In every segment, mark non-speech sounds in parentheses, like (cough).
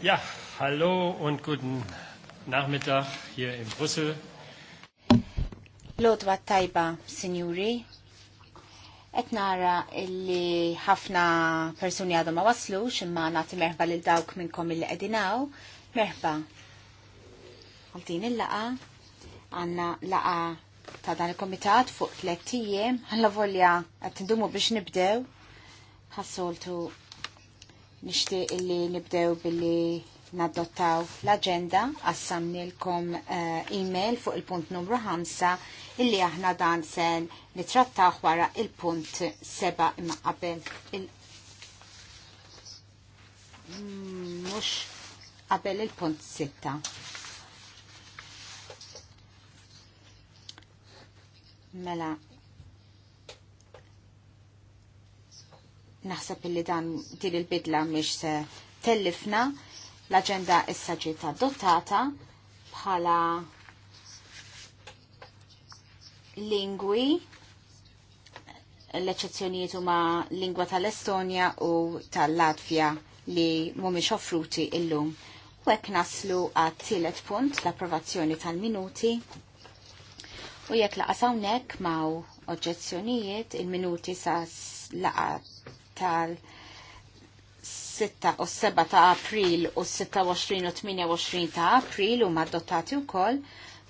Ja, hallo und guten Nachmittag hier in Brüssel. Lodwa tajba, signori. Et nara illi ħafna persuni għadhom ma waslux imma nagħti merħba lil dawk minnkom illi qegħdinaw. Merħba. Għal il-laqa għandna laqa ta' dan il-komitat fuq tliet ijiem ħalla volja qed tindumu biex nibdew ħassoltu nishti illi nibdew billi nadottaw l-agenda, għassamnilkom uh, eh, e-mail fuq il-punt numru 5 illi aħna dan sen nitrattaw wara il-punt 7 imma qabel il- mux mm, qabel il-punt 6. Mela, Naħseb illi dan din il-bidla mhix se tellifna l-aġenda issa ġiet adottata bħala lingwi l-eċezzjonijiet huma lingwa tal-Estonja u tal-Latvja li mhumiex offruti illum. U hekk naslu għat tielet punt l-approvazzjoni tal-minuti. U jekk laqas hawnhekk maw oġġezzjonijiet il-minuti sa laqat tal- 6 u 7 ta' april u 26 u 28 ta' april u maddottati u koll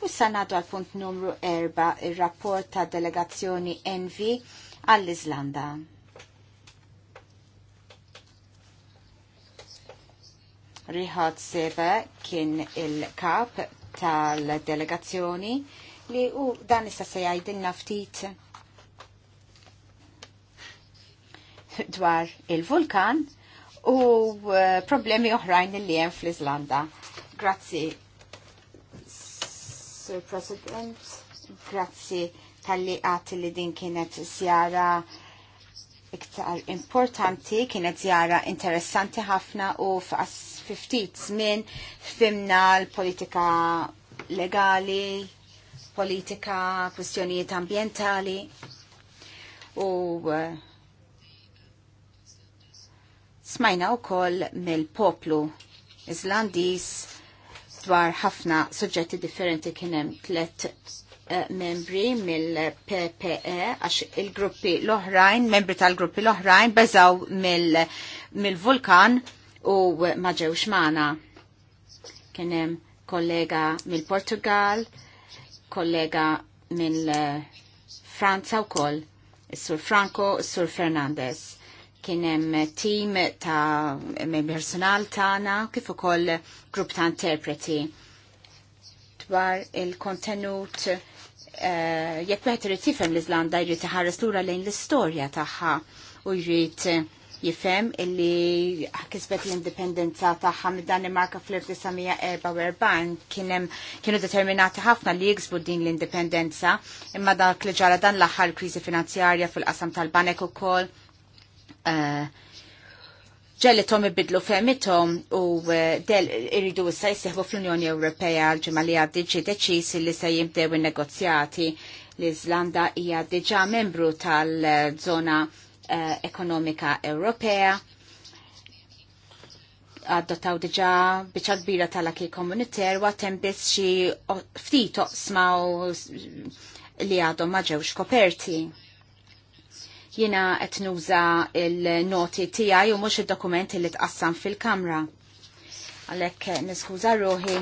u sanadu għal punt numru 4 il-rapport ta' delegazzjoni Envi għall-Izlanda. Rihad Seve kien il-kap tal-delegazzjoni li u dan issa se jgħidilna ftit dwar il-vulkan u eh, problemi oħrajn li hemm fl-Iżlanda. Grazzi, Sir President, grazzi tal-li għati li din kienet zjara iktar importanti, kienet zjara interessanti ħafna u f'ftit żmien fimna l-politika legali, politika, kwestjonijiet ambientali u uh, Smajna wkoll mill-poplu Iżlandiż dwar ħafna suġġetti differenti kien hemm tliet eh, membri mill-PPE għax il-gruppi l-oħrajn, membri tal-gruppi l-oħrajn beżaw mill-vulkan u ma ġewx Kienem Kien hemm kollega mill-Portugal, kollega mill-Franza wkoll, is-Sur Franco, il sur Fernandez Kien hemm tim ta' personal tagħna kif ukoll grupp ta' interpreti dwar il-kontenut eh, jekk wieħed irid tifhem l-Iżlanda jrid iħares lura lejn l-istorja tagħha u jrid jifhem illi kisbet l-indipendenza tagħha mid-Danimarka fl-1944 kien hemm kienu determinati ħafna li jiksbu din l-indipendenza imma dak li ġara dan l-aħħar kriżi finanzjarja fil-qasam tal-banek ukoll Eh, tom ibidlu femitom u eh, del irridu issa jisseħbu fl-Unjoni Ewropea l-ġimma li ġi deċis li se jimdew il-negozjati l iżlanda hija diġa membru tal-zona eh, ekonomika Ewropea għaddotaw diġa biċa kbira tal-aki komuniter u għatem biss xie ftit toqsmaw li għadhom maġewx ġewx koperti Jiena qed nuża il-noti tiegħi u mhux id-dokumenti li tqassam fil-kamra. Għalhekk niskuża ruħi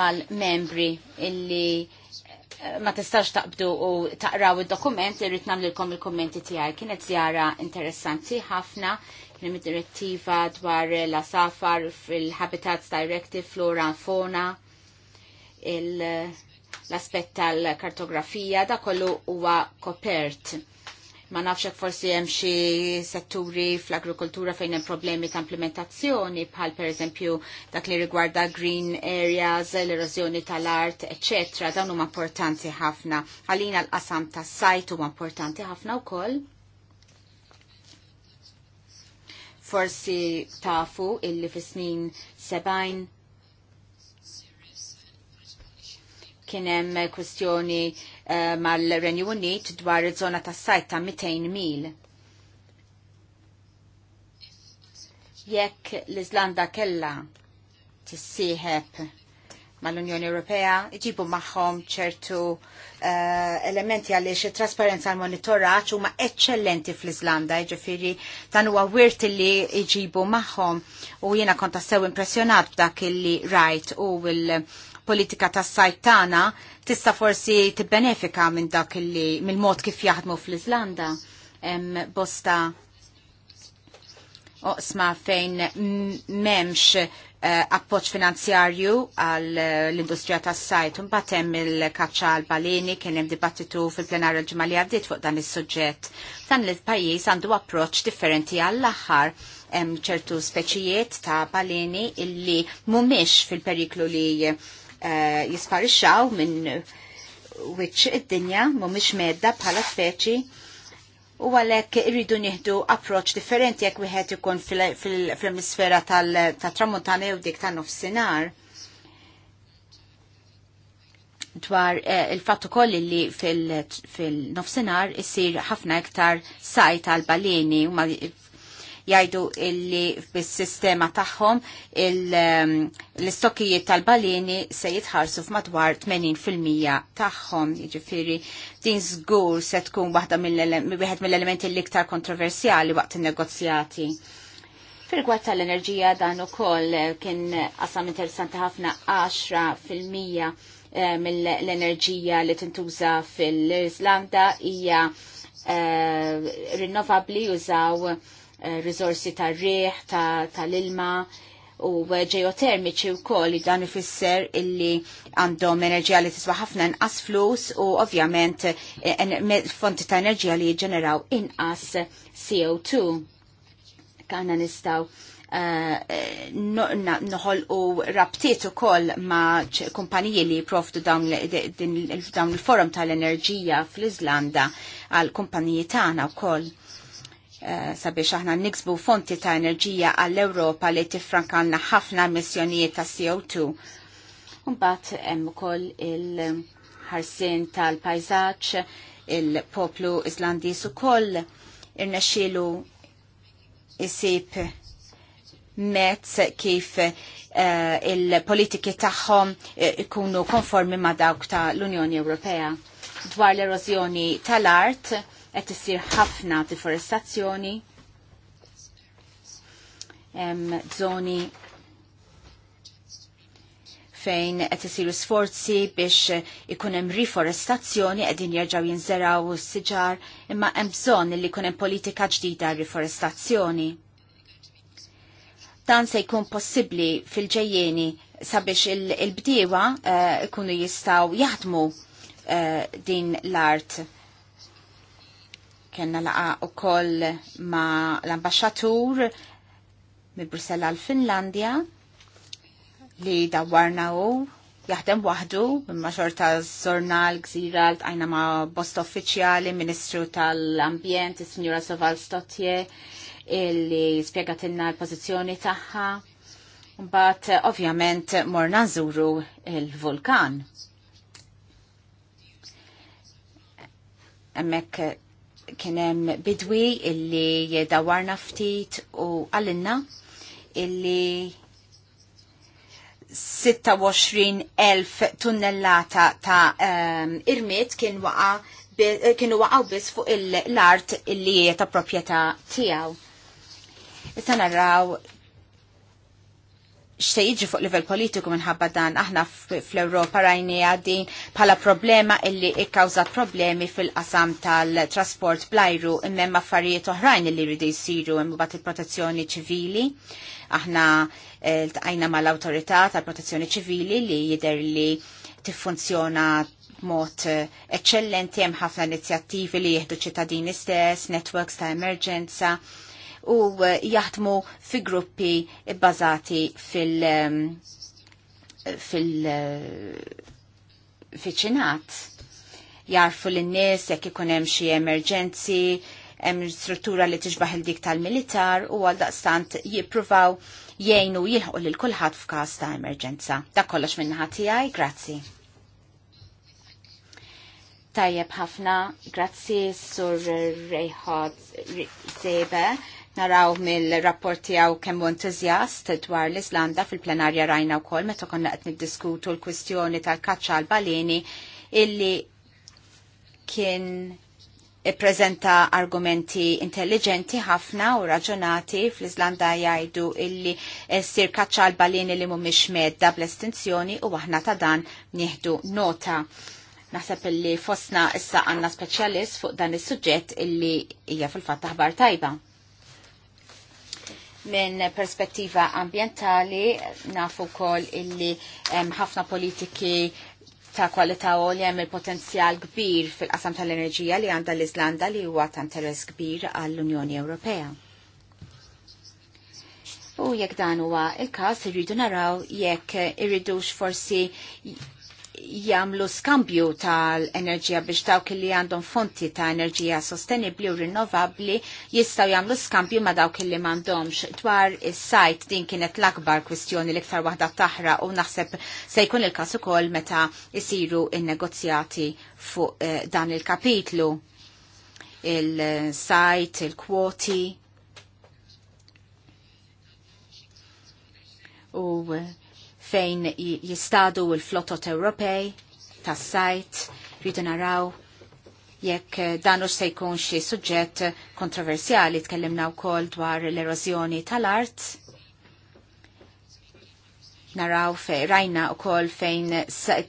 mal-membri illi eh, ma tistax taqbdu u taqraw il-dokument li rrit namlilkom il-kommenti tijaj. Kienet zjara interessanti ħafna kien direttiva dwar la safar fil-Habitats Directive Flora il Fauna l-aspett tal-kartografija da kollu huwa kopert ma nafx hekk forsi hemm xi setturi fl-agrikoltura fejn hemm problemi ta' implementazzjoni bħal pereżempju dak li rigwarda green areas, l-erożjoni tal-art, eċetera, dawn huma importanti ħafna. Għalina l-qasam tas-sajt huma importanti ħafna wkoll. Forsi tafu illi fis-snin 70 kienem hemm kwistjoni eh, mal-Renju Unit dwar iż-żona tas sajt ta' 200 mil. Jekk l-Iżlanda kella tissieħeb mal-Unjoni Ewropea iġibu magħhom ċertu uh, elementi għaliex trasparenza għal monitoraġġ huma eċċellenti fl-Iżlanda, jiġifieri dan huwa wirt li iġibu magħhom u jiena kont tassew impressjonat b'dak illi rajt u right, politika tas sajtana tista' forsi tibbenefika minn dak li mill-mod kif jaħdmu fl-Iżlanda bosta oqsma fejn memx uh, appoċ finanzjarju għal eh, l-industrija tas sajt un batem il-kaċċa għal balini kien hemm dibattitu fil-plenar il-ġimgħa li għaddiet fuq dan is-suġġett. Dan il-pajjiż għandu approċ differenti għall-aħħar hemm ċertu speċijiet ta' balini illi mhumiex fil-periklu li Eh, jisparixxaw minn wiċċ id-dinja mhumiex medda bħala speċi u għalhekk irridu nieħdu approċċ differenti jekk wieħed ikun fl-emisfera tal-tramuntana jew dik tan-nofsinhar dwar eh, il-fatt ukoll li fil-nofsinhar isir ħafna iktar sajt għal baleni u jajdu illi bis-sistema tagħhom um, l-istokkijiet tal-balini se jitħarsu f'madwar 80% tagħhom. Jiġifieri din żgur se tkun waħda mill-wieħed mill-elementi l-iktar kontroversjali waqt in-negozjati. Fil-gwad tal-enerġija dan ukoll kien qasam interessanti ħafna 10% eh, mill-enerġija li tintuża fil-Islanda hija eh, rinnovabli użaw Eh, risorsi ta' riħ, tal-ilma u ġeotermiċi u koll li dan ifisser illi għandhom enerġija li tiswa ħafna inqas flus u ovvjament eh, fonti ta' enerġija li ġeneraw inqas CO2. Kana nistaw eh, noħol u rabtiet u koll ma kumpaniji li profdu dawn il-forum tal-enerġija fl-Izlanda għal kumpaniji tagħna u koll Eh, sabiex aħna niksbu fonti ta' enerġija għall-Ewropa li tifrankanna ħafna emissjonijiet ta' CO2. Umbat hemm ukoll il-ħarsin tal-pajzaġġ, il-poplu Islandiż ukoll irnexxielu isib mezz kif uh, il-politiki tagħhom eh, ikunu konformi ma' dawk ta' l-Unjoni Ewropea dwar l-erożjoni tal-art qed isir ħafna deforestazzjoni, hemm żoni fejn qed isiru sforzi biex ikun hemm riforestazzjoni qegħdin jerġgħu jinżeraw s-siġar imma hemm bżonn li jkun hemm politika ġdida riforestazzjoni dan se jkun possibbli fil-ġejjeni sabiex il-bdiewa eh, ikunu jistgħu jaħdmu eh, din l-art kena laqa u koll ma l ambasġatur mi Brussella l-Finlandja li dawarna u jaħdem wahdu maġor ta' zorna żurnal gżira l-tajna ma' bost uffiċjali, ministru tal-ambjent, il-signora Soval Stotje, illi spiegatilna l-pozizjoni taħħa. Bat, ovvjament, morna nżuru il-vulkan. Emmek kienem bidwi illi dawarna ftit u għallinna illi 26.000 tunnellata ta' um, ehm, irmit kien waqa kienu waqaw bis fuq l-art illi ta' proprjetà tiegħu. Issa narraw xse jiġi fuq livell politiku minħabba dan aħna fl-Europa rajni għaddin bħala problema illi ikkawza problemi fil-qasam tal-trasport blajru imma affarijiet oħrajn illi rridu jisiru imbat il-protezzjoni ċivili. Aħna eh, l-tajna mal autorità tal-protezzjoni ċivili li jider li tiffunzjona mod eccellenti eh, hemm ħafna inizjattivi li jieħdu ċittadini stess, networks ta' emerġenza, u eh, jaħdmu fi gruppi bbażati fil- ehm, fil- fiċinat. Eh, Jarfu l-nies jekk ikun hemm xi emerġenzi, hemm struttura li tixbaħ il-dik tal-militar u għal daqstant jippruvaw jgħinu jilħu lil kulħadd f'każ ta' emerġenza. Dak kollox minn tiegħi, grazzi. Tajjeb ħafna, grazzi sur Rejħod Sebe Naraw mill-rapport għaw kemm entużjast dwar l-Islanda fil-plenarja rajna wkoll meta konna qed niddiskutu l-kwistjoni tal-kaċċa għal baleni illi kien ippreżenta argumenti intelligenti ħafna u raġunati fl islanda jgħidu illi ssir kaċċa għal baleni li mhumiex medda bl-estinzjoni u aħna ta' dan nieħdu nota naħseb illi fosna issa għanna speċjalist fuq dan is suġġett illi hija fil-fatt aħbar tajba minn perspettiva ambientali nafu kol illi ħafna politiki ta' kwalità olja hemm il-potenzjal kbir fil-qasam tal-enerġija li għandha l-Iżlanda li huwa ta' interess kbir għall-Unjoni Ewropea. U jekk dan huwa il-każ irridu naraw jekk irridux forsi jamlu skambju tal-enerġija biex dawk li għandhom fonti ta' enerġija sostenibli u rinnovabli jistaw jamlu skambju ma' dawk li mandomx. Dwar is-sajt din kienet l-akbar kwistjoni l-iktar waħda taħra u naħseb se jkun il-kas ukoll meta isiru il negozjati fuq eh, dan il-kapitlu. Il-sajt, il-kwoti. U eh, fejn jistadu l-flotot Ewropej tas-sajt rridu naraw jekk eh, dan se jkun xi suġġett kontroversjali tkellimna wkoll dwar l-erożjoni tal-art naraw fejn rajna u kol fejn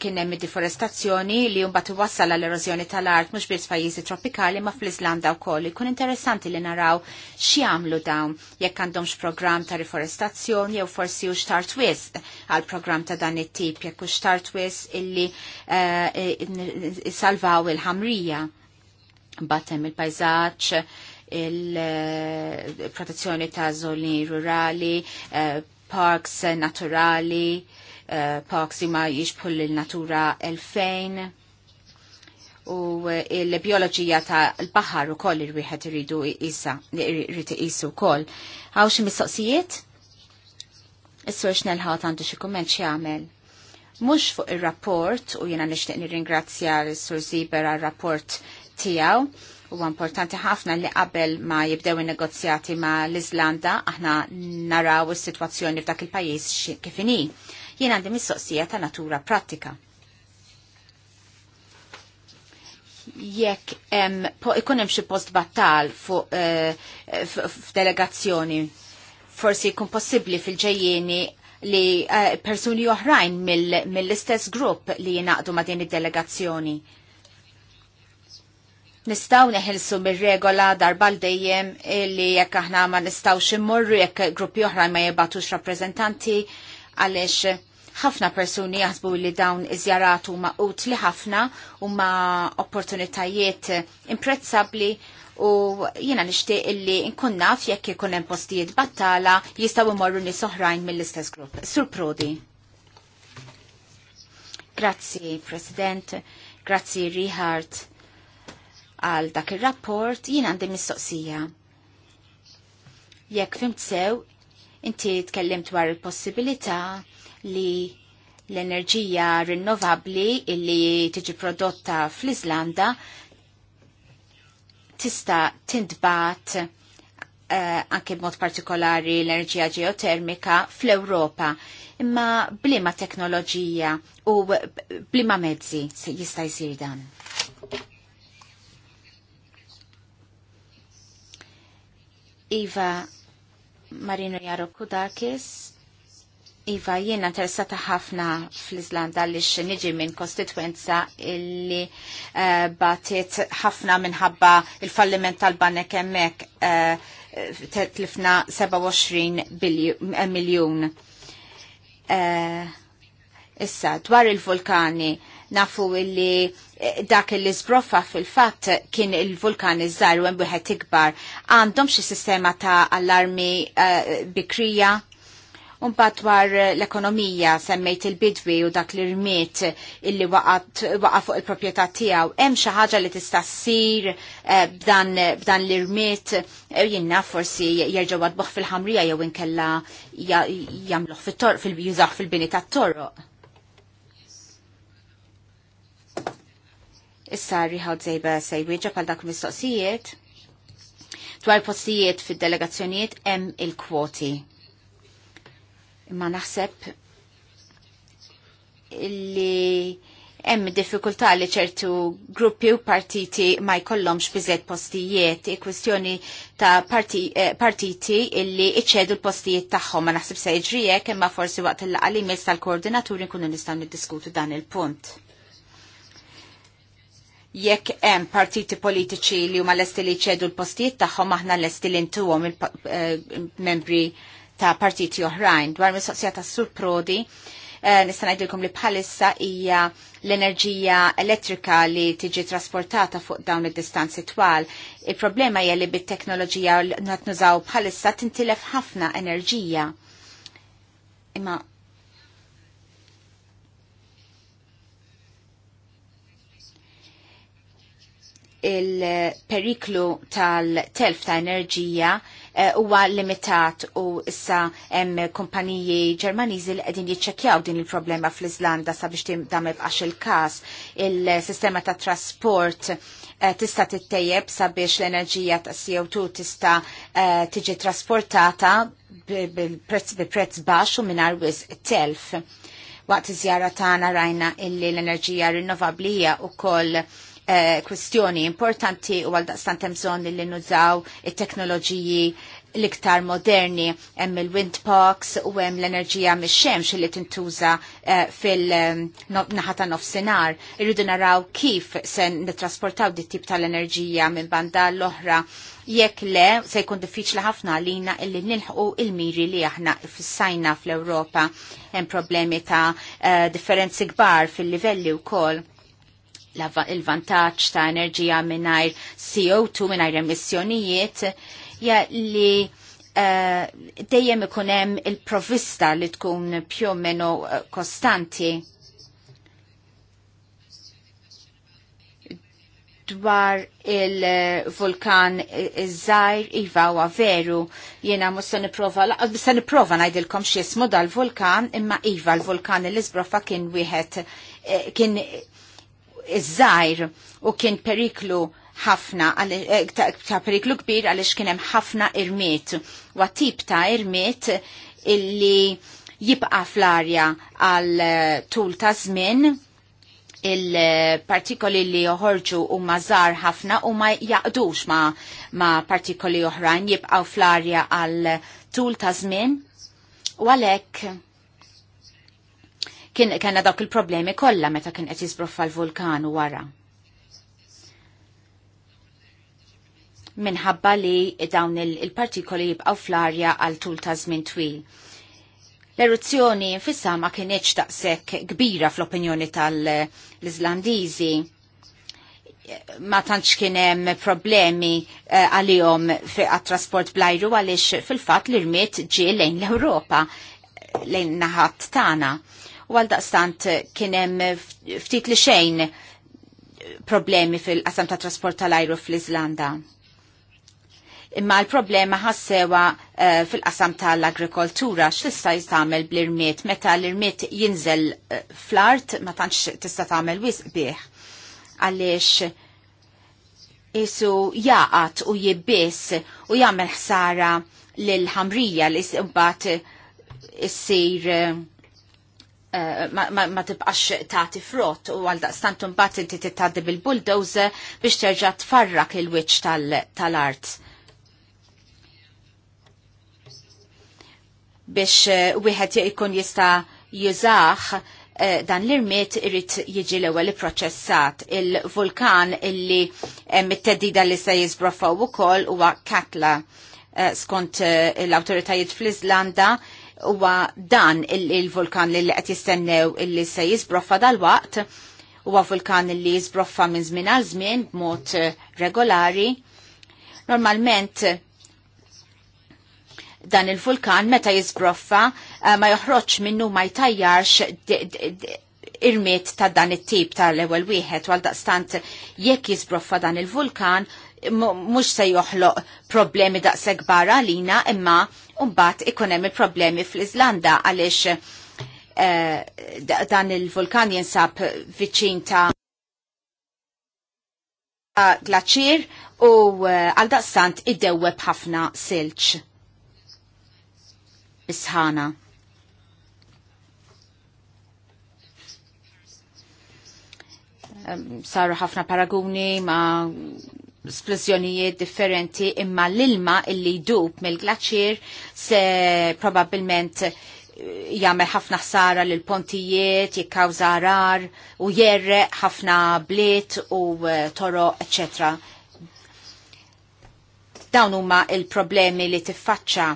kienem deforestazzjoni li jumbat wassala l-erozjoni tal-art mux biz pajizi tropikali ma fl-Islanda u kol. Ikun interessanti li naraw għamlu dawn jekk għandhomx program ta' riforestazzjoni jew forsi u xtart wis għal program ta' dan it-tip jekk u xtart wis illi eh, salvaw il-ħamrija. Batem il-pajzaċ, il-protezzjoni eh, ta' zoni rurali, eh, parks eh, naturali, uh, parks li ma jixbħu l-natura elfejn u eh, l-bioloġija ta' l-bahar u koll il-wieħed iridu jisa, irrid jisu koll. Għaw xi mistoqsijiet? Is-sur xnelħat għandu xi kumment xi għamel. Mhux fuq ir-rapport u jiena nixtieq nirringrazzja l-sur Ziber għar-rapport tiegħu Huwa importanti ħafna li qabel ma jibdew in-negozjati ma l-Iżlanda aħna naraw is-sitwazzjoni f'dak il-pajjiż kif inhi. Jien għandi mistoqsija ta' natura prattika. Jekk ikun hemm xi post battal fuq eh, f'delegazzjoni, forsi jkun possibbli fil-ġejjieni li eh, persuni oħrajn mill-istess grupp li jinaqdu ma' din id-delegazzjoni nistaw neħilsu mir-regola darbal dejjem li jekk aħna ma nistaw immorru jekk gruppi oħra ma jibatux rappreżentanti għaliex ħafna persuni jaħsbu li dawn iżjarat huma utli ħafna huma opportunitajiet imprezzabbli u jiena nixtieq illi nkun naf jekk ikun hemm postijiet battala jistgħu imorru nies oħrajn mill-istess grupp. Sur Prodi. Grazzi, President. Grazzi, rihard għal dak il-rapport jien għandi mistoqsija. Jekk fimt sew, inti tkellimt dwar il-possibilità li l-enerġija rinnovabli illi tiġi prodotta fl-Iżlanda tista tintbat uh, anke b'mod partikolari l-enerġija ġeotermika fl-Ewropa imma blima teknoloġija u blima mezzi se jista' jsir dan. Iva Marino Jaro Kudakis, Iva jiena interessata ħafna fl-Iżlanda li niġi minn kostituenza illi uh, eh, batit ħafna minħabba il-falliment tal-banek emmek uh, eh, tetlifna 27 eh, miljon. Uh, issa, dwar il-vulkani, nafu illi eh, dak li zbroffa fil-fat kien il-vulkan iż-żar u wieħed ikbar għandhom xi sistema ta' allarmi uh, bikrija Unbat dwar l-ekonomija semmejt il-bidwi u dak li rmiet illi waqa fuq il-propieta tijaw. Hemm xi ħaġa li tista' ssir eh, b'dan li rmiet jinna forsi jerġgħu għadbuħ fil-ħamrija jew inkella jagħmluh fil-jużaħ fil-bini tat torq Issa riħaw zejba sejwieġa pal dak mistoqsijiet dwar postijiet fid-delegazzjonijiet hemm il-kwoti. Imma naħseb li hemm diffikultà li ċertu gruppi u partiti ma jkollhomx biżejt postijiet, i kwistjoni ta' parti, eh, partiti illi iċċedu l-postijiet tagħhom ma naħseb se jiġri hekk imma forsi waqt il-laqgħa tal-koordinaturi nkunu nistgħu niddiskutu dan il-punt jekk hemm partiti politiċi li huma lesti li ċedu l-postijiet tagħhom aħna lesti li ntuhom il-membri eh, ta' partiti oħrajn. Dwar mistoqsija ta' Sur Prodi, eh, nista' ngħidilkom li bħalissa hija l-enerġija elettrika li tiġi trasportata fuq dawn id-distanzi twal. Il-problema hija li bit-teknoloġija li nużaw bħalissa tintilef ħafna enerġija. Imma il-periklu tal-telf ta' enerġija eh, huwa uh, limitat u issa hemm kumpaniji Ġermaniżi li qegħdin jiċċekkjaw din il-problema fl-Iżlanda sabiex dam ibqax il-każ il-sistema ta' trasport eh, tista' tittejjeb sabiex l-enerġija ta' CO2 tista' eh, tiġi trasportata bil-prezz baxx u mingħajr wisq telf. Waqt iż-żjara tagħna rajna illi l-enerġija rinnovabbli hija wkoll Eh, kwestjoni importanti u għal daqstant hemm bżonn li nużaw it-teknoloġiji l-iktar moderni hemm il-windpox u hemm l-enerġija mix-xemx li tintuża eh, fil-naħa ta' nofsinhar. Irridu naraw kif se nittrasportaw dit tip tal-enerġija minn banda l-oħra jekk le se jkun diffiċli ħafna għalina illi nilħqu il-miri li aħna fissajna fl-Ewropa hemm problemi ta' eh, differenzi kbar fil-livelli wkoll il-vantaġġ ta' enerġija mingħajr CO2 mingħajr emissjonijiet ja li eh, dejjem ikun hemm il-provista li tkun più meno eh, kostanti. dwar il-vulkan eh, iż iva u veru jena musta niprofa musta niprofa najdilkom xismu dal-vulkan imma iva l-vulkan il-izbrofa kien wieħed kien iż-żajr u kien periklu ħafna, eh, ta' periklu kbir għalix kienem ħafna irmiet. U tip ta' irmiet illi jibqa fl-arja għal eh, tul ta' żmien il-partikoli li joħorġu u mażar ħafna u ma jaqdux ma, ma partikoli oħrajn jibqaw fl-arja għal tul ta' żmien u għalhekk kien kena dawk il-problemi kollha meta kien qed jisbroffa l-vulkan wara. Minħabba li dawn il-partikoli jibqgħu fl-arja għal tul ta' żmien twil. L-eruzzjoni infissa ma kienieċ taqsek kbira fl-opinjoni tal izlandiżi ma tantx kien hemm problemi eh, għalihom għat-trasport blajru għaliex fil-fatt l-irmiet ġie lejn l-Ewropa lejn naħat tagħna u għal daqstant kienem ftit li xejn problemi fil-qasam ta' trasport tal-ajru fl-Izlanda. Imma l-problema ħassewa uh, fil-qasam tal-agrikoltura x'tista' jistgħmel bl-irmiet meta l-irmiet jinżel uh, fl-art ma tantx tista' tagħmel wisq bih. Għaliex isu jaqat u jibbis u jagħmel ħsara lil ħamrija li mbagħad eh, issir uh, Eh, ma tibqax tagħti frott u għal daqstant bat inti titgħaddi bil-bulldozer biex terġa' tfarrak il-wiċċ tal-art. Biex eh, wieħed ikun jista' jużah eh, dan l-irmiet irrit jiġi l-ewwel ipproċessat. Il-vulkan illi mit-teddida li se jizbrofaw ukoll huwa Katla skont l-awtoritajiet fl-Iżlanda huwa dan il-vulkan li qed jistennew illi se jisbroffa dal-waqt huwa vulkan li jisbroffa minn żmien għal żmien b'mod eh, regolari. Normalment dan il-vulkan meta jisbroffa eh, ma joħroġ minnu ma jtajjarx irmiet ta' dan it-tip tal-ewwel wieħed u għaldaqstant jekk jisbroffa dan il-vulkan mhux se joħloq problemi daqshekk barra lina imma Umbat ikunem il-problemi fl-Izlanda għalix eh, dan il-vulkan jinsab viċin ta' glaċir u eh, għaldaqstant id-dewweb ħafna silċ. Isħana. saru ħafna paraguni ma splużjonijiet differenti imma l-ilma illi jdub mill-glaċir se probabilment eh, jagħmel ħafna ħsara lil pontijiet, jikkawża rar u jerre ħafna bliet u eh, toro, etc. Dawn huma il-problemi li tiffaċċa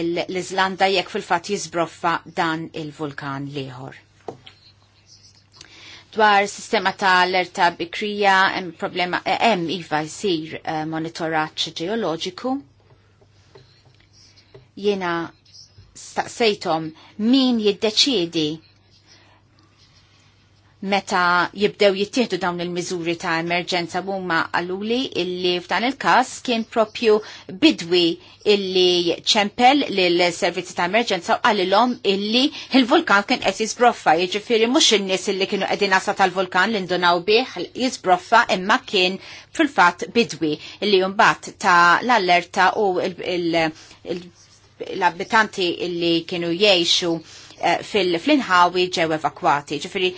l-Iżlanda jekk fil-fatt jiżbroffa dan il-vulkan liħor dwar sistema ta' alerta bikrija hemm problema eh, hemm iva jsir eh, monitorat ġeoloġiku. Jiena staqsejtom min jiddeċiedi meta jibdew jittieħdu dawn il-miżuri ta' emerġenza huma għaluli illi f'dan il-każ kien propju bidwi illi ċempel lil servizzi ta' emerġenza u għalilhom illi il-vulkan kien qed jisbroffa, jiġifieri mhux in-nies illi kienu qegħdin nasa tal-vulkan li ndunaw bih jisbroffa imma kien fil-fatt bidwi illi mbagħad ta' l-allerta u l-abitanti illi kienu jgħixu Eh, fil-inħawi ġew evakwati. Ġifiri,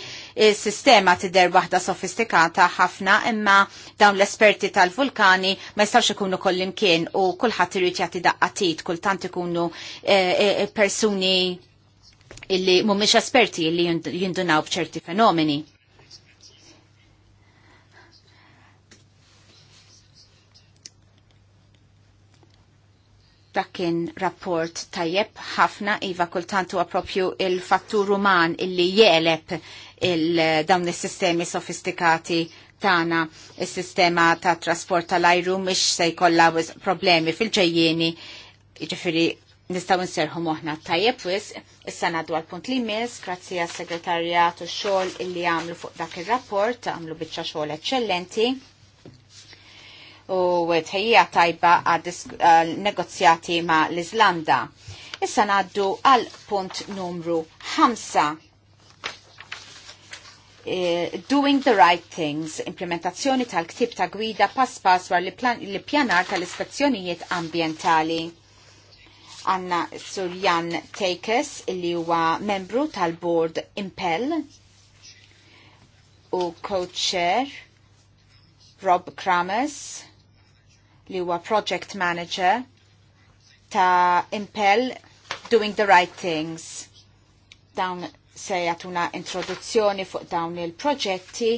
il-sistema tidher waħda sofistikata ħafna imma dawn l-esperti tal-vulkani ma jistawx ikunu kollimkien u kulħadd irid jagħti daqqatit, kultant ikunu eh, eh, persuni illi mhumiex esperti illi jindunaw b'ċerti fenomeni. Dak rapport tajjeb ħafna iva kultant huwa propju il-fattur uman illi jeleb il-dawn is-sistemi sofistikati tagħna is-sistema ta' trasport tal-ajru mhix se jkollha problemi fil-ġejjieni. Jiġifieri nistaw nserħu moħna tajjeb wis, issa naddu għal-punt li mis, grazzi għal segretarjat u xol illi għamlu fuq dak ir rapport għamlu biċċa xol eċċellenti u tħejja tajba għal negozjati ma' l-Iżlanda. Issa naddu għal punt numru 5. E, doing the right things, implementazzjoni tal-ktib ta' gwida pass pass war li pjanar tal-ispezzjonijiet ambientali. Anna Surjan Tekes, li huwa membru tal-board Impel u co-chair Rob Kramers li huwa project manager ta' Impel Doing the Right Things. Dawn se jatuna introduzzjoni fuq dawn il-proġetti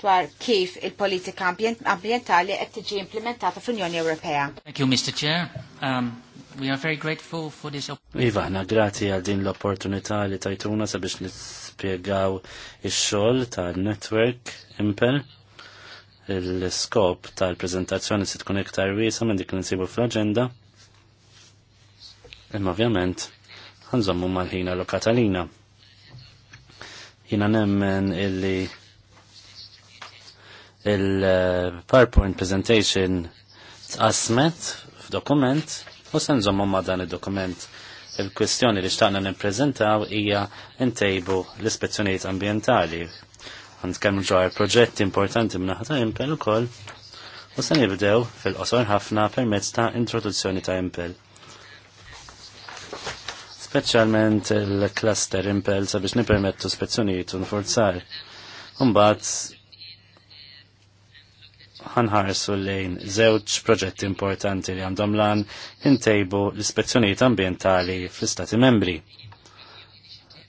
dwar kif il-politika ambientali qed tiġi implementata fl-Unjoni Ewropea. Thank you, Mr. Chair. Um, we are very grateful for this opportunity. Iva, na grati għal din l-opportunità li tajtuna sabiex nispjegaw ix-xogħol tal-network Impel l-skop tal-prezentazzjoni se tkun iktar wiesa minn dik li nsibu fl-aġenda. Imma ovvjament għanżommu mal ħina lokatalina. għalina. Jina nemmen illi il-PowerPoint presentation tqasmet f'dokument u se nżommu ma' dan id-dokument. Il-kwestjoni li xtaqna nippreżentaw hija ntejbu l-ispezzjonijiet ambientali għand kemmu ġar proġetti importanti mnaħta impel u koll u se nibdew fil-qosor ħafna permezz ta' introduzzjoni ta' impel. Speċjalment il-cluster impel sabiex nipermettu spezzjonijiet u nforzar. Mbagħad ħanħarsu lejn żewġ proġetti importanti li għandhom lan intejbu l-ispezzjonijiet ambientali fl-Istati membri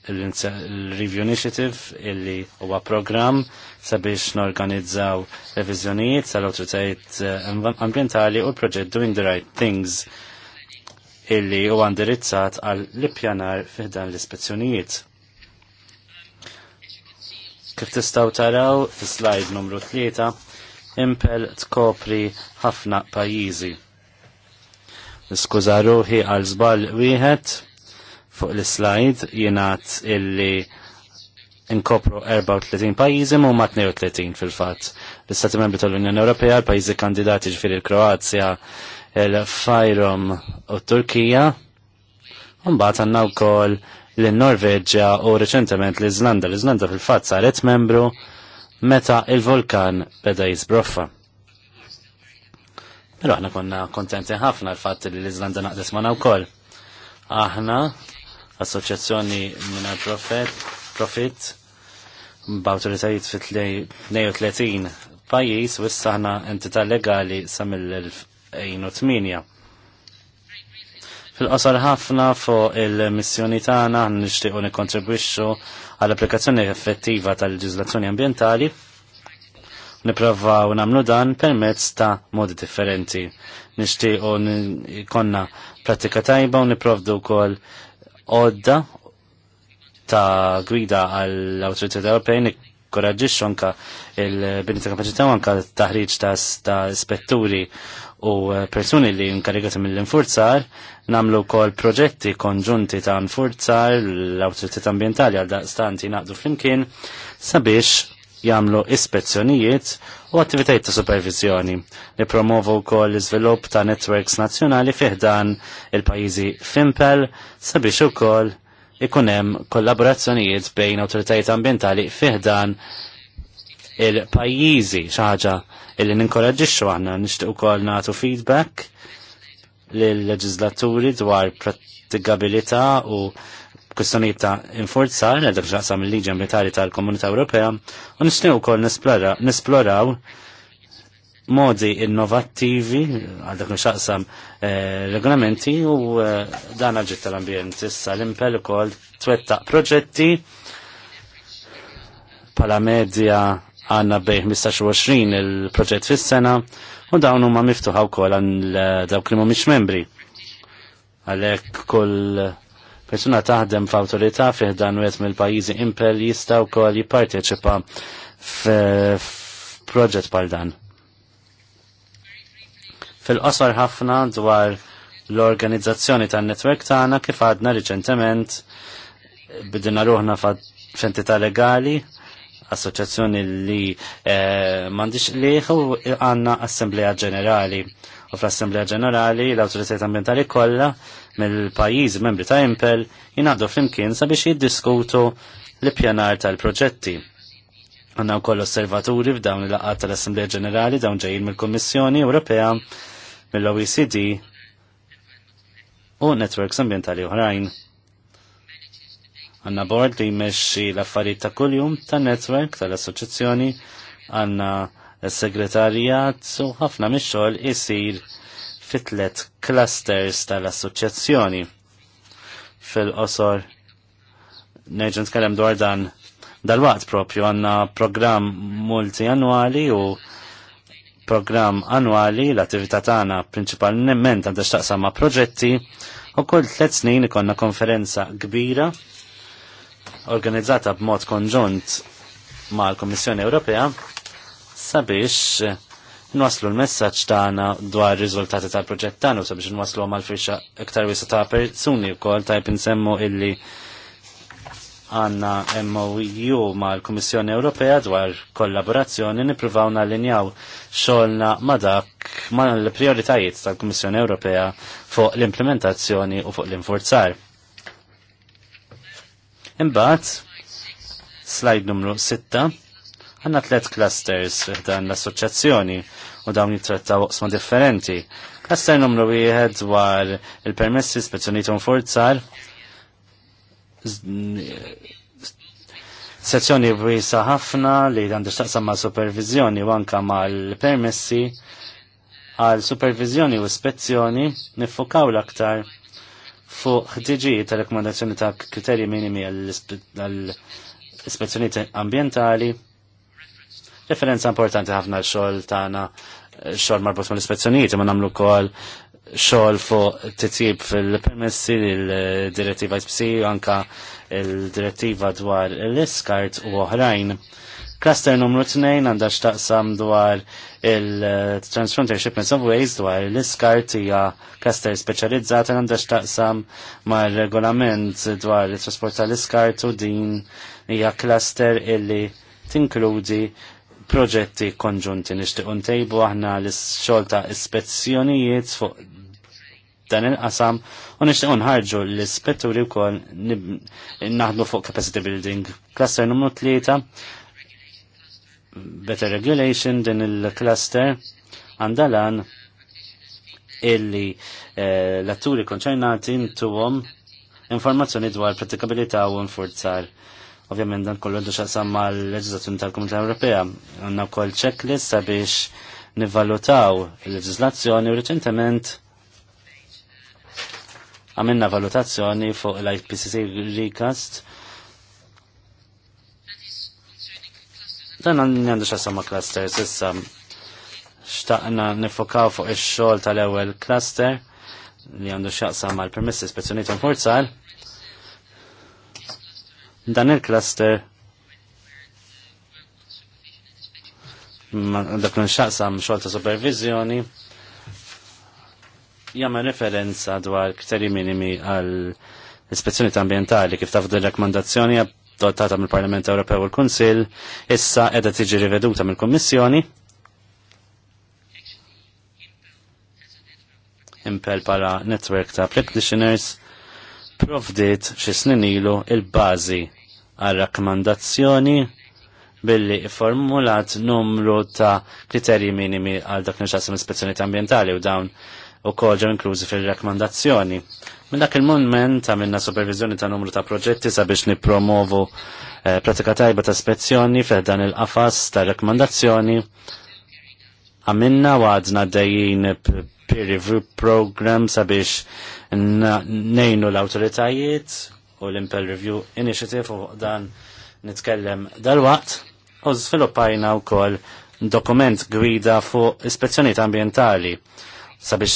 il-Review Initiative illi huwa program sabiex norganizzaw revizjonijiet sal autoritajiet eh, ambientali u l-proġett Doing the Right Things illi huwa indirizzat għal l-ippjanar fiħdan l-ispezzjonijiet. Kif tistaw taraw fi slide numru 3, Impel tkopri ħafna pajjiżi. Niskuża ruħi għal żball wieħed fuq l-slide jenat illi inkopru 34 pajizi mu ma 32 fil-fat. L-Istati Membri tal-Unjoni Ewropea, l-pajizi kandidati ġifiri l-Kroazja, l-Fajrom u Turkija, Mbagħad għandna wkoll l-Norveġġja u reċentement l-Iżlanda. L-Iżlanda fil-fatt saret membru meta il-vulkan beda jisbroffa. Però aħna konna kontenti ħafna l-fatt li l-Iżlanda naqdet magħna wkoll. Aħna assoċjazzjoni minna profet, profit b'autoritajiet fit 32 pajis u s-saħna entità legali sa mill-2008. Fil-qosor ħafna fuq il-missjoni tagħna nixtiequ nikkontribwixxu għall-applikazzjoni effettiva tal-leġiżlazzjoni ambjentali niprovaw namlu dan permezz ta' modi differenti. Nishtiqu konna pratika tajba u niprovdu kol odda ta' gwida għall autoritet Ewropej nikkoraġġixxu anka il-bini ta' kapaċità u anka taħriġ ta' spetturi u eh, persuni li nkarigati mill-infurzar namlu kol proġetti konġunti ta' nfurzar l autoritet Ambientali għal daqstanti naqdu flimkien sabiex jagħmlu ispezzjonijiet u attivitajiet ta' supervizjoni li promovu wkoll l-iżvilupp ta' networks nazzjonali fiħdan il-pajjiżi Fimpel sabiex ukoll ikun hemm kollaborazzjonijiet bejn awtoritajiet ambientali fiħdan il-pajjiżi xi ħaġa illi ninkoraġġixxu aħna nixtieq ukoll nagħtu feedback lill-leġislaturi dwar pratikabilità u kwistjonijiet ta' infurzar għal dak xaqsam il-liġi militari tal-Komunità Ewropea u nixtiew ukoll nisploraw modi innovattivi għal dak xaqsam eh, regolamenti u eh, dan ġiet tal-ambjent issa l-impel ukoll twettaq proġetti pala medja għanna bej 15-20 il-proġett fis-sena u dawn huma miftuħa wkoll għal dawk li mhumiex membri. Għalhekk kull persuna taħdem f'awtorità fih dan wieħed mill-pajjiżi impel jista' wkoll jipparteċipa f'proġett bħal dan. Fil-qosor ħafna dwar l-organizzazzjoni tan-netwerk tagħna kif għadna riċentement bidina ruħna f'entità legali assoċjazzjoni li eh, m'għandix mandiċ u għandna Assembleja Ġenerali. U fl-Assembleja Ġenerali l awtoritajiet Ambientali kollha mill-pajjiżi membri ta' Impel jingħaddu flimkien sabiex jiddiskutu l-ippjanar tal-proġetti. Għanna wkoll osservaturi f'dawn il-laqgħat tal-Assembleja Ġenerali dawn ġejjin mill-Kummissjoni Ewropea mill-OECD u networks ambientali oħrajn. Għanna bord li jmexxi l-affarijiet ta' kuljum tan-netwerk tal-assoċjazzjoni għanna s-segretarijat u ħafna mix-xogħol isir is fitlet clusters tal-assoċjazzjoni. Fil-qosor, nerġan tkellem dwar dan dal-waqt propju għanna program multi-annuali u program annuali l-attività tagħna prinċipalment għandha x'taqsam ma' proġetti u kull tliet snin ikonna konferenza kbira organizzata b'mod konġunt mal-Kommissjoni Ewropea sabiex nwaslu l-messaġġ tagħna dwar riżultati tal-proġett tagħna u sabiex nwaslu għal firxa iktar wisa ta' persuni wkoll tajb insemmu illi għanna MOU mal-Kummissjoni Ewropea dwar kollaborazzjoni nippruvaw nallinjaw xogħolna ma dak ma l-prioritajiet tal-Kummissjoni Ewropea fuq l-implementazzjoni u fuq l-infurzar. Imbagħad slide numru 6 għanna tlet clusters dan l-assoċazzjoni u dawn jittrattaw oqsma differenti. Kasser numru wieħed dwar il-permessi spezzjonitum forzar sezzjoni wisa ħafna li għandu xtaqsam ma' supervizjoni u anka ma' l-permessi għal supervizjoni u ispezzjoni nifokaw l-aktar fuq ħtiġijiet ta' rekomendazzjoni ta' kriterji minimi għall ispezzjonijiet ambientali Referenza importanti ħafna xogħol tagħna xogħol marbut mal-ispezzjonijiet ma nagħmlu wkoll xogħol fuq titjib fil-permessi l-direttiva SPC anka l-direttiva dwar l-iskart u oħrajn. Cluster numru 2 għandha xtaqsam dwar il-Transfrontier Shipments of Waste dwar l-iskart hija cluster speċjalizzat għandha xtaqsam mar regolament dwar it trasport tal-iskart u din hija cluster illi tinkludi proġetti konġunti nixtiequ ntejbu aħna l-xogħol ta' ispezzjonijiet fuq dan il-qasam u nixtiequ unħarġu l-ispetturi wkoll naħdmu fuq capacity building. Cluster numru tlieta better regulation din il-cluster għandalan illi eh, l-atturi konċernati intuhom informazzjoni dwar pratikabilita u nfurzar Ovvjament dan kollu għandu xaqsam mal leġislazzjoni tal-Komunità Ewropea. Għanna kol checklist sabiex nivvalutaw l leġislazzjoni u reċentement għamilna valutazzjoni fuq l-IPCC recast dan għandu xaqsam ma' clusters issa xtaqna nifokaw fuq ix-xogħol tal-ewwel cluster li għandu xaqsam mal permessi spezzjoniet forzal Dan il-cluster dak l-inxaqsam xogħol ta' supervizjoni jagħmel referenza dwar kriteri minimi għal ispezzjoni ambientali kif taf rakkomandazzjoni adottata mill-Parlament Ewropew u l-Kunsill issa qiegħda tiġi riveduta mill-Kummissjoni impel para network ta' practitioners provdiet xi snin ilu il-bażi għal rakkomandazzjoni billi formulat numru ta' kriterji minimi għal dak nixasem ispezzjoni ambientali u dawn u kolġa inklużi fil-rakkomandazzjoni. Minn dak il-moment għamilna supervizjoni ta' numru ta' proġetti sabiex nipromovu eh, pratika tajba ta' spezzjoni dan il-qafas ta' rakkomandazzjoni. Għamilna u għadna dejjin peer review program sabiex nejnu l-autoritajiet u l-Impel Review Initiative u dan nitkellem dal-waqt u sviluppajna u kol dokument gwida fuq ispezzjoniet ambientali sabiex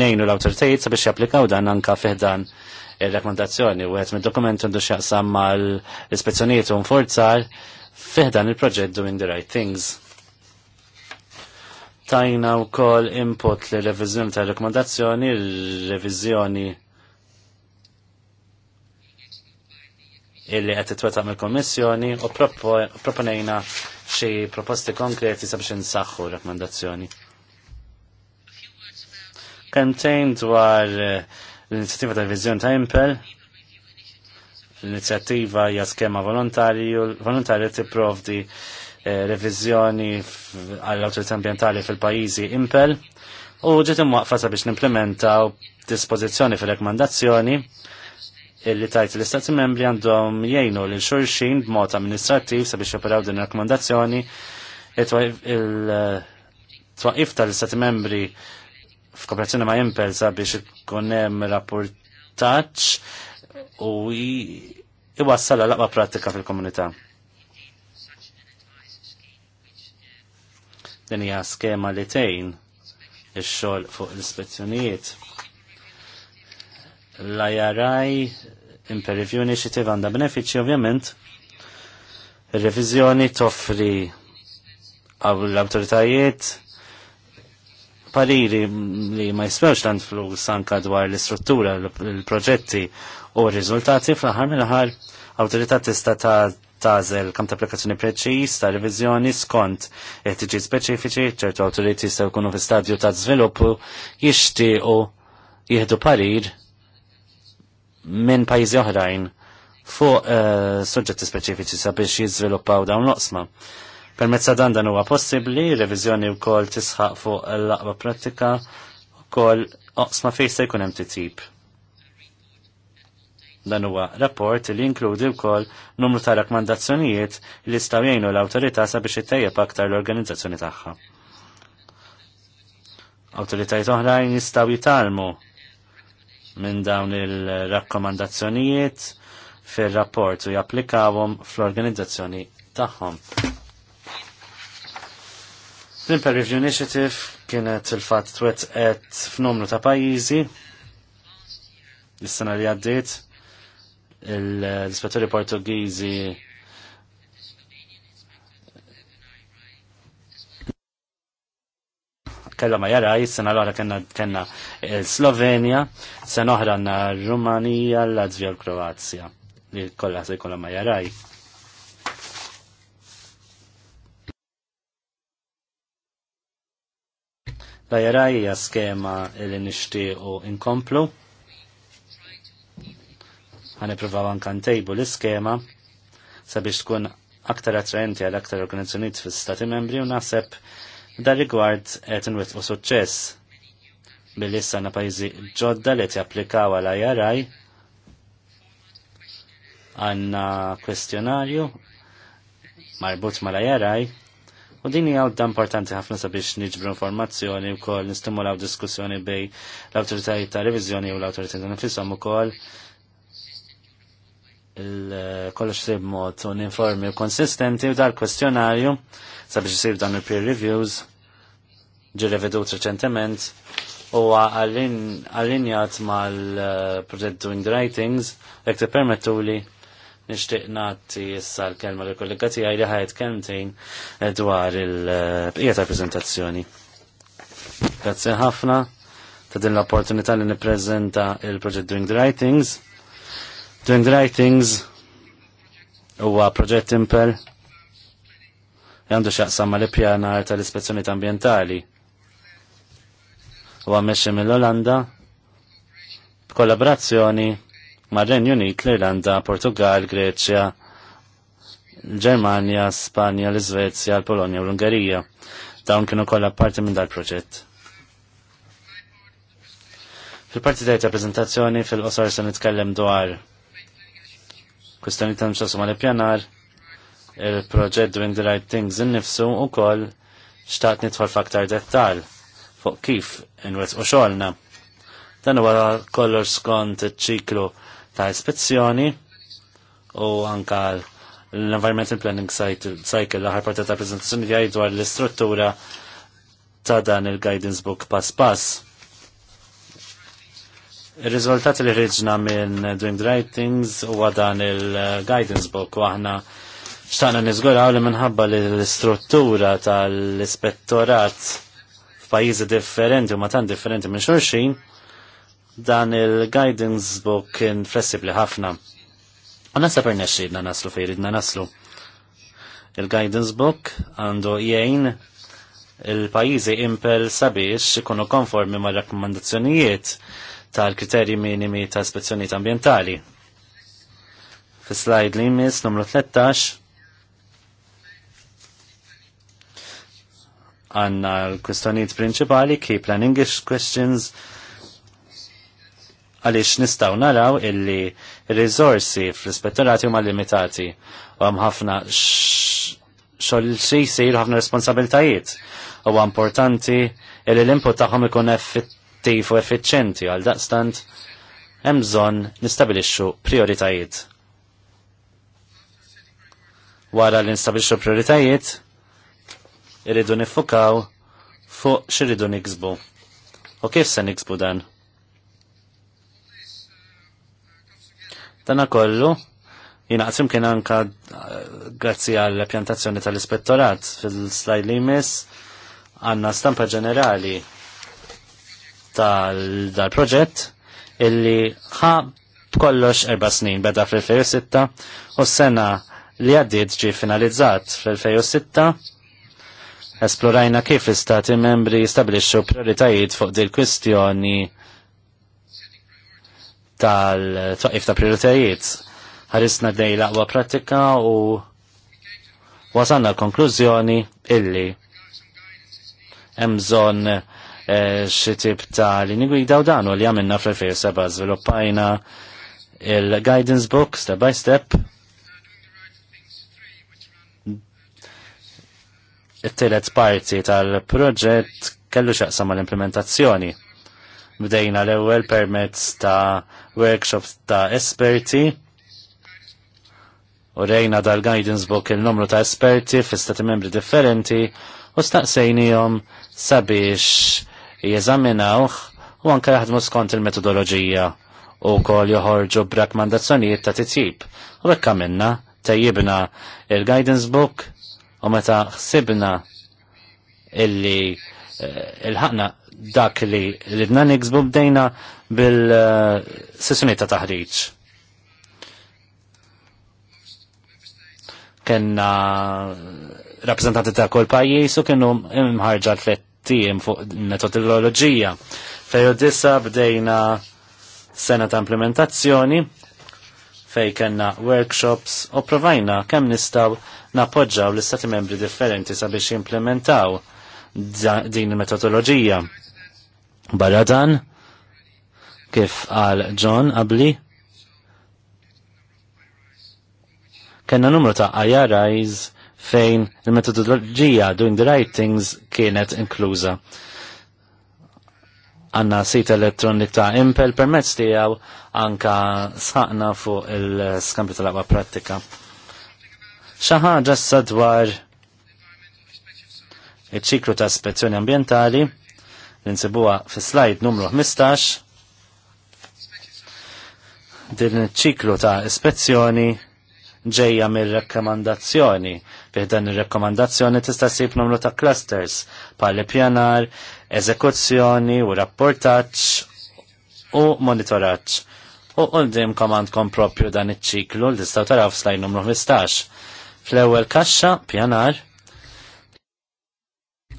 nejnu l-autoritajiet sabiex japplikaw dan anka fiħdan il-rekomendazzjoni u għet mid-dokument undu xaqsam mal ispezzjoniet u nforzar fiħdan il-proġett Doing the Right Things. Tajna u kol input li revizjoni tal rekomendazzjoni, revizjoni illi qed titweta mill-Kommissjoni u proponejna xi proposti konkreti sabiex insaħħu rekomendazzjoni. Kentejn dwar eh, l inizjativa ta' vizjon ta' Impel, l-inizjattiva hija skema volontarju, volontarju tipprovdi eh, reviżjoni għall-autorità ambjentali fil-pajjiżi Impel u ġiet imwaqfa sabiex nimplementaw dispożizzjoni fil-rekomandazzjoni illi tajt l-Istati membri għandhom jgħinu l xurxin b'mod amministrattiv sabiex joperaw din rakkomandazzjoni il-twaqif tal-Istati membri f'kooperazzjoni ma' Impel sabiex ikun hemm rapportaġġ u iwassal laqba pratika fil-komunità. Din hija skema li tgħin ix-xogħol fuq l-ispezzjonijiet l-IRI Imper Initiative għandha benefiċċji ovvjament. Ir-reviżjoni toffri l-awtoritajiet pariri li ma jismewx tant flus anka dwar l-istruttura, l-proġetti u r-riżultati fl-aħħar mill-aħħar awtorità tista' tażel kam ta' applikazzjoni preċiż ta' reviżjoni skont ħtiġijiet speċifiċi, ċertu awtoritajiet jistgħu jkunu fi stadju ta' żviluppu jixtiequ jieħdu parir minn pajjiżi oħrajn fuq uh, suġġetti speċifiċi sabiex jiżviluppaw dawn l-oqsma. Permezza dan dan huwa possibbli, reviżjoni wkoll tisħaq fuq l-aqwa pratika wkoll oqsma fejn se jkun hemm titjib. Dan huwa rapport li jinkludi wkoll numru ta' rakkomandazzjonijiet li jistgħu jgħinu l-awtorità sabiex ittejjeb aktar l-organizzazzjoni tagħha. Awtoritajiet oħrajn jistgħu jitalmu minn dawn il-rakkomandazzjonijiet fil-rapport u japplikawhom fl-organizzazzjoni tagħhom. L-Imper Review Initiative kienet il-fatt twet qed f'numru ta' pajjiżi l-sena li għaddiet l-ispetturi Portugiżi kella ma jaraj, sena l ohra kena, kena eh, Slovenja, sena oħra na Rumanija, Latvija, l-Kroazja, li kolla se kolla ma jaraj. La jara hija skema li nixtiequ inkomplu. Ħaniprovaw anka ntejbu l-iskema sabiex tkun aktar attraenti għal aktar organizzjonijiet fis-Stati membri u naħseb Dar rigward qed inwitqu suċċess billi na pajjiżi ġodda li japplikaw għal IRI għandna kwestjonarju marbut mal IRI u din hija għadda importanti ħafna sabiex niġbru informazzjoni wkoll nistimulaw diskussjoni bej l-awtoritajiet ta' reviżjoni u l-awtoritajiet nifisom ukoll il-kollox sib mod uniformi u konsistenti u dar kwestjonarju sabiex jisir dan il-peer reviews ġi revedut reċentement u għallinjat mal-proġett Doing the writings, Things jek te permettu li nishtiq nati issa l-kelma li kollega għaj li ħajt kelmtejn dwar il-bqija prezentazzjoni. Grazie ħafna ta' din l-opportunità li niprezenta il-proġett Doing the writings. Doing the right things huwa proġett impel għandu xaqsam ma l pjana tal-ispezzjoniet ambientali. Huwa meċi mill-Olanda b'kollaborazzjoni ma' Renju Unit, l-Irlanda, Portugal, Greċja, l-Ġermanja, Spanja, l-Iżvezja, l-Polonja u l-Ungerija. Dawn kienu kollha parti minn dal-proġett. Fil-parti tajt prezentazzjoni fil-qosor se nitkellem dwar Kustjoni ta' mxasu għal pjanar il-proġett Doing the Right Things innifsu u koll xtaqt nitfall faktar dettal fuq kif inwet u xolna. Dan huwa kollor skont ċiklu ta' ispezzjoni u anka l-Environmental Planning Cycle l aħħar parti ta' prezentazzjoni dwar l-istruttura ta' dan il-Guidance Book pass pass. Il-rizultat li ħriġna minn Doing the u għadan huwa dan il-Guidance Book u għahna xtaqna nizguraw li minħabba li l-istruttura tal-ispettorat f'pajjiżi differenti u matan differenti minn xulxin dan il-Guidance Book kien flessibli ħafna. U nasa per nesċidna naslu fejridna naslu. Il-Guidance Book għandu jgħin il-pajizi impel sabiex ikunu konformi ma' rakkomandazzjonijiet tal-kriterji minimi ta' spezzjonijiet ambientali. Fi slide li jmiss numru 13 għanna l-kwistjonijiet prinċipali key planning questions għaliex nistaw naraw illi rizorsi fl-ispettorati huma limitati u hemm ħafna xogħol xi jsir ħafna responsabiltajiet. Huwa importanti illi l-input tagħhom ikun effett effettiv u effiċenti għal daqstant hemm bżonn nistabilixxu prioritajiet. Wara li nistabilixxu prioritajiet, irridu nifukaw fuq xirridu niksbu. U kif se niksbu dan? Dan kollu, jinaqsim kien anka eh, grazzi għall pjantazzjoni tal-ispettorat fil-slajd li jmiss għanna stampa ġenerali tal-proġett illi ħa kollox erba' snin beda fl-2006 u s-sena li għaddiet ġi finalizzat fl-2006 esplorajna kif l-istati membri jistablixxu prioritajiet fuq dil kwistjoni tal toqif ta' prioritajiet. Ħarisna dej laqwa pratika u wasanna l-konklużjoni illi hemm Eh, xi tip ta' li nigwidaw dan u li għamilna fl-2007 żviluppajna il-guidance book step by step it-tielet parti tal-proġett kellu xaqsam l implementazzjoni Bdejna l-ewwel permezz ta' workshops ta' esperti u rejna dal-guidance book il-numru ta' esperti fi stati membri differenti u staqsejnijom sabiex jeżaminawh u anke jaħdmu skont il-metodoloġija u kol joħorġu b'rakkomandazzjonijiet ta' titjib. U hekk għamilna tejjibna il-guidance book u meta ħsibna illi eh, il-ħakna dak li ridna niksbu bdejna bil-sessjoni ta' taħriġ. Kenna rappresentanti ta' kol pajjiż u kienu imħarġa l-fett tiem fuq metodoloġija. Fejo disa bdejna sena ta' implementazzjoni fej kena workshops u provajna kemm nistaw napoġġaw l-istati membri differenti sabiex jimplementaw din il-metodoloġija. kif għal John Abli? kena numru ta' IRIs fejn il-metodologija doing the right things kienet inkluża. Għanna sit elettronik ta' impel permezz tijaw anka saqna fuq il skampi tal-aqwa prattika. ħaġa issa dwar iċ-ċiklu ta' ispezzjoni ambientali li nsibuha fi slide numru 15 din iċ-ċiklu ta' ispezzjoni ġejja mir-rakkomandazzjoni Biħdan ir-rekkomandazzjoni tista' sib numru ta' clusters bħal pjanar, eżekuzzjoni u rapportaġġ u monitoraġġ. U komand komandkom propju dan iċ-ċiklu li istaw taraw slajn numru 15. Fl-ewwel kaxxa pjanar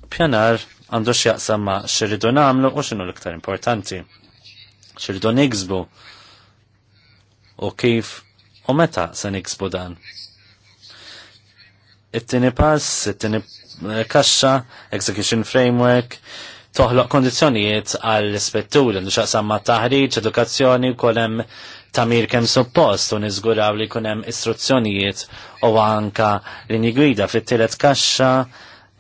pjanar għandu x'jaqsam ma xirridu nagħmlu u x'inhu l-iktar importanti. Xirridu niksbu u kif u meta se niksbu dan it-tini pass, it-tini eh, kaxxa, execution framework, toħloq kondizjonijiet għall-ispettur, għandu xaqsam ma' taħriġ, edukazzjoni, kolem tamir kem suppost u nizguraw li kunem istruzzjonijiet u anka linji gwida fit-tielet kaxxa,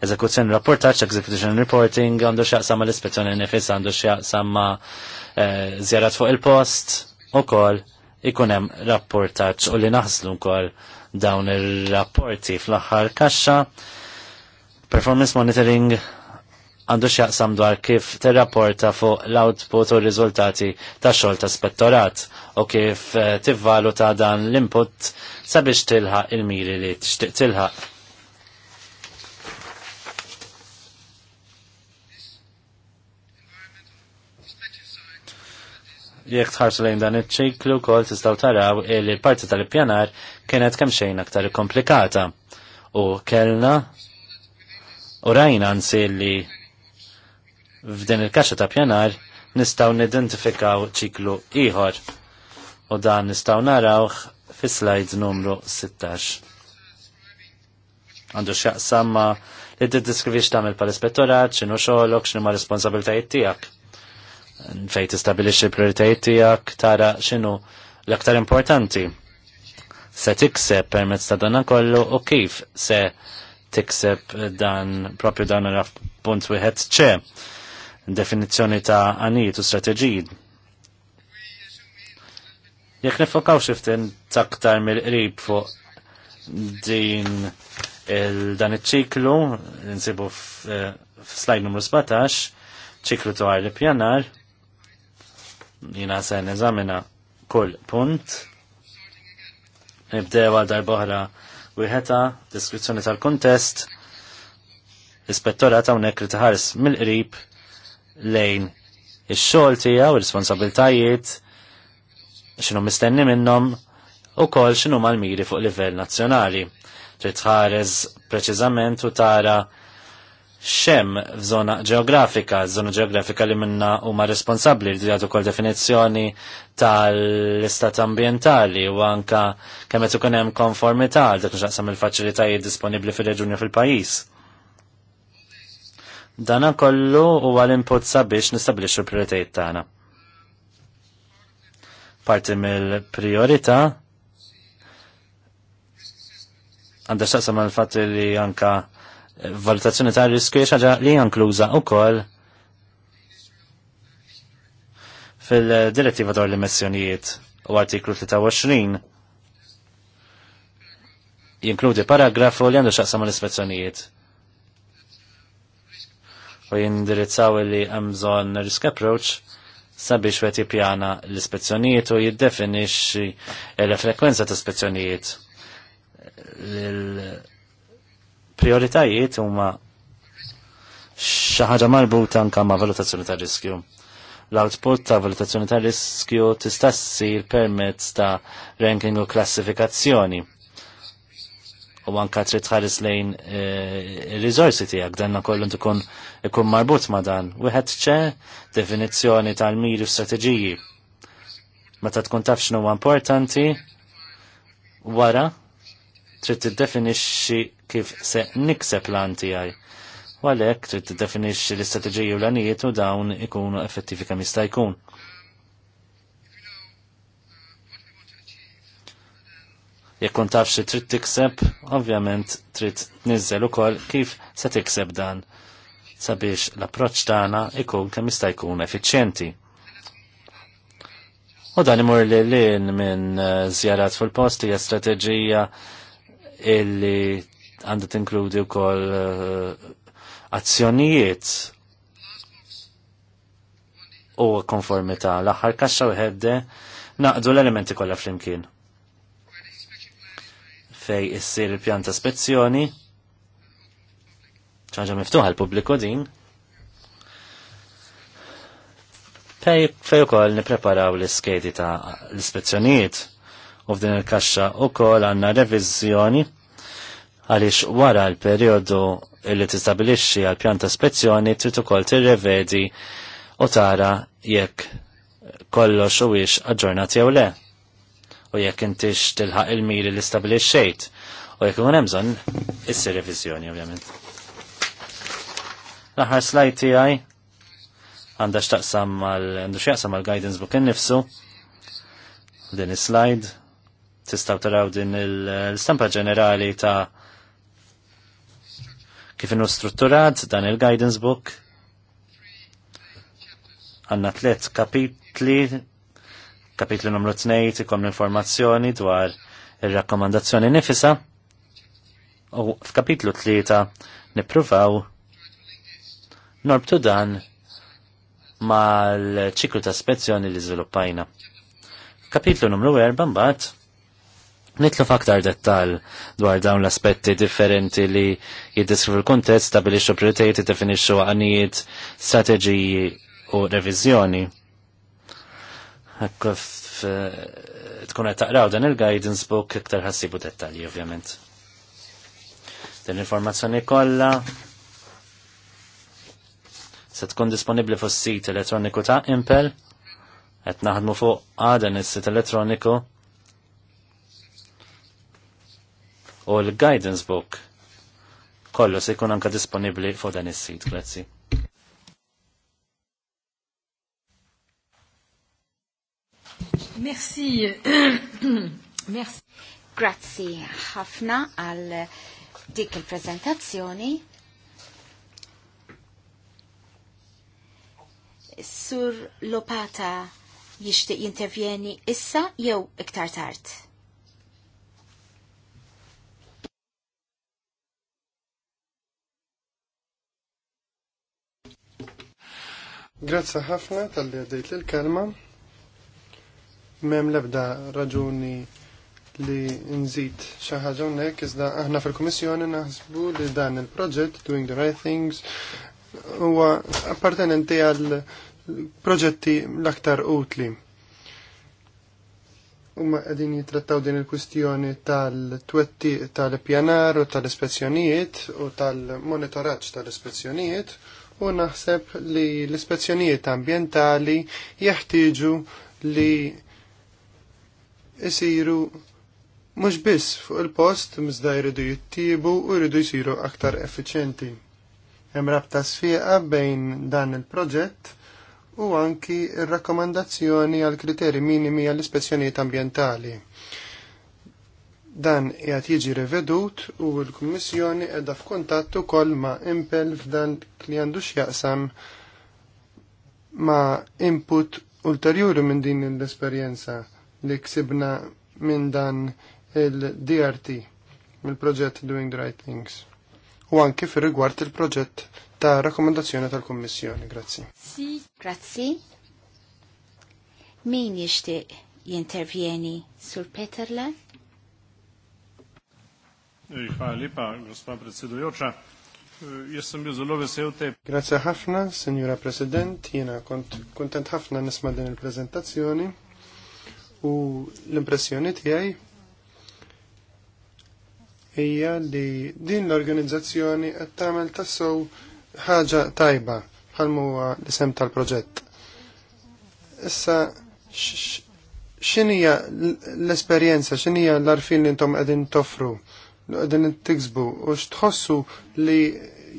Ezekuzzjoni rapportaċ, execution reporting, għandu xaqsam l-ispezzjoni nifis, għandu xaqsam ma' eh, zjarat fuq il-post, u kol ikunem rapportaċ u li naħslu kol dawn ir-rapporti fl-aħħar kaxxa. Performance monitoring għandu xjaqsam dwar kif tirrapporta fuq l-output u r-riżultati ta' xogħol ta' spettorat u kif eh, tivvaluta dan l-input sabiex tilħaq il-miri li tixtieq tilħaq. jekk tħarsu lejn dan iċ-ċiklu wkoll tistgħu taraw li l-parti tal-ippjanar kienet kemm xejn aktar komplikata. U kellna u rajna anzi li f'din il-kaxxa ta' pjanar nistgħu nidentifikaw ċiklu ieħor. U dan nistgħu narawh fi slide numru 16. Għandu x'jaqsam ma li tiddiskrivix tagħmel pal-ispettorat, x'inhu xogħolok, xinu ma' responsabiltajiet tiegħek fejn tistabilixxi l-prijoritajiet tiegħek tara x'inhu l-aktar importanti. Se tikseb permezz ta' dan kollu u kif se tikseb dan propju dan raf punt wieħed ċe definizzjoni ta' għanijiet u strateġiji. Jekk nifokaw xiftin taktar mill-qrib fuq din dan iċ-ċiklu, nsibu f-slajd eh, numru 17, ċiklu dwar l-pjanar, jina se nizamina kull punt. Nibdew għal darbohra jħeta deskrizzjoni tal-kontest, l-ispettorat hawnhekk li taħars mill-qrib lejn ix-xogħol tiegħu, u responsabiltajiet xinu mistenni minnhom u kol xinu mal-miri fuq livell nazzjonali. Trid preċizament preċiżament u tara xem f'żona ġeografika, żona ġeografika li minna huma responsabbli li jagħtu kol definizzjoni tal-istat ambientali u anka kemm qed ikun hemm konformità għal dak xaqsam il-faċilitajiet disponibbli fir-reġuni fil-pajjiż. Dana kollu huwa l-input sabiex nistabbilixxu l-prijoritajiet tagħna. Parti mill-priorità għandha xaqsam il-fatt li anka valutazzjoni ta' riskju xaġa li jankluża wkoll fil-direttiva dwar l-emissjonijiet u artiklu 23 jinkludi paragrafu li għandu xaqsam l-ispezzjonijiet u jindirizzaw li għamżon risk approach sabiex wet pjana l-ispezzjonijiet u jiddefinix l-frekwenza ta' ispezzjonijiet Prioritajiet huma xi ħaġa marbuta anke ma' valutazzjoni ta' riskju. L-output ta' valutazzjoni ta' riskju tista' ssir permezz ta' ranking u klassifikazzjoni. U anke trid tħares lejn eh, ir-riżorsi tiegħek danna kollu tkun ikun marbut ma' dan. Wieħed ċe definizzjoni tal-miri u strateġiji. Meta tkun taf x'nu importanti wara trid tiddefinixxi kif se nikseb plan tiegħi. U għalhekk trid tiddefinixxi l-istrateġiji u l-għanijiet u dawn ikunu effettivi kemm jista' jkun. Jekk kont tafx trid tikseb, ovvjament trid tniżel ukoll kif se tikseb dan sabiex l-approċċ tagħna ikun kemm jista' jkun effiċjenti. U dan imur li lin minn żjarat eh, fil-post hija strateġija illi għandu tinkludi wkoll eh, azzjonijiet u konformità l-aħħar kaxxa wieħedde naqdu l-elementi kollha flimkien. Fej issir il-pjanta spezzjoni, ċaġa miftuħa l-pubbliku din, fej ukoll nippreparaw l-iskedi ta' l-ispezzjonijiet u f'din il-kaxxa wkoll għandna reviżjoni għaliex wara l-perjodu li tistabilixxi għal pjanta spezzjoni trid ukoll tirrevedi u tara jekk kollox huwiex wiex aġġornat jew le u jekk intix tilħaq il-miri li stabilixxejt u jekk ikun hemm bżonn issir reviżjoni ovvjament. L-aħħar slide tiegħi għandha x'taqsam mal għandu x'jaqsam mal guidance book innifsu din is-slide tistaw taraw din il-stampa ġenerali ta' kif inhu strutturat dan il-guidance book. Għanna tliet kapitli, kapitli numru 2 ikom l-informazzjoni dwar ir-rakkomandazzjoni nifisa. U f'kapitlu 3 nippruvaw norbtu dan mal-ċiklu ta' spezzjoni li żviluppajna. Kapitlu numru 4 mbagħad Nitlu f'aktar dettal dwar dawn l-aspetti differenti li jiddiskrivu l kontest stabilixxu prioritajiet definixxu għanijiet, strateġiji u reviżjoni. Hekk tkun qed taqraw dan il-guidance book iktar ħassibu dettalji ovvjament. Din l-informazzjoni kollha se tkun disponibbli fuq sit elettroniku ta' Impel qed naħdmu fuq għadan is-sit elettroniku u l-guidance book kollu se jkun anka disponibli fuq dan is-sit. Grazzi. Merci. (coughs) Merci. Grazzi ħafna għal dik il-prezentazzjoni. Sur Lopata jixtieq jintervjeni issa jew iktar tard? Grazzi ħafna tal-li għaddejt l-kelma. Mem lebda raġuni li nżid xi ħaġa hawnhekk iżda aħna fil-Kummissjoni naħsbu li dan il-proġett Doing the Right Things huwa appartenenti għal proġetti l-aktar utli. Umma għedin jitrattaw din il-kustjoni tal-twetti tal-pjanar u tal-ispezzjonijiet u tal-monitoraċ tal-ispezzjonijiet u naħseb li l-ispezzjonijiet ambientali jeħtieġu li jisiru mhux biss fuq il-post mizda jridu jittibu u jridu jsiru aktar effiċenti. Hemm rabta sfiqa bejn dan il-proġett u anki r rakkomandazzjoni għal kriteri minimi għall ispezzjonijiet ambientali. Dan qed jiġi revedut u l-Kummissjoni qiegħda f'kuntatt ukoll ma' impel f'dan li għandu x'jaqsam ma' input ulterjuri minn din l-esperjenza li ksibna minn dan il-DRT, mill-proġett Doing the Right Things. U anke fir rigward il-proġett ta' rakkomandazzjoni tal kummissjoni Grazzi. Si, grazzi. Min jixtieq jintervjeni sur Peterle? Hvala lepa, gospa predsedujoča. Jaz sem bil zelo vesel te. Grazie ħafna, Signora President, jena kontent ħafna nisma din il-prezentazzjoni u l-impressjoni tiegħi hija li din l-organizzazzjoni qed tagħmel tassew ħaġa tajba bħal huwa l-isem tal-proġett. Issa x'inhija l-esperjenza, x'inhija l-arfin li intom qegħdin toffru l-għedin t-tiksbu u xtħossu li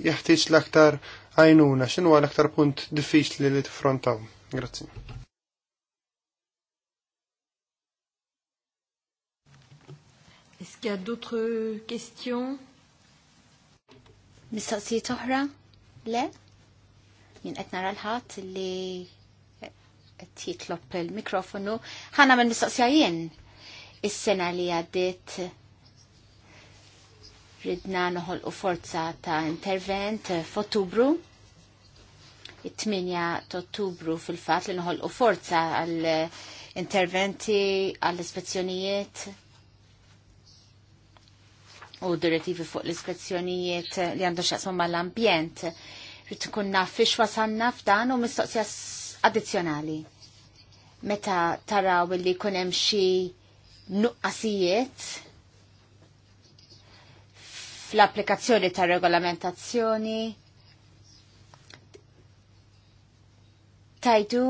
jeħtieġ l-aktar għajnuna, xinu għal aktar punt diffiċli li t-frontaw. Grazzi. Est-ce qu'il y a d'autres questions Mistaqsijiet oħra? Le? Min qed nara l-ħadd li qed jitlob il-mikrofonu. Ħana mill mistoqsija jien is-sena li għaddit ridna noħol u forza ta' intervent eh, f'Ottubru. It-8 ta' Ottubru fil-fat li noħol u forza għal eh, interventi għall ispezzjonijiet u direttivi fuq l-ispezzjonijiet eh, li għandu xaqsmu mal-ambjent. Rrit nkun naf wasanna f'dan u mistoqsija addizzjonali. Meta taraw li kunem xi nuqqasijiet fl-applikazzjoni ta' regolamentazzjoni tajdu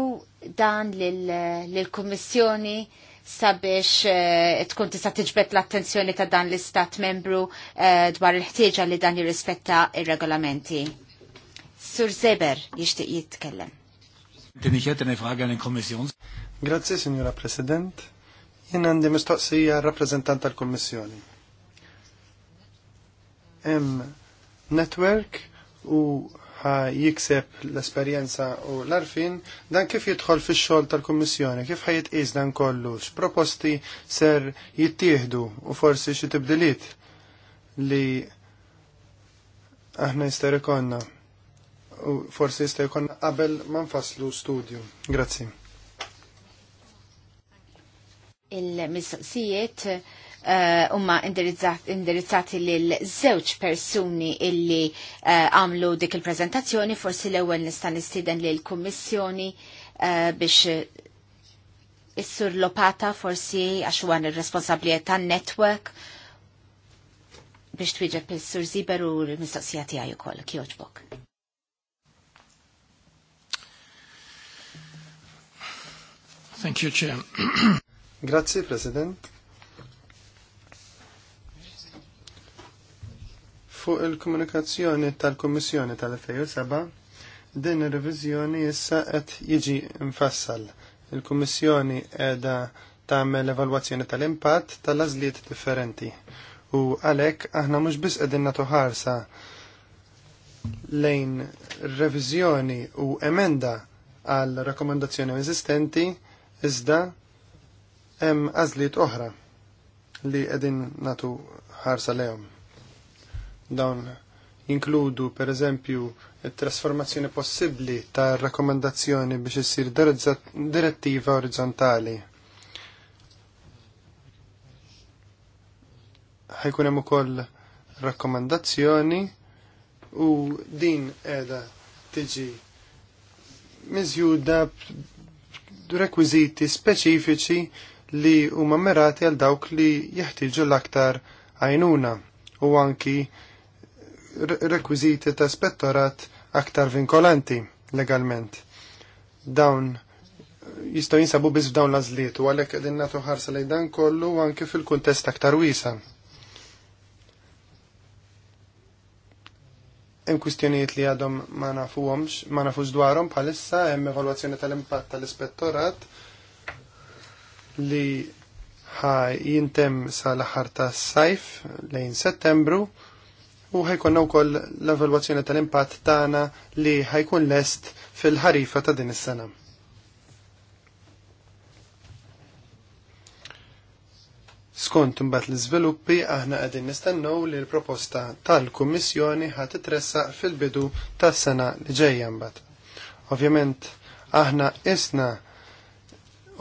dan lill-Kummissjoni sabiex eh, tkun tista' tiġbed l-attenzjoni ta' dan l-Istat membru eh, dwar il-ħtieġa li dan jirrispetta ir-regolamenti. Sur Zeber jixtieq jitkellem. Grazie, signora President. Jien għandi mistoqsija rappresentant tal-Kommissjoni hemm network u jikseb l-esperjenza u l-arfin, dan kif jidħol fix xogħol tal-Kummissjoni, kif ħajitqis dan kollu, x'proposti ser jittieħdu u forsi xi tibdiliet li aħna jista' ikonna u forsi jista' jkun qabel ma nfasslu studju. Grazzi. Il-mistoqsijiet Eh, umma indirizzati lil żewġ persuni illi eh, għamlu dik il-prezentazzjoni, forsi l-ewwel nista' nistieden l kummissjoni eh, biex is-sur Lopata forsi għax huwa ir-responsabbli tan-network biex twieġeb is-sur Ziber u l-mistoqsija tiegħi wkoll kjoġbok. Thank you, Chair. Grazie, President. Fuq il-komunikazzjoni tal-Kummissjoni tal-2007, din ir-reviżjoni issa qed jiġi mfassal. Il-Kummissjoni qiegħda tagħmel evalwazzjoni tal-impatt tal-għażliet differenti. U għalhekk aħna mhux biss qegħdin nagħtu ħarsa lejn reviżjoni u emenda għal rakkomandazzjoni eżistenti iżda hemm għażliet oħra li qegħdin nagħtu ħarsa lehom. Dawn jinkludu per eżempju trasformazzjoni possibbli ta' rakkomandazzjoni biex issir direttiva orizzontali. Ħajkun hemm ukoll rakkomandazzjoni u din qiegħda tiġi miżjuda rekwiżiti speċifiċi li huma merati għal dawk li jeħtieġu l-aktar għajnuna u anki rekwiziti ta' spettorat aktar vinkolanti legalment. Dawn jistaw jinsabu biz f'dawn lażliet u għalhekk qegħdin nagħtu ħarsa lejn dan kollu anke fil-kuntest aktar wiesa. Hemm kwistjonijiet li għadhom ma nafuhomx, ma nafux dwarhom bħalissa hemm evalwazzjoni tal-impatt tal-ispettorat li ħaj jintem sal-aħħar tas-sajf lejn Settembru u ħajkonna wkoll l-evalwazzjoni tal-impatt tagħna li ħajkun lest fil-ħarifa ta' din is-sena. Skont imbagħad l-iżviluppi aħna qegħdin nistennew li l-proposta tal-Kummissjoni ħad titressaq fil-bidu tas-sena li ġejja mbagħad. Ovvjament aħna isna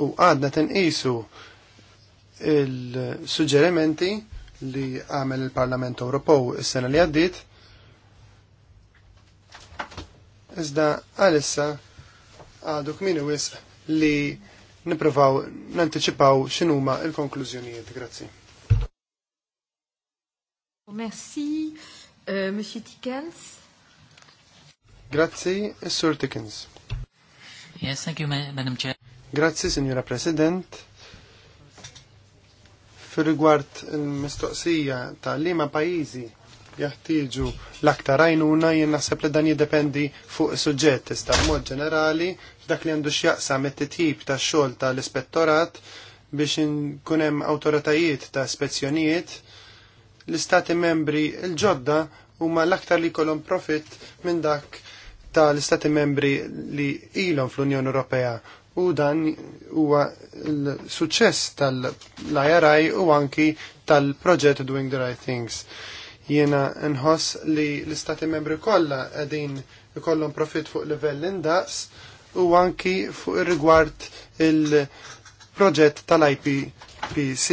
u għadna tinqisu il-suġġerimenti il suġġerimenti li għamel il-Parlament Ewropew is-sena li għaddiet. Iżda għalissa għadu kmini wisq li niprofaw nanticipaw x'inhuma il-konklużjonijiet. Grazzi. Merci, euh, Monsieur Tickens. Grazzi, Sir Tickens. Yes, thank you, Madam Chair. Grazzi, Signora President. Fil-rigward il-mistoqsija ta' liema pajjiżi jaħtieġu l-aktar għajnuna jien naħseb li dan jiddependi fuq suġġett iżda mod ġenerali f'dak li għandu x'jaqsam it-titjib tax-xogħol tal-ispettorat biex nkun hemm awtoritajiet ta' spezzjonijiet l-istati membri l-ġodda huma l-aktar li kolom profit minn dak tal-istati membri li ilhom fl-Unjoni Ewropea u dan huwa l-suċċess tal-IRI u anki tal-proġett Doing the Right Things. Jiena nħoss li l-istati membri kollha qegħdin kollon profit fuq livell indaqs u anki fuq ir-rigward il-proġett tal-IPPC.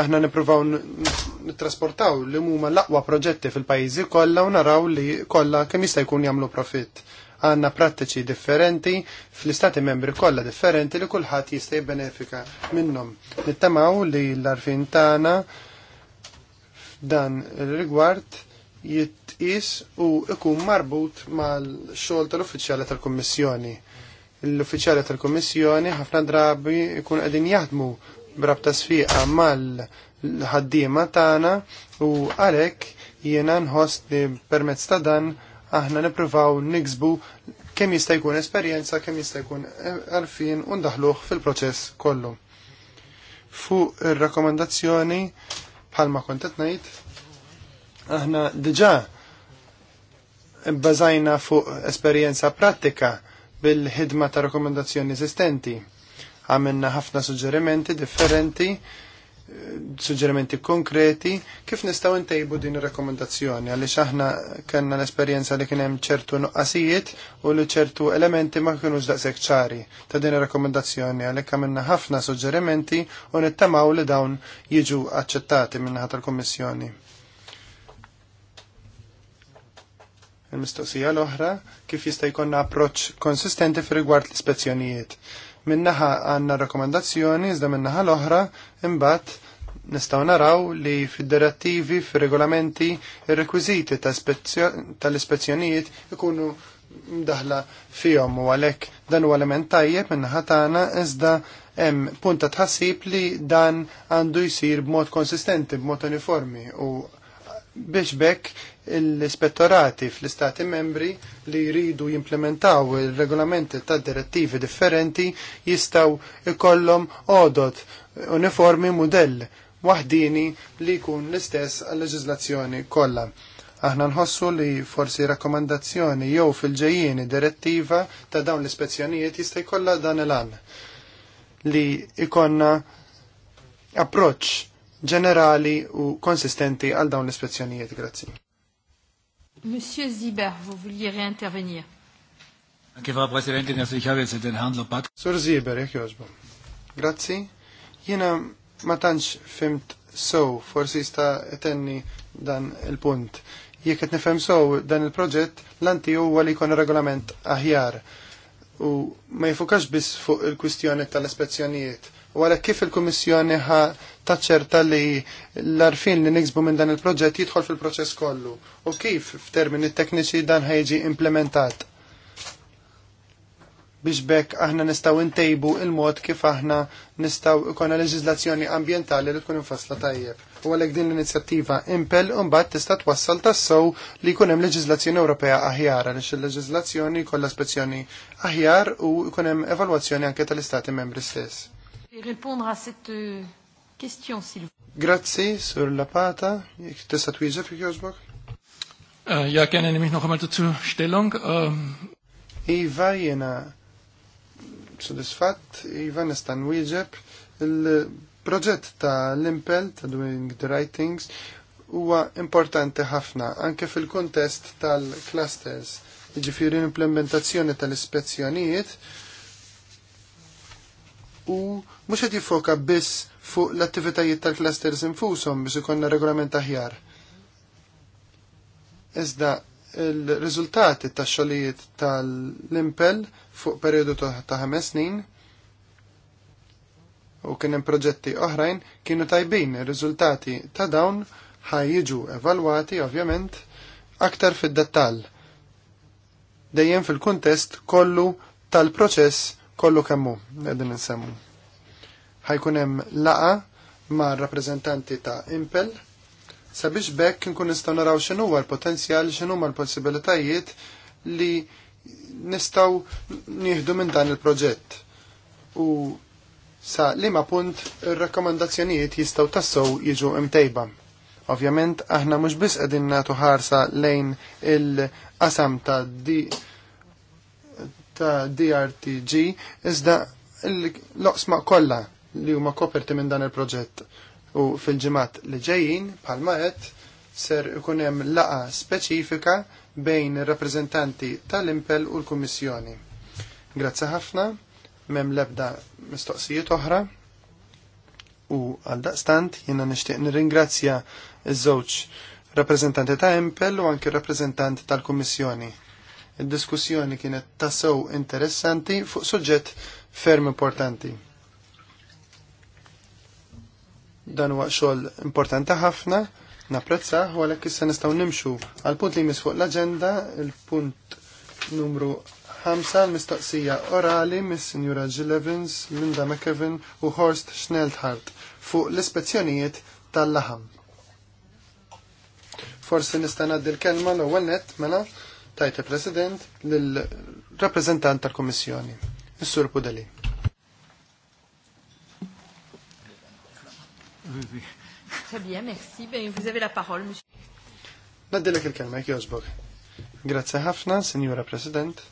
Aħna nippruvaw nittrasportaw li huma l-aqwa proġetti fil-pajjiżi kollha u naraw li kollha kemm jista' jkun jagħmlu profitt għanna prattiċi differenti fl-istati membri kollha differenti li kulħadd jista' jibbenefika minnhom. Nittamaw li l-arfin tagħna dan rigward jitqis u ikun marbut mal-xogħol tal-uffiċjali tal-Kummissjoni. L-uffiċjali tal-Kummissjoni ħafna drabi jkun qegħdin jaħdmu brabta sfiqa mal-ħaddiema tagħna u għalhekk jiena nħoss li permezz ta' dan aħna nippruvaw niksbu kemm jista' jkun esperjenza, kemm jista' jkun eh, għarfien u ndaħluh fil-proċess kollu. Fuq ir-rakkomandazzjoni bħalma kont qed ngħid, aħna diġà bbażajna fuq esperjenza prattika bil-ħidma ta' rakkomandazzjoni eżistenti. Għamilna ħafna suġġerimenti differenti suġġerimenti konkreti kif nistgħu ntejbu din ir-rakkomandazzjoni għaliex aħna kellna l-esperjenza li kien hemm ċertu nuqqasijiet u li ċertu elementi ma kienu daqshekk ċari ta' din ir-rakkomandazzjoni għalhekk għamilna ħafna suġġerimenti u nittamaw li dawn jiġu aċċettati minna ħat tal-Kummissjoni. Il-mistoqsija l-oħra kif jista' jkollna approċċ konsistenti fir rigward l-ispezzjonijiet Minnaħa għanna rekomendazzjoni, iżda minnaħa l-oħra, imbat nistaw naraw li fid-direttivi, fil-regolamenti, il-rekwiziti tal-ispezzjonijiet ikunu mdaħla fihom u għalek dan u element tajjeb minnaħa tagħna iżda hemm punta tħassib li dan għandu jsir b'mod konsistenti, b'mod uniformi u biex bekk l-ispettorati fl-istati membri li jridu jimplementaw il-regolamenti ta' direttivi differenti jistaw ikollom odot uniformi modell waħdini li jkun l-istess għal-leġizlazzjoni kollha. Aħna nħossu li forsi rakkomandazzjoni jew fil-ġejjieni direttiva ta' dawn l-ispezzjonijiet jista' jkollha dan il-għan li ikonna approċċ ġenerali u konsistenti għal dawn l-ispezzjonijiet. Grazzi. Monsieur Ziber, vous vouliez réintervenir. Anke Frau Präsidentin, also ich habe jetzt den Herrn Pat. Sur Ziber, jek joġbu. Grazzi. Jena ma tantx fimt so, forsi sta etenni dan il-punt. Jekk qed nifhem sow dan il-proġett l-anti huwa li regolament aħjar u ma jifukax biss fuq il-kwistjoni tal-ispezzjonijiet U kif il-Kummissjoni ħa taċċerta li l-arfin li niksbu minn dan il-proġett jidħol fil-proċess kollu u kif f'termini tekniċi dan ħajġi implementat biex bekk aħna nistaw intejbu il-mod kif aħna nistaw ikona leġizlazzjoni ambientali li tkun infasla tajjeb. U għalek din l-inizjattiva impel mbagħad tista' twassal tassow li jkun hemm leġizlazzjoni Ewropea aħjar għaliex il-leġizlazzjoni kollha spezzjoni aħjar u jkun hemm evalwazzjoni anke tal-istati membri stess répondre à cette euh, question, s'il vous plaît. Grazie, sur la pata. tessa twiza fi Kjosbok. Äh, ja, kenne nehme noch einmal dazu Stellung. Ähm, iva, jena soddisfatt, Iva nestan wieġeb. Il-proġett ta' l-impel, ta' doing the right things, huwa importanti ħafna, anke fil-kontest tal-clusters. Ġifiri l-implementazzjoni tal-ispezzjonijiet, u mhux qed jiffoka biss fuq l-attivitajiet tal-clusters infushom biex ikollna regolament aħjar. Iżda il-riżultati tax-xogħlijiet tal-impel fuq perjodu ta' ħames snin u kien hemm proġetti oħrajn kienu tajbin ir-riżultati ta' dawn ħaj jiġu evalwati ovvjament aktar fid-dettall dejjem fil-kuntest kollu tal-proċess kollu kemmu qegħdin insemmu. Ħajkun hemm laqa ma' rappreżentanti ta' Impel sabiex bekk nkun nistgħu naraw x'inhu huwa l-potenzjal, x'inhu huma l-possibilitajiet li nistgħu nieħdu minn dan il-proġett. U sa li ma punt ir-rakkomandazzjonijiet jistgħu tassew jiġu imtejba. Ovvjament aħna mhux biss qegħdin nagħtu ħarsa lejn il-qasam ta' di ta' DRTG iżda l-oqsma kollha li huma koperti minn dan il-proġett u fil-ġimat li ġejjin bħalma qed ser ikun hemm laqa speċifika bejn ir-rappreżentanti tal-Impel u l-Kummissjoni. Grazzi ħafna, l lebda mistoqsijiet oħra u għaldaqstant jiena nixtieq nirringrazzja iż-żewġ rappreżentanti ta' Impel u anke rappreżentant tal-Kummissjoni. Id-diskussjoni kienet tassew interessanti fuq suġġett ferm importanti. Dan huwa xogħol importanti ħafna, napprezza, u għalhekk issa nistgħu nimxu għal punt li jmiss fuq l-aġenda, il-punt numru 5 l-mistoqsija orali mis-Sinjura Jill Evans, Linda McEvin u Horst Schnellhardt fuq l-ispezzjonijiet tal-laħam. Forsi nista' ngħaddi l-kelma l-ewwel nett mela tajt il-President l rappreżentant tal komissjoni is-Sur Pudeli. Très merci. Ben, vous avez la parole, monsieur. Naddilek il-kelma, jek jozbok. Grazie ħafna, Signora President.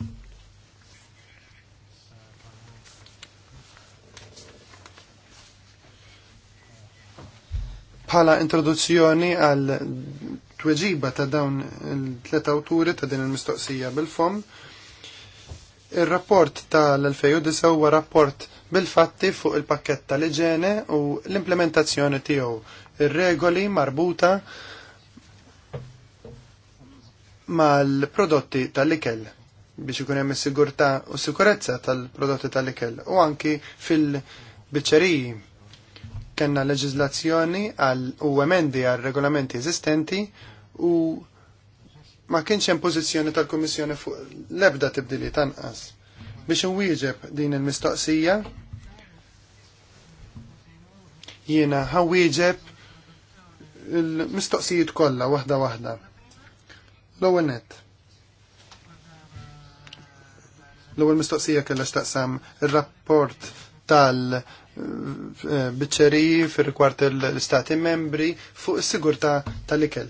Pala introduzzjoni għal tweġiba ta' dawn il tleta awturi ta' din il-mistoqsija bil-fom. Il-rapport tal-2009 huwa rapport bil-fatti fuq il-pakket tal-iġene u l-implementazzjoni tiegħu. Ir-regoli marbuta mal-prodotti tal-ikel biex ikun hemm is-sigurtà u sikurezza tal-prodotti tal-ikel u anki fil-biċċeriji kellna leġiżlazzjoni għal u emendi għal regolamenti eżistenti u ma kienx hemm pożizzjoni tal-Kummissjoni fuq l-ebda tibdili tanqas. Biex inwieġeb din il-mistoqsija, jiena ħawieġeb il-mistoqsijiet kollha waħda waħda. L-ewwel nett. L-ewwel mistoqsija kellha x'taqsam ir-rapport tal- eh, biċċeriji fir-rikward l istati membri fuq is-sigurtà tal-ikel.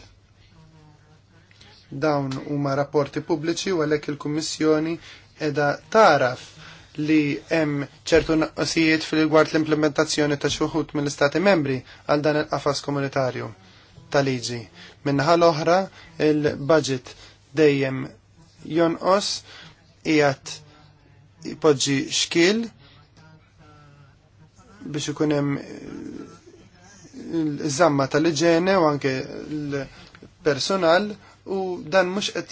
Dawn huma rapporti pubbliċi u għalhekk il-Kummissjoni qiegħda taraf li hemm ċertu naqsijiet fil-gwart l-implementazzjoni ta' xuħut mill-Istati membri għal dan il-qafas komunitarju tal-liġi. Minnaħa l-oħra il-budget dejjem jonqos qiegħed ipoġġi xkil biex ikun hemm l-żamma tal-iġene u anke l-personal u dan mhux qed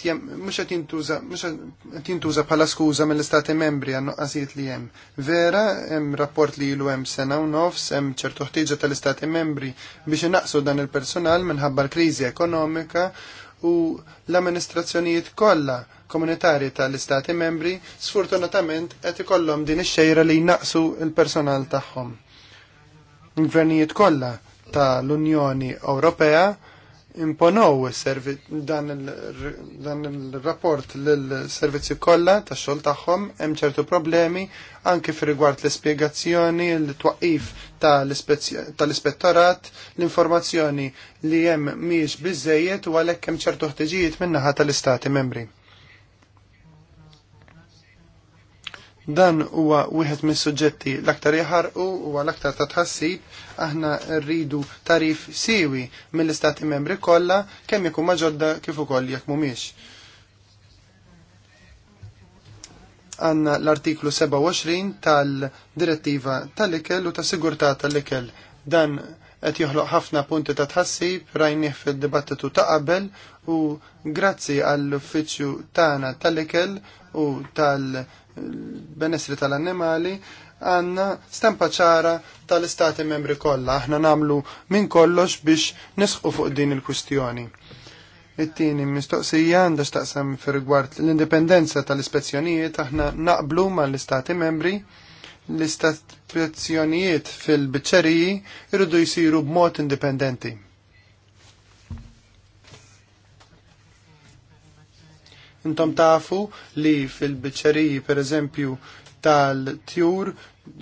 jintuża mhux qed jintuża bħala skuża mill-istati membri għannu noqqasijiet li hemm. Vera hemm rapport li ilu hemm sena u nofs hemm ċertu ħtieġa tal-istati membri biex naqsu dan il-personal minħabba l-kriżi ekonomika u l-amministrazzjonijiet kollha komunitari tal-istati membri sfortunatament qed ikollhom din ix-xejra li jnaqsu l personal tagħhom. Gvernijiet kollha tal-Unjoni Ewropea imponow dan il-rapport l-servizzi kollha tax-xogħol tagħhom hemm ċertu problemi anke fir-rigward l-ispjegazzjoni, l-twaqif tal-ispettorat, l-informazzjoni li hemm mhijiex biżejjed u għalhekk hemm ċertu ħtiġijiet min-naħa tal-istati membri. Dan huwa wieħed mis-suġġetti l-aktar jaħarqu huwa l-aktar ta' tħassib aħna rridu tarif siwi mill-istati membri kollha kemm ikun ġodda kif ukoll jekk mhumiex. għanna l-artiklu 27 tal-direttiva tal-ikel u ta' sigurtà tal-ikel. Dan qed joħloq ħafna punti ta' tħassib rajnih fid-dibattitu ta' qabel u grazzi għall-uffiċċju tagħna tal-ikel u tal-benessri tal-annimali għanna stampa ċara tal-istati membri kollha. Aħna namlu minn kollox biex nisħu fuq din il kwistjoni It-tieni mistoqsija għandha x'taqsam fir rigward l-indipendenza tal-ispezzjonijiet aħna naqblu mal-istati membri l-istazzjonijiet fil-biċċeriji irridu jsiru b'mod indipendenti. Intom tafu li fil-biċċeriji pereżempju tal-tjur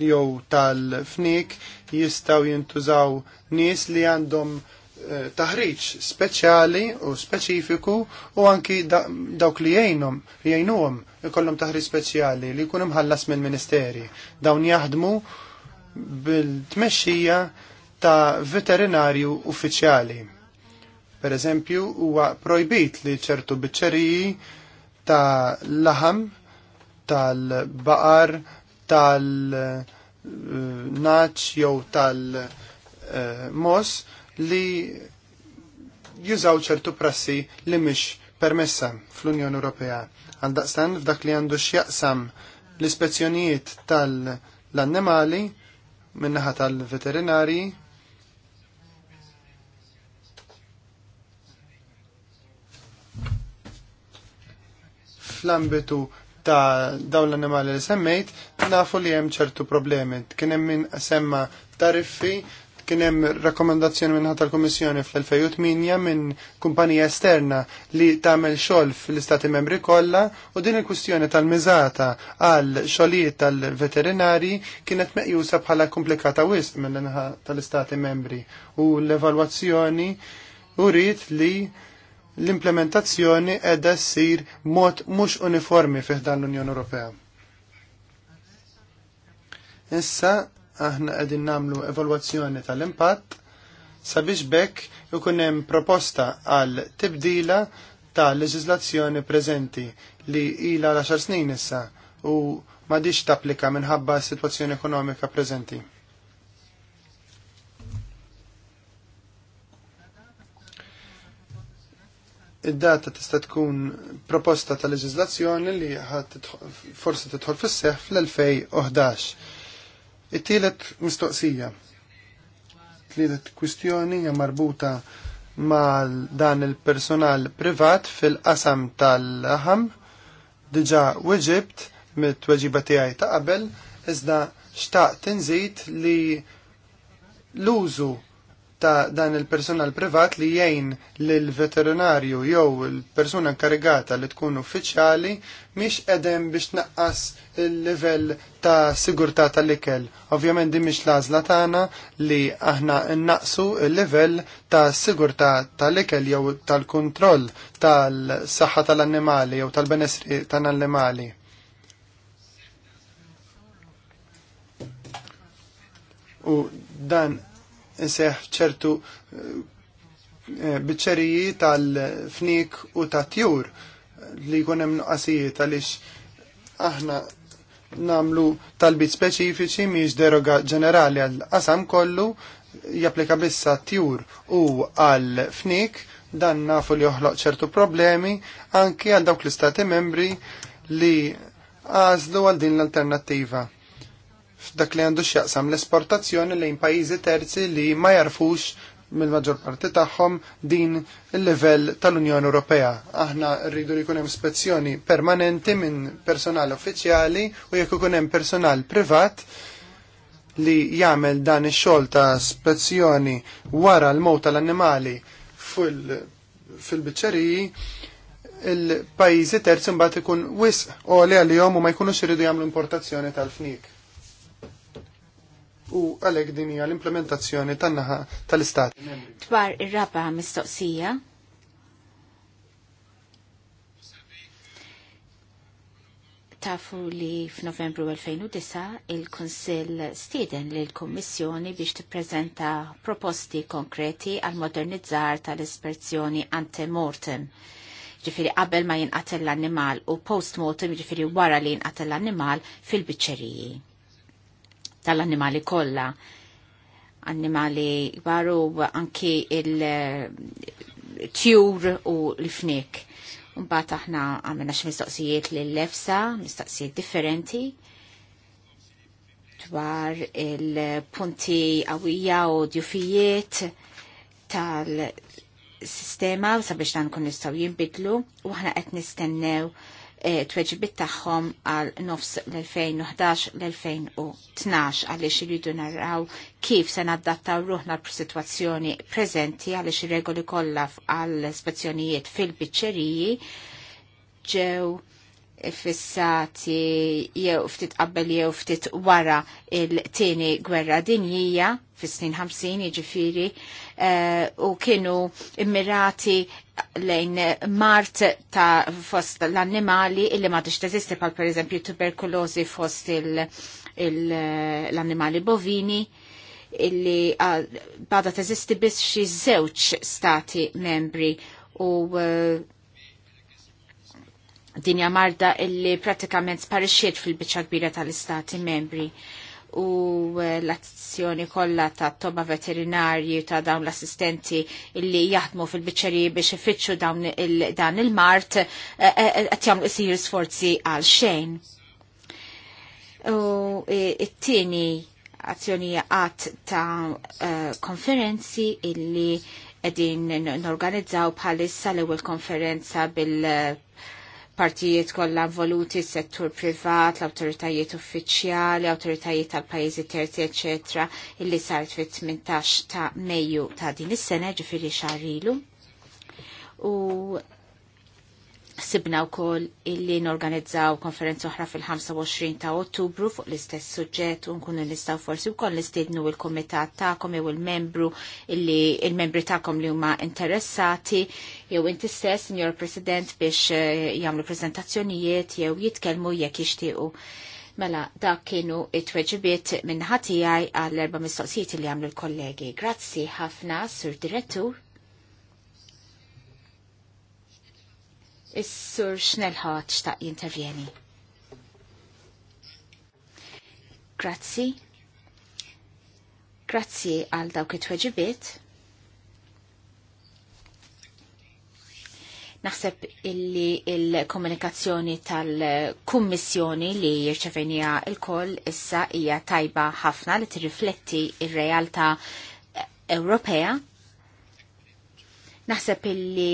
jew tal-fnik jistaw jintużaw nies li għandhom Eh, taħriġ speċjali u speċifiku u anki dawk li jgħinhom jgħinuhom ikollhom taħriġ speċjali li jkun imħallas mill-Ministeri. Dawn jaħdmu bil-tmexxija ta' veterinarju uffiċjali. Per eżempju, huwa projbit li ċertu biċċeriji ta' laħam, tal-baqar, tal-naċ jew tal-mos, tal baqar eh, tal naċ jew tal eh, mos li jużaw ċertu prassi li mhix permessa fl-Unjoni Ewropea. Għaldaqstan f'dak li għandu x'jaqsam l-ispezzjonijiet tal-annimali minnaħa tal-veterinari fl-ambitu ta' dawn l annimali li semmejt, nafu li hemm ċertu problemi. Kien hemm min semma tariffi Kien hemm rakkomandazzjoni minn tal-Kummissjoni fl-2008 minn kumpanija esterna li tagħmel xogħol fl-Istati Membri kollha u din il-kwistjoni tal-miżata għal xogħlijiet tal-veterinari kienet meqjusa bħala komplikata wisq mill-inħa tal-Istati Membri u l-evalwazzjoni urid li l-implementazzjoni qiegħda ssir mod mhux uniformi fih dan l-Unjoni Ewropea. Issa aħna qegħdin nagħmlu evalwazzjoni tal-impatt sabiex bekk ikun hemm proposta għal tibdila ta' leġiżlazzjoni preżenti li ila l għaxar snin issa u m'għadix tapplika minħabba s-sitwazzjoni ekonomika preżenti. id-data tista' tkun proposta ta' leġizlazzjoni li forsi tidħol fis-seħħ fl-2011. It-tielet mistoqsija. Tlielet kwistjoni hija marbuta mal dan il-personal privat fil-qasam tal-ħam diġa weġibt mit-tweġiba tiegħi ta' qabel iżda xtaqt tinżid li l-użu ta' dan il-personal privat li jgħin l-veterinarju jew il-persuna inkarigata li tkun uffiċjali miex edem biex naqqas il-level ta' sigurtà tal-ikel. Ovvjament din miex lażla tagħna li aħna nnaqsu il-level ta' sigurtà tal-ikel jew tal-kontroll tal-saħħa tal-annimali jew tal-benessri tal-annimali. U dan nseħ ċertu eh, eh, biċċeriji tal-fnik u ta' tjur li jkunem nuqqasijiet għaliex aħna namlu talbit speċifiċi miex deroga ġenerali għal qasam kollu japplika bissa tjur u għal fnik dan nafu li joħloq ċertu problemi anki għal dawk l-istati membri li għazlu għal din l-alternattiva f'dak li għandu x'jaqsam l-esportazzjoni lejn pajjiżi terzi li ma jarfux mill-maġġor parti tagħhom din il-livell tal-Unjoni Ewropea. Aħna rridu li jkun hemm spezzjoni permanenti minn personal uffiċjali u jekk ikun hemm personal privat li jagħmel dan ix-xogħol ta' spezzjoni wara l-mowt tal-annimali fil-biċċeriji il-pajjiżi terzi mbagħad ikun wisq u li għalihom u ma jkunux iridu jagħmlu importazzjoni tal-fnik u għalhekk din hija l-implementazzjoni tan-naħa tal-Istat. Dwar ir-raba mistoqsija. Tafu li f'Novembru 2009 il-Konsill stieden l kommissjoni biex tippreżenta proposti konkreti għal modernizzar tal-isperzjoni ante mortem ġifiri qabel ma jinqatel l-annimal u post-mortem ġifiri wara li jinqatel l-annimal fil-bicċeriji tal-annimali kollha. Annimali baru anki il-tjur u l-fnik. Unbat aħna għamena xi mistoqsijiet lill-lefsa, mistoqsijiet differenti dwar il-punti qawwija u djufijiet tal-sistema sabiex dan kun nistgħu jinbidlu u aħna qed nistennew Eh, tweġbit tagħhom għal nofs l-2011 l-2012 għaliex iridu naraw kif se nadattaw ruħna l-situazzjoni preżenti għaliex ir-regoli kollha għal spazzjonijiet fil-biċċeriji ġew fissati jew ftit qabel jew ftit wara il-tieni gwerra dinjija fis-snin 50 jiġifieri eh, u kienu immirati lejn mart ta' fost l-annimali illi ma tix teżisti pal per eżempju tuberkulozi fost l-annimali bovini illi eh, bada teżisti biss xi żewġ stati membri u eh, dinja marda illi pratikament sparixiet fil-biċċa kbira tal-istati membri u l-azzjoni kollha ta' toba veterinarji ta' dawn l-assistenti illi jaħdmu fil-biċċeriji biex ifittxu dawn dan il-mart qed jagħmlu isir sforzi għal xejn. U it-tieni azzjoni għat ta' konferenzi illi qegħdin n-organizzaw bħalissa l ewwel konferenza bil- partijiet kollha involuti, settur privat, l-awtoritajiet uffiċjali, awtoritajiet tal-pajjiżi terzi, eccetera, illi sart fit-18 ta' Mejju ta' din is-sena ġifiri xarilu. U Sibna u koll illi norganizzaw konferenza oħra fil-25 ta' ottubru fuq l-istess suġġett u nkunu nistaw forsi u koll nistednu il-komitat ta'kom jew il-membru illi il-membri ta'kom li huma interessati jew inti stess, Signor President, biex eh, jagħmlu prezentazzjonijiet jew jitkellmu jekk jixtiequ. Mela, dak kienu it-tweġibiet minn ħatijaj għall-erba mistoqsijiet li għamlu l-kollegi. Grazzi ħafna, Sur Direttur. Is-sur Schnellhardt xtaq jintervjeni. Grazzi. Grazzi għal dawk it-tweġibiet. Naħseb illi il-komunikazzjoni tal-kummissjoni li jirċevenija il-koll issa hija tajba ħafna li tirrifletti ir-realtà Ewropea. Naħseb illi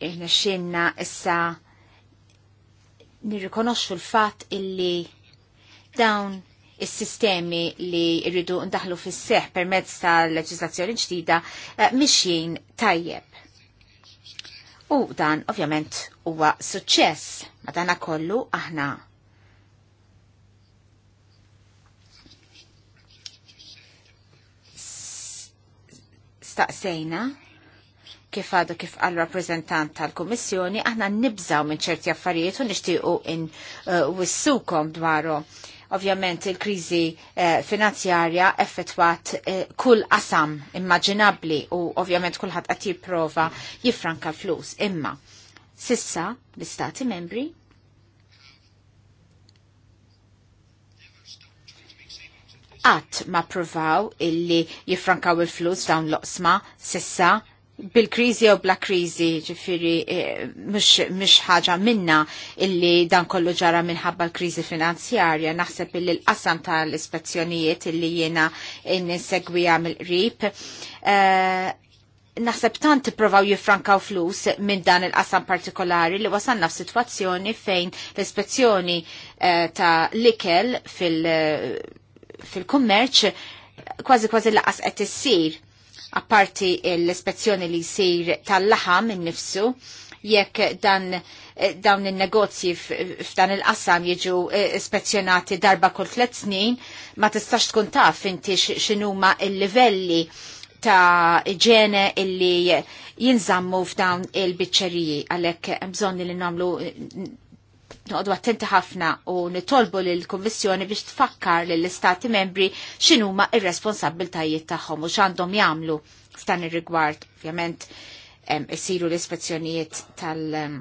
xinna issa nirrikonoxxu l-fatt illi dawn is-sistemi li rridu ndaħlu fis-seħ permezz tal-leġislazzjoni ġdida eh, mixjin tajjeb. U dan ovvjament huwa suċċess, ma dana kollu aħna staqsejna kif għadu kif għal rappresentant tal-Komissjoni, aħna nibżaw minn ċerti affarijiet u nishtiqu in uh, wissukom dwaru. Ovvjament il-krizi eh, uh, finanzjarja effettwat eh, kull qasam immaġinabli u ovvjament kullħat qed jipprova jifranka l-flus. Imma sissa l-istati membri għat ma provaw illi jifrankaw il-flus dawn l-oqsma sissa bil-krizi u bla krizi, ġifiri, e, mux ħaġa minna illi dan kollu ġara minħabba l-krizi finanzjarja. Naħseb illi l-qasam tal-ispezzjonijiet illi jena n-segwija mill-qrib. E, naħseb tant provaw jifrankaw flus minn dan il-qasam partikolari li wasanna f-situazzjoni fejn l-ispezzjoni e, ta' likel fil-kummerċ kważi kważi laqas qed issir apparti l-ispezzjoni li jsir tal-laħam innifsu, jekk dan eh, dawn il-negozji f'dan il-qassam jiġu eh, ispezzjonati darba kull tliet snin, ma tistax tkun taf inti x'inhuma il-livelli ta' ġene illi jinżammu f'dawn il-biċċeriji għalhekk bżonni li nagħmlu eh, noqdu attenti ħafna u nitolbu lil kommissjoni biex tfakkar lil istati membri x'inhuma ir-responsabiltajiet tagħhom u x'għandhom jagħmlu f'dan ir-rigward. Ovvjament isiru l-ispezzjonijiet tal-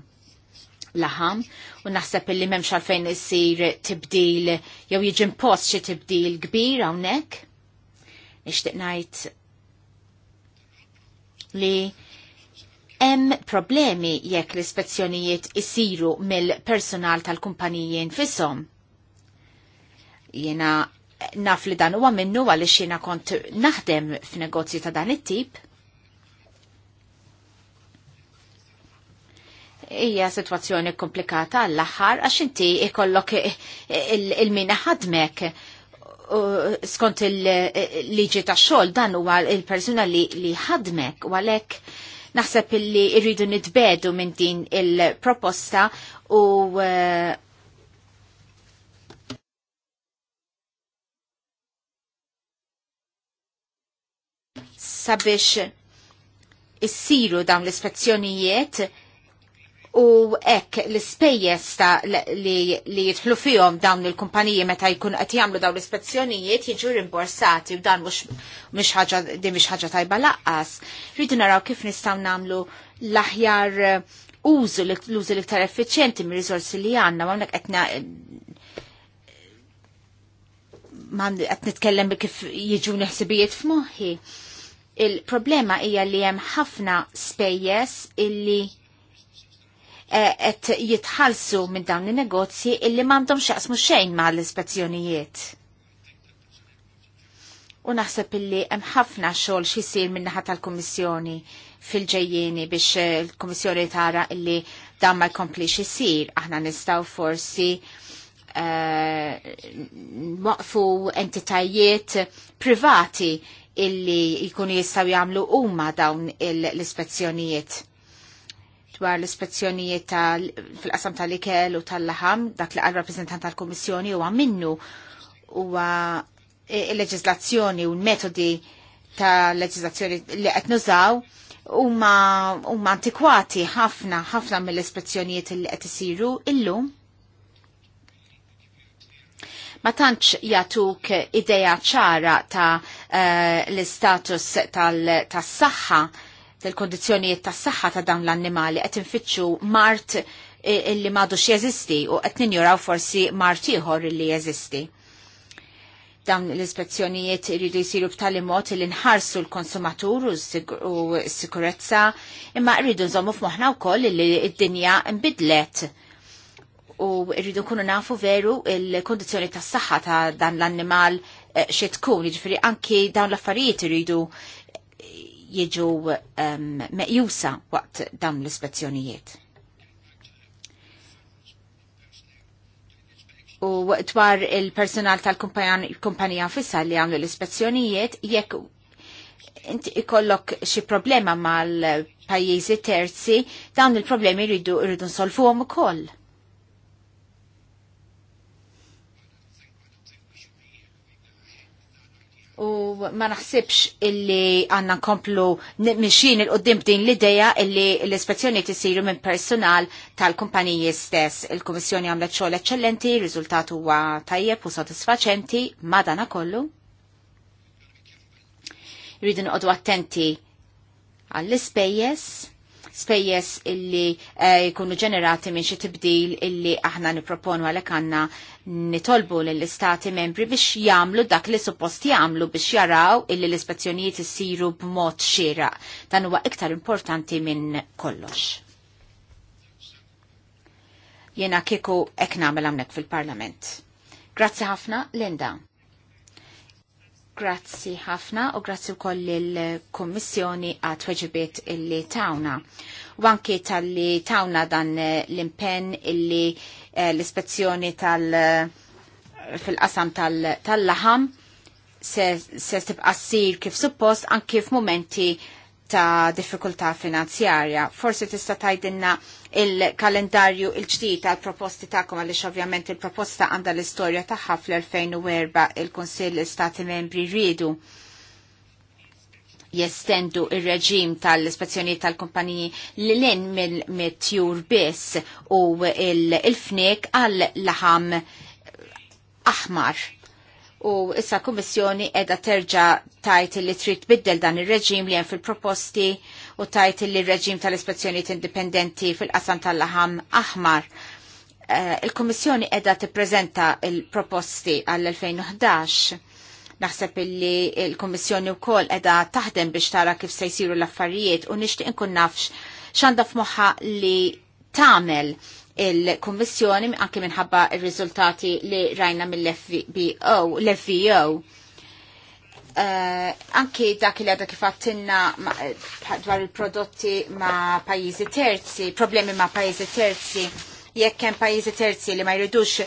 laħam u naħseb illi memx għalfejn isir tibdil jew jiġi impost xi tibdil kbir hawnhekk. Nixtieq ngħid li Hemm problemi jekk l-ispezzjonijiet isiru mill-personal tal-kumpaniji nfishom. Jiena naf li dan huwa minnu għaliex jiena kont naħdem f'negozju ta' dan it-tip. Hija sitwazzjoni komplikata għall-aħħar għax inti ikollok il-mina ħadmek skont il-liġi ta' xogħol dan huwa il-persuna li ħadmek u għalek Naħseb illi irridu nitbedu minn din il-proposta u uh, sabiex issiru dawn l-ispezzjonijiet u ekk l-spejjes li, li jitħlu fihom dawn il-kumpaniji meta jkun qed jagħmlu dawn l-ispezzjonijiet jiġu rimborsati u dan mhux mhux ħaġa din mhux ħaġa tajba laqqas. Rridu naraw kif nistgħu nagħmlu l-aħjar uh, użu l-użu l-iktar effiċjenti mir riżorsi li għandna ma hawnhekk qed qed nitkellem kif jiġu neħsibijiet f'moħħi. Il-problema hija li hemm ħafna spejjeż illi qed eh, jitħallsu minn dawn in-negozji illi m'għandhom x'jaqsmu xejn mal-ispezzjonijiet. U naħseb illi hemm ħafna xogħol xi jsir min-naħa tal-Kummissjoni fil-ġejjieni biex eh, il-Kummissjoni tara illi dan ma jkomplix isir. Aħna nistgħu forsi eh, waqfu entitajiet privati illi jkunu jistgħu jagħmlu huma dawn l-ispezzjonijiet dwar l-ispezzjonijiet fil-qasam tal-ikel u tal-laħam, dak li għal-rappresentant tal-Komissjoni u minnu u il-leġizlazzjoni u l-metodi tal-leġizlazzjoni li qed nużaw huma antikwati ħafna ħafna mill-ispezzjonijiet li qed isiru illum. Ma tantx jagħtuk idea ċara ta' eh, l-istatus tas-saħħa ta tal-kondizjonijiet tas saħħa ta' dawn l-annimali qed infittxu mart eh, illi m'għadux jeżisti u qed ninjuraw forsi mart ieħor illi jeżisti. Dawn l-ispezzjonijiet iridu jsiru b'tali mod li nħarsu l-konsumatur u s-sikurezza imma rridu nżommu f'moħħna wkoll li d-dinja nbidlet u rridu nkunu nafu veru il-kondizjoni tas saħħa ta' dan l-annimal eh, xi tkun, jiġifieri anki dawn l-affarijiet iridu jiġu um, meqjusa waqt dawn l-ispezzjonijiet. U dwar il-personal tal-kumpanija fissa li għamlu l-ispezzjonijiet, jekk inti ikollok xi problema mal-pajjiżi terzi, dawn il-problemi rridu nsolfuhom ukoll U ma naħsibx illi għanna komplu mixin il-qoddim din l-ideja illi l-ispezzjoni tisiru minn personal tal-kumpaniji stess. Il-Komissjoni għamlet xogħol eccellenti, riżultat huwa tajjeb u sodisfaċenti, madana kollu. Rridu nqogħdu attenti għall-ispejjeż spejjes illi eh, jkunu ġenerati minn xi tibdil illi aħna nipproponu għalhekk għandna nitolbu lill-istati membri biex jagħmlu dak li suppost jagħmlu biex jaraw illi l-ispezzjonijiet issiru b'mod xieraq. Dan huwa iktar importanti minn kollox. Jena kieku ek nagħmel hawnhekk fil-Parlament. Grazzi ħafna, Linda. Grazzi ħafna u grazzi wkoll il-Kommissjoni għat weġibiet illi tawna. U anki tal-li tawna dan l-impen illi eh, l-ispezzjoni tal- fil-qasam tal-laħam se, se tibqa' kif suppost f f'mumenti ta' diffikultà finanzjarja. Forsi tista' tajdinna il-kalendarju il-ġdid għal proposti ta'kom għaliex ovvjament il-proposta għandha l-istorja tagħha fl-2004 il-Kunsill Stati Membri rridu jestendu il-reġim tal-ispezzjoni tal-kumpaniji li l-in mill metjur biss u il-fnik għal laħam aħmar u issa kummissjoni edha terġa tajt li trid biddel dan ir-reġim li hemm fil-proposti u tajt li reġim tal-ispezzjonijiet indipendenti fil-qasam tal-laħam aħmar. Uh, Il-Kummissjoni edha tippreżenta il-proposti għall-2011. Naħseb illi il-Kummissjoni wkoll edha taħdem biex tara kif se jsiru l-affarijiet u nixtieq inkun nafx x'għandha f'moħħa li tagħmel il-Kommissjoni anke minħabba il-riżultati li rajna mill fbo l-FVO. Uh, eh, anke dak li għadha kif għattinna eh, dwar il-prodotti ma' pajjiżi terzi, problemi ma' pajjiżi terzi jekk hemm pajjiżi terzi li ma jridux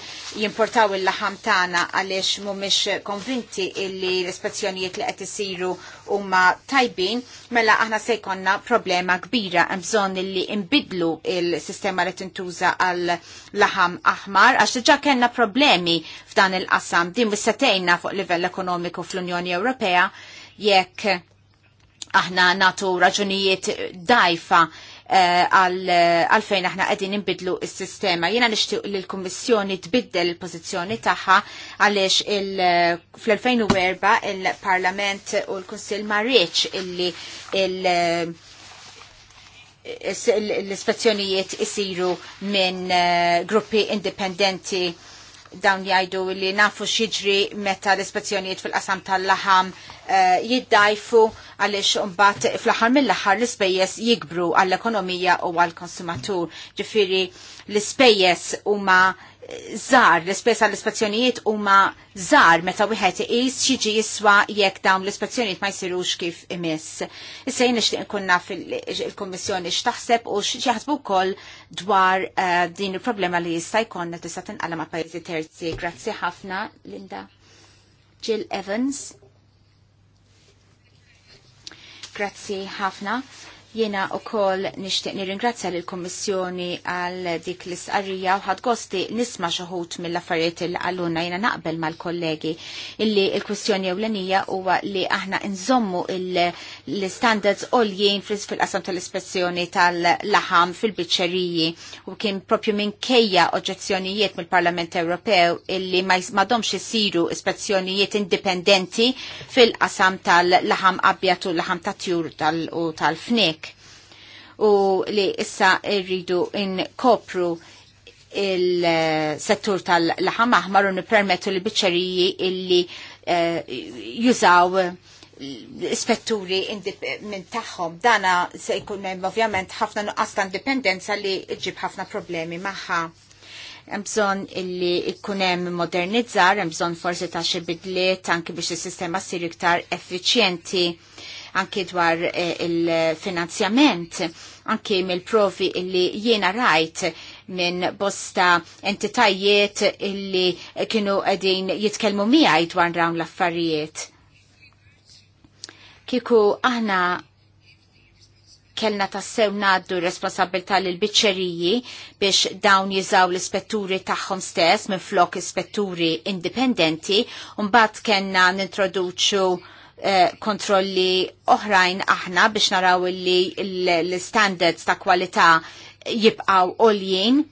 jimportaw il-laħam tagħna għaliex mhumiex konvinti illi l-ispezzjonijiet li qed isiru huma tajbin, mela aħna se jkollna problema kbira hemm bżonn li nbidlu il-sistema li tintuża għal laħam aħmar għax diġà kellna problemi f'dan il-qasam din wissetejna fuq livell ekonomiku fl-Unjoni Ewropea jekk aħna natu raġunijiet dajfa Eh, għalfejn aħna qegħdin inbidlu s-sistema. Jiena nixtieq li l-Kummissjoni tbiddel il-pożizzjoni tagħha għaliex fl-2004 il-Parlament u l-Kunsill ma rridx illi il- l-ispezzjonijiet isiru minn eh, gruppi indipendenti dawn jajdu li nafu xieġri meta l ispezzjoniet fil-qasam tal-laħam eh, jiddajfu għalix umbat fl-ħar mill-ħar l spejjes jikbru għall-ekonomija u għall-konsumatur. Ġifiri l u huma żar, l-ispesa l-ispezzjonijiet huma żar meta wieħed iqis xiġi jiswa jekk dawn l-ispezzjonijiet ma jsirux kif imiss. Issa jien nixtieq nkun naf il-Kummissjoni x'taħseb u x'jaħsbu wkoll dwar eh, din il-problema li jista' jkun qed tista' tinqala ma' pajjiżi terzi. Grazzi ħafna, Linda. Jill Evans. Grazzi ħafna. Jena u kol nishtiq nirringrazzja l-Kommissjoni għal dik l-isqarrija u ħadgosti nisma xaħut mill-affarijiet il-għalluna jena naqbel mal-kollegi illi il-kwestjoni ewlenija huwa li aħna nżommu l-standards oljien fil-qasam tal-ispezzjoni tal-laħam fil-biċċeriji u kien propju minn kejja oġezzjonijiet mill-Parlament Ewropew illi ma domx isiru ispezzjonijiet indipendenti fil-qasam tal-laħam abjatu u laħam tat-tjur u tal-fnek u li issa rridu inkopru il-settur tal-laħam aħmar u nipermetu l-biċċeriji illi eh, jużaw ispetturi minn taħħom. Dana se jkun hemm ovvjament ħafna nuqqas ta' indipendenza li ġib ħafna problemi magħha. Hemm bżonn illi jkun hemm modernizzar, hemm bżonn forsi ta' xi bidliet anke biex is-sistema ssir iktar effiċjenti anki dwar eh, il-finanzjament, anki mill-provi illi jiena rajt minn bosta entitajiet illi kienu għedin jitkelmu miħaj dwar dawn l-affarijiet. Kiku aħna kellna tassew naddu responsabilità l biċċeriji biex dawn jizaw l-ispetturi tagħhom stess minn flok ispetturi indipendenti, un bat kellna nintroduċu Eh, kontrolli oħrajn aħna biex naraw li l-standards ta' kwalità jibqaw oljien.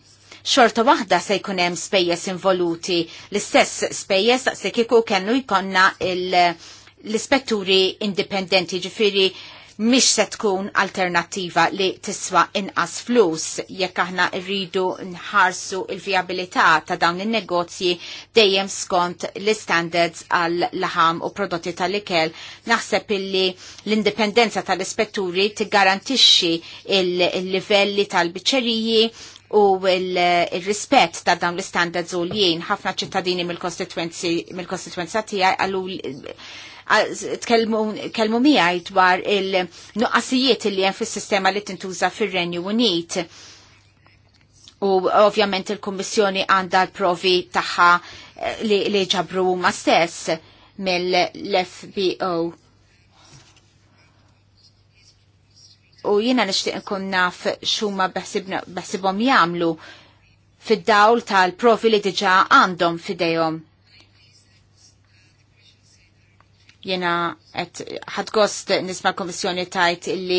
Xorta waħda se jkun hemm spejjeż involuti l-istess spejjeż se kieku kellu jkollna l-ispetturi indipendenti ġifiri mhix se tkun alternattiva li tiswa inqas flus jekk aħna rridu nħarsu il-vijabilità ta' dawn in-negozji dejjem skont l-standards għal laħam u prodotti tal-ikel. Naħseb illi l-indipendenza tal-ispetturi tiggarantixxi il-livelli tal-biċċeriji u il-rispett ta' dawn l-standards u l-jien ħafna ċittadini mill-kostituenza tiegħi. tijaj għallu tkellmu miħaj dwar il-nuqqasijiet li hemm fis-sistema li tintuża fir-Renju Unit. U ovvjament il-Kummissjoni għandha l-provi tagħha eh, li, li ġabru ma stess mill-FBO. U jiena nixtieq nkun naf xumma beħsibhom jagħmlu fid-dawl tal-provi li diġà għandhom fidejhom. Jena ħad gost nisma l-Komissjoni tajt illi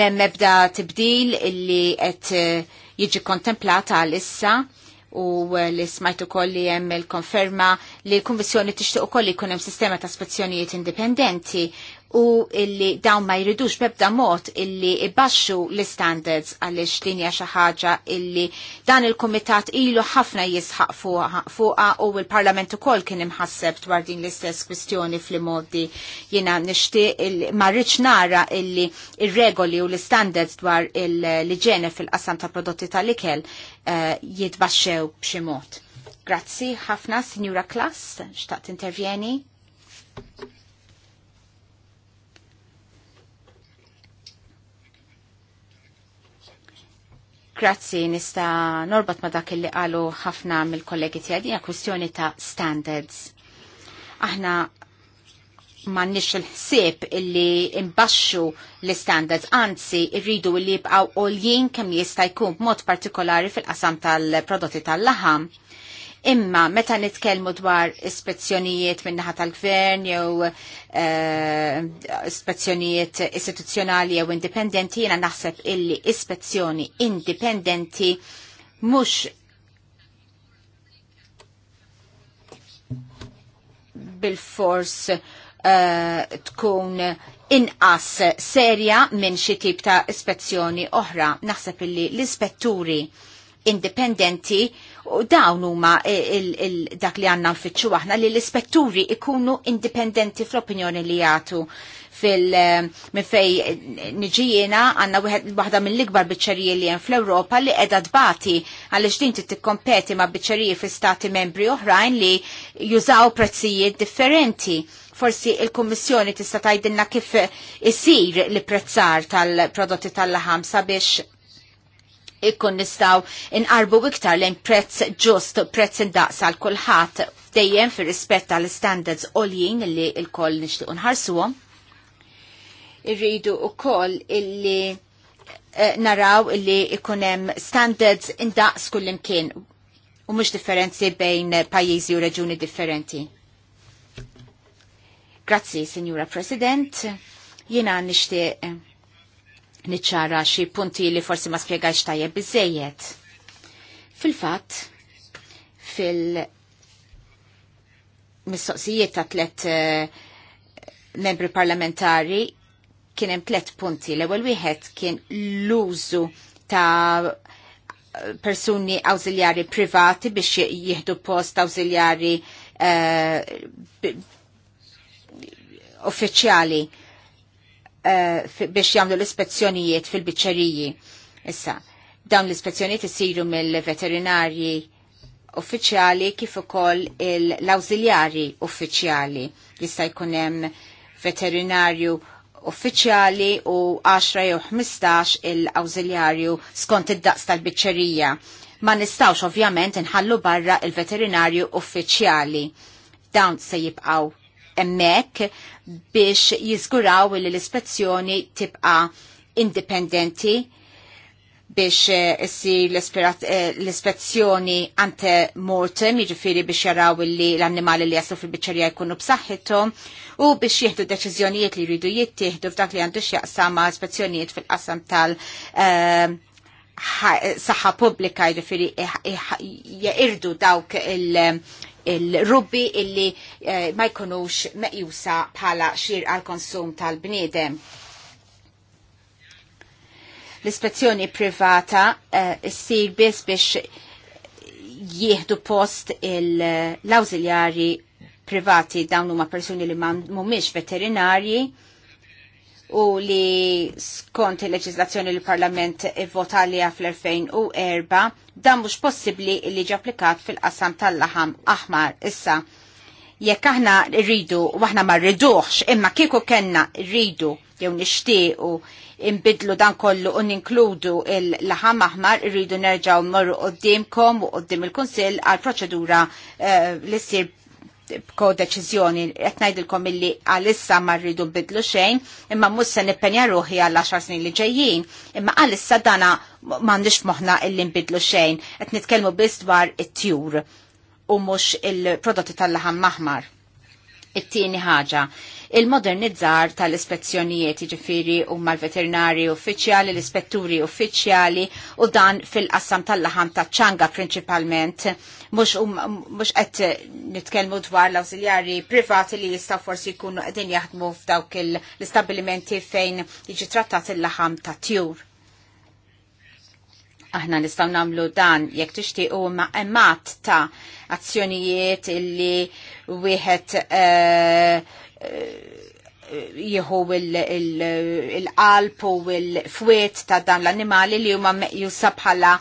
memm ebda tibdil illi qed eh, jiġi kontemplata għal issa u eh, li smajtu kolli jem il-konferma li l-Kommissjoni tixtiq u kolli kunem sistema ta' spazzjonijiet indipendenti u illi dawn ma jridux bebda mod illi ibaxxu l-standards għalix dinja xi ħaġa illi dan il-kumitat ilu ħafna jisħaq fuqa u l-Parlament ukoll kien imħasseb dwar din l-istess kwistjoni fl-modi jiena nixtieq ma rridx nara illi ir-regoli u l-standards dwar l ġene fil-qasam ta' prodotti tal-ikel eh, jitbaxxew b'xi mod. Grazzi ħafna, Sinjura Klass, xtaqt intervjeni. Grazzi, nista norbot ma dak li qalu ħafna mill-kollegi tiegħi hija kwistjoni ta' standards. Aħna m'għandniex il-ħsieb illi imbaxxu l-standards, anzi rridu li jibqgħu għoljin kemm jista' jkun b'mod partikolari fil-qasam tal-prodotti tal-laħam. tal prodotti tal tal prodotti tal laħam Imma meta nitkellmu dwar ispezzjonijiet min-naħa tal-gvern jew eh, ispezzjonijiet istituzzjonali jew indipendenti, jiena naħseb illi ispezzjoni indipendenti mhux bil-fors uh, tkun inqas serja minn xi tip ta' ispezzjoni oħra. Naħseb illi l-ispetturi indipendenti u dawn huma dak li għanna nfittxu aħna li l-ispetturi ikunu indipendenti fl-opinjoni li jagħtu fil eh, fej nġijina għanna waħda mill-ikbar biċċerije li hemm fl-Ewropa li qiegħda tbati għaliex din tikkompeti ma' biċċerije fi stati membri oħrajn li jużaw prezzijiet differenti. Forsi il-Kummissjoni tista' tgħidilna kif isir li prezzar tal-prodotti tal-laħam sabiex ikkun nistaw inqarbu iktar lejn prezz ġust, prezz indaqs għal kulħadd dejjem fir rispett għal standards oljin li l-koll nixtieq nħarsuhom. Irridu wkoll illi eh, naraw illi ikun hemm standards indaqs kullimkien u mhux differenzi bejn pajjiżi u reġuni differenti. Grazzi, Signora President. Jiena nixtieq niċċara xi punti li forsi ma spjegajx tajjeb biżejjed. Fil-fatt, fil-, mistoqsijiet ta' tlet eh, membri parlamentari kien hemm tliet punti. L-ewwel wieħed kien l-użu ta' persuni awżiljari privati biex jieħdu post awżiljari uh, eh, uffiċjali Eh, biex jagħmlu l-ispezzjonijiet fil-biċċeriji. Issa, dawn l-ispezzjonijiet isiru mill-veterinarji uffiċjali kif ukoll l-awżiljari uffiċjali. Jista' jkun hemm veterinarju uffiċjali u 10 jew 15 il-awżiljarju skont id-daqs tal-biċċerija. Ma nistawx ovvjament inħallu barra il-veterinarju uffiċjali. Dawn se jibqaw emmek biex jizguraw li l-ispezzjoni tibqa indipendenti biex eh, issir eh, l-ispezzjoni ante mortem, jiġifieri biex jaraw li l-annimali li jaslu fil-biċċerija jkunu b'saħħithom u biex jieħdu deċiżjonijiet li jridu jittieħdu f'dak li għandu jaqsama ispezzjonijiet fil-qasam tal- eh, saħħa pubblika jiġifieri jirdu dawk il- il-rubbi illi eh, ma jkunux meqjusa bħala xir għal-konsum tal-bniedem. L-ispezzjoni privata ssir eh, biss biex jieħdu post l-awżiljari privati dawn huma persuni li mhumiex veterinarji u li skont il-leġizlazzjoni li parlament votalija fl-2004 dan mhux possibbli li ġi applikat fil-qasam tal-laħam aħmar issa. Jekk aħna rridu u aħna ma rriduħx imma kieku kenna rridu jew nixtiequ imbidlu dan kollu u ninkludu il-laħam aħmar rridu nerġaw morru qoddimkom u qoddim il-Kunsill għal proċedura uh, li ssir kodeċizjoni, qed ngħidilkom illi għalissa ma rridu bidlu xejn, imma mhux se nippenja ruħi għal 10 snin li ġejjin, imma għalissa dana m'għandix moħħna illi nbidlu xejn, qed nitkellmu biss dwar it-tjur u mhux il-prodotti tal-laħam maħmar. It-tieni ħaġa, il-modernizzar tal-ispezzjonijiet ġifiri u mal-veterinari uffiċjali, l-ispetturi uffiċjali u dan fil-qassam tal-laħam ta' ċanga principalment. Mux um, qed nitkellmu dwar l-awżiljari privati li jistaw forsi jkunu qegħdin jaħdmu f'dawk l-istabilimenti fejn jiġi trattat il-laħam ta' tjur aħna nistaw namlu dan jekk tixtieq ma' emat ta' azzjonijiet illi wieħed uh, jieħu il-qalb u il-fwiet ta' dan l-annimali li huma meqjusa bħala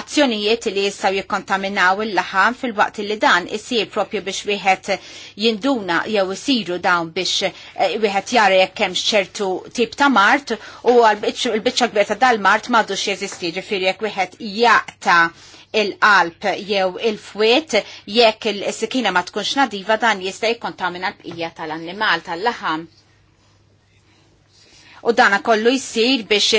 azzjonijiet li jistgħu jikkontaminaw il laħan fil-waqt li dan isir propju biex wieħed jinduna jew isiru dawn biex wieħed jara jekk hemm ċertu tip ta' mart u l-biċċa kbir ta' dal-mart m'għadux jeżisti ġifieri jekk wieħed jaqta' il-qalb jew il-fwiet jekk il-sikina ma tkunx nadiva dan jista' jikkontamina l-bqija tal-annimal tal-laħam. U dana kollu jisir biex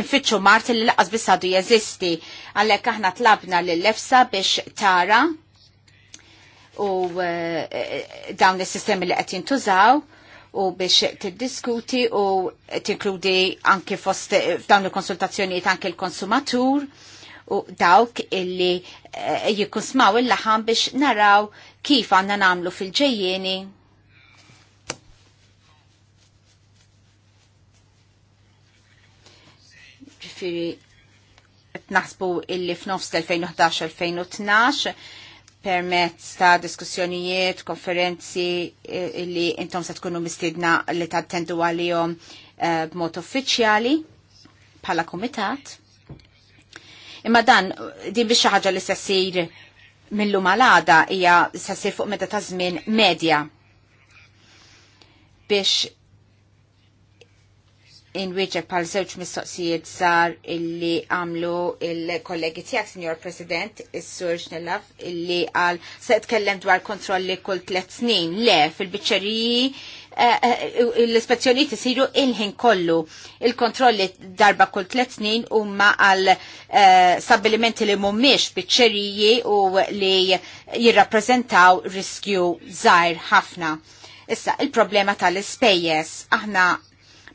infittxu mart li laqas bisadu jeżisti. Għallek aħna tlabna l-lefsa biex tara u e, e, dawn is-sistemi li qed jintużaw u biex tiddiskuti u tinkludi anki fost f'dawn il-konsultazzjonijiet anki l-konsumatur. il konsultazzjonijiet anki il l konsumatur u dawk illi eh, jikusmaw il-laħam biex naraw kif għanna namlu fil-ġejjeni. Ġifiri, naħsbu illi f'nofs 2011-2012 permezz ta' diskussjonijiet, konferenzi eh, illi intom se tkunu mistidna li tattendu għalihom uh, b'mod uffiċjali bħala komitat. Imma dan din biex ħaġa li s mill millu malada hija s sassir fuq meta ta' żmien medja biex inwieġeb pal żewġ mistoqsijiet sar illi għamlu il-kollegi tiegħek, Sinjor President, is-Sur Xnellaf, illi għal se tkellem dwar kontrolli kull tliet snin. Le, fil-biċċeriji Eh, eh, l-ispezzjonijiet isiru il-ħin kollu. Il-kontrolli darba kull tliet snin huma għal eh, stabilimenti li mhumiex biċċeriji u li jirrappreżentaw riskju żgħir ħafna. Issa, il-problema tal-ispejjeż aħna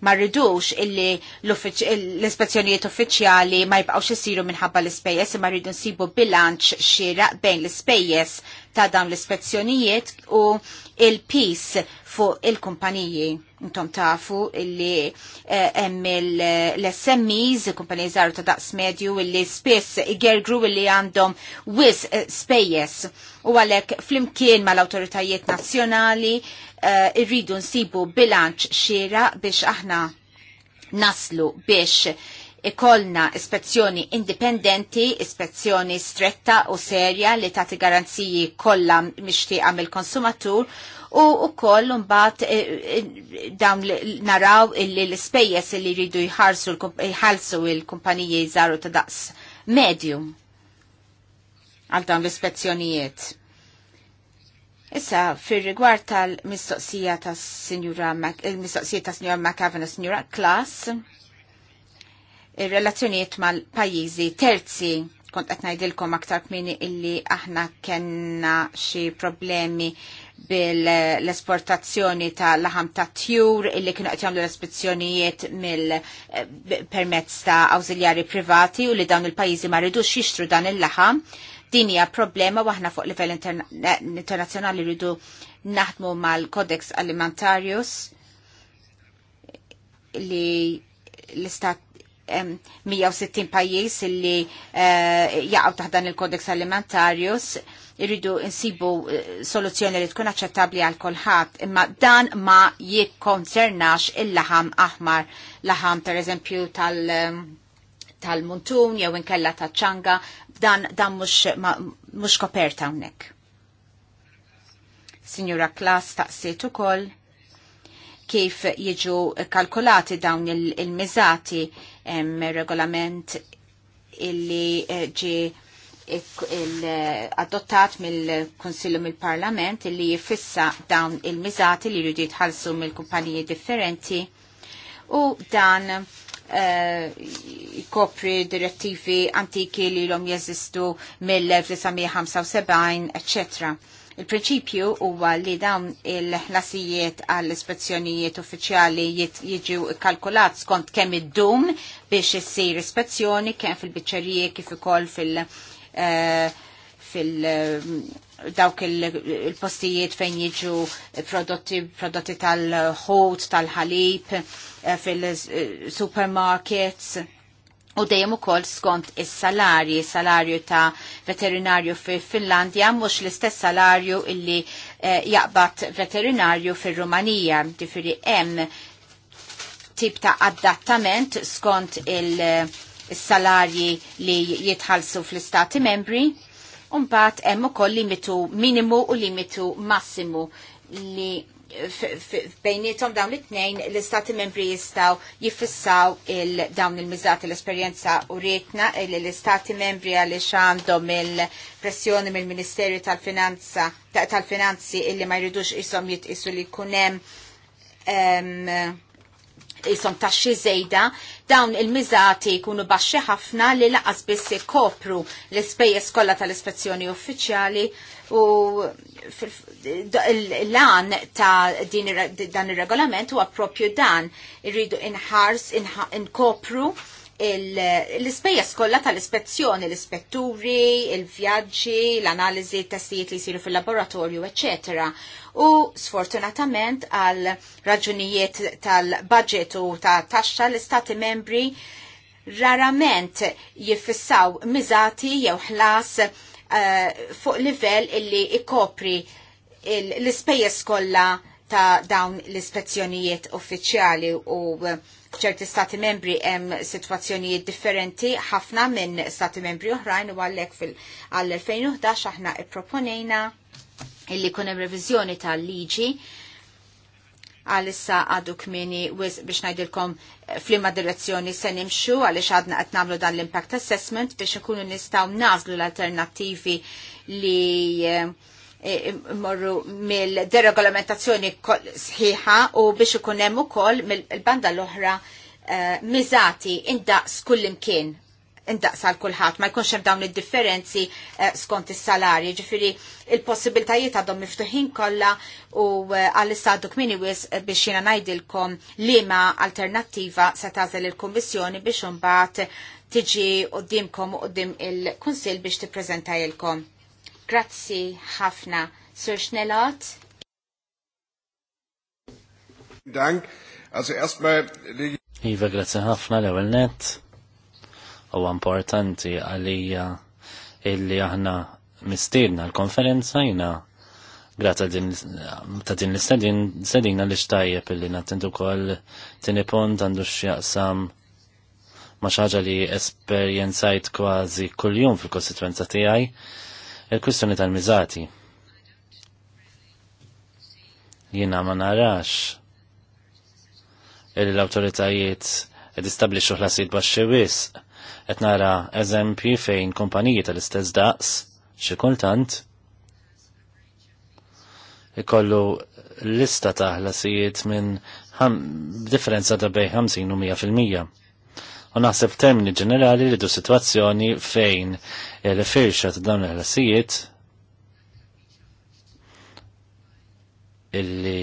ma rridux illi l-ispezzjonijiet uffiċjali ma jibqawx isiru minħabba l-ispejjeż imma rridu nsibu bilanċ xieraq bejn l-ispejjeż ta' dawn l-ispezzjonijiet u il-pis fuq il-kumpaniji. Intom tafu illi eh, hemm l-SMEs, kumpaniji żaru ta' daqs medju, illi spiss igergru illi għandhom wis eh, spejjes. U għalek flimkien mal awtoritajiet nazzjonali eh, irridu nsibu bilanċ xira biex aħna naslu biex ikollna ispezzjoni indipendenti, ispezzjoni stretta u serja li tagħti garanziji kollha mixtieqa mill-konsumatur u wkoll mbagħad eh, eh, dawn naraw illi l-ispejjeż li jridu jħarsu jħallsu l-kumpaniji żaru ta' daqs medium. għal dawn l-ispezzjonijiet. Issa, fir rigward tal-mistoqsija ta' Sinjura il-mistoqsija ta' Sinjura McAvan u Sinjura Klaas, il-relazzjoniet mal-pajizi terzi kont qed ngħidilkom aktar kmini illi aħna kenna xi problemi bil-esportazzjoni ta' laħam ta' tjur illi kienu qed jagħmlu l-ispezzjonijiet mill-permezz eh, ta' awżiljari privati u li dawn il-pajjiżi ma rridux jixtru dan il-laħam. Din hija problema waħna fuq livell eh, internazzjonali rridu naħdmu mal-Codex Alimentarius li l-istat 160 pajjiż illi eh, jaqgħu taħdan il-kodeks alimentarius irridu insibu eh, soluzzjoni li tkun aċċettabbli għal kulħadd, imma dan ma jikkonsernax il-laħam aħmar, laħam pereżempju tal- tal-muntun jew inkella ta' ċanga, dan dan mhux koperta hawnhekk. Signora Klas taqsiet ukoll kif jiġu kalkulati dawn il-miżati il miżati regolament illi eh, ġi eh, adottat mill-Konsillu mill-Parlament illi jifissa dawn il-miżati li jridu jitħallsu mill-kumpaniji differenti u dan eh, jkopri uh, direttivi antiki li l-om jeżistu mill-1975, eccetera Il-prinċipju huwa li dawn il-ħlasijiet għall-ispezzjonijiet uffiċjali jiġu kalkulat skont kemm id-dum biex issir ispezzjoni kemm fil-biċċerije kif ukoll fil- eh, fil- eh, dawk il-postijiet fejn jiġu prodotti, prodotti tal-ħut, tal-ħalib, eh, fil-supermarkets u dejjem ukoll skont is-salarji, salarju ta' veterinarju fil Finlandja mhux l-istess salarju illi eh, jaqbad veterinarju fir-Rumanija, ġifieri hemm tip ta' adattament skont il-salarji eh, li jitħallsu fl-istati membri. mbagħad hemm ukoll limitu minimu u limitu massimu li bejnietom dawn it-tnejn l-istati membri jistaw jifissaw il dawn il-mizzati l-esperienza u rietna l-istati membri għalli għandhom il-pressjoni mill ministeri tal-Finanza tal-Finanzi illi ma jridux jisom jitqisu li kunem jisom taxxi zejda, dawn il-miżati jkunu baxxi ħafna li laqas biss kopru l-ispejjeż kollha tal-ispezzjoni uffiċjali u l-lan ta' din, dan il-regolament huwa propju dan irridu inħars inkopru l-ispejjeż kollha tal-ispezzjoni, l-ispetturi, il-vjaġġi, l-analiżi, testijiet li jsiru fil-laboratorju, eċetera. U sfortunatament għal raġunijiet tal-budget u ta' taxxa l-istati membri rarament jiffissaw miżati jew ħlas uh, fuq livell illi ikopri l-ispejjeż kollha ta' dawn l-ispezzjonijiet uffiċjali u ċerti stati membri hemm situazzjonijiet differenti ħafna minn stati membri oħrajn u għallek fil-2011 aħna ipproponejna illi kun hemm reviżjoni tal-liġi għalissa għadu kmini wiz biex najdilkom eh, flimma direzzjoni se nimxu għalix għadna qed namlu dan l-impact assessment biex nkunu nistaw nażlu l-alternativi li eh, E, morru mill-deregolamentazzjoni sħiħa u biex ikun hemm ukoll mill-banda l-oħra e, miżati indaqs kullimkien indaqs għal kulħadd ma jkunx hemm dawn id-differenzi e, skont is-salarji. Ġifieri il-possibiltajiet għadhom miftuħin kollha u għall-issa għaddu kmini wis biex jiena ngħidilkom liema alternattiva se tażel il-Kummissjoni biex imbagħad tiġi qudiemkom u qudiem il-Kunsill biex tippreżentajilkom Grazzi ħafna. Sur Schnellot. Dank. Also erstmal Iva, grazzi ħafna l ewwel net. U importanti għalija illi aħna mistiedna l-konferenza jina grata ta' din l-istedina li xtajjeb illi nattendu kol tini pont għandu xjaqsam ma xaġa li esperienzajt kważi kull-jum fil-kostituenza tijaj Il-kwistjoni tal mizati Jiena ma narax l-autoritajiet ed istablixu ħlasijiet baxxi wisq qed nara eżempji fejn kumpaniji tal-istess daqs xi kultant ikollu lista ta' ħlasijiet minn differenza ta' bej 50 u 100 fil-mija. U naħseb termini ġenerali li du situazzjoni fejn il-firxa ta' dawn il-ħlasijiet illi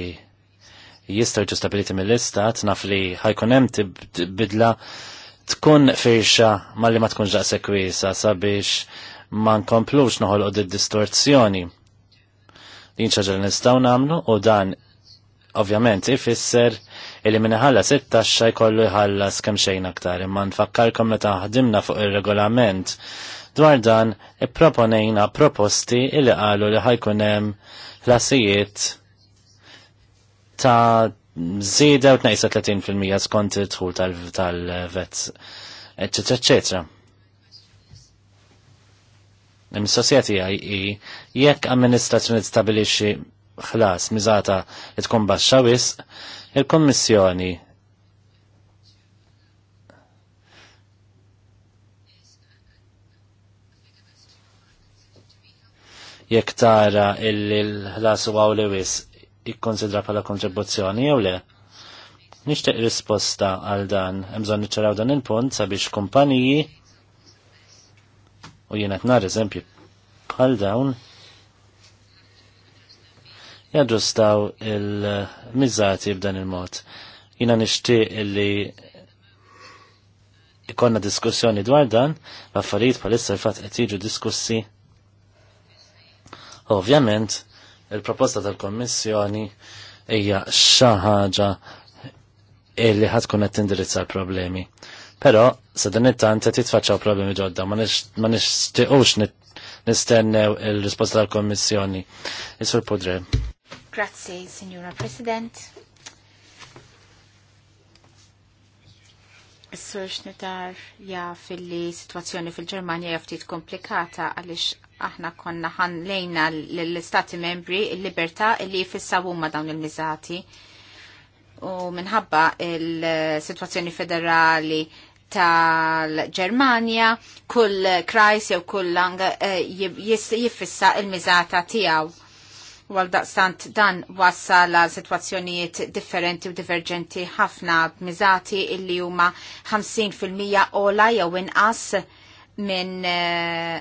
jistaw ġu stabiliti mill-istat naf li ħajkun hemm bidla tkun firxa ma li ma tkunx daqshekk wiesa sabiex ma nkomplux noħolqu d-distorzjoni. Din ċaġa li nistgħu nagħmlu u dan ovvjament ifisser illi minn ħalla sittaxxa jkollu jħallas kemm xejn aktar imma nfakkarkom meta ħdimna fuq ir-regolament dwar dan ipproponejna proposti illi qalu li ħajkun hemm ħlasijiet ta' żieda u fil 30% skont id-dħul tal-vet, eccetera, eccetera. Il-mistoqsijati għaj jekk amministrazzjoni stabilixi ħlas miżata li tkun baxxa wisq, Il-Kommissjoni jekk tara il ħlasu għaw li wis ikkonsidra pala kontribuzzjoni jew le. Nixtieq risposta għal dan, bżonn niċċaraw dan il-punt sabiex kumpaniji u jenet nar eżempju bħal dawn jaġustaw il-mizzati b'dan il-mod. Jina nishti illi ikonna diskussjoni dwar dan, l-affarijiet palissa il fat qed jiġu diskussi. Ovvjament, il-proposta tal-Kommissjoni hija xi ħaġa illi ħadd tkun qed tindirizza l-problemi. Però sa din it-tant qed jitfaċċaw problemi ġodda, ma nixtiequx nistennew il-risposta tal-Kommissjoni. Isur Pudre. Grazzi, Signora President. Is-sur xnitar jaf li situazzjoni fil-Ġermanja jaftit komplikata għalix aħna konna ħanlejna l-istati membri il-libertà li jfissaw huma dawn il-miżati. U minħabba il-situazzjoni federali tal-Ġermanja, kull krajs jew kull lang eh, jifissa il-miżata tiegħu U għal daqstant dan wassal la situazzjonijiet differenti u divergenti ħafna b'miżati illi huma 50% ola jew inqas minn eh,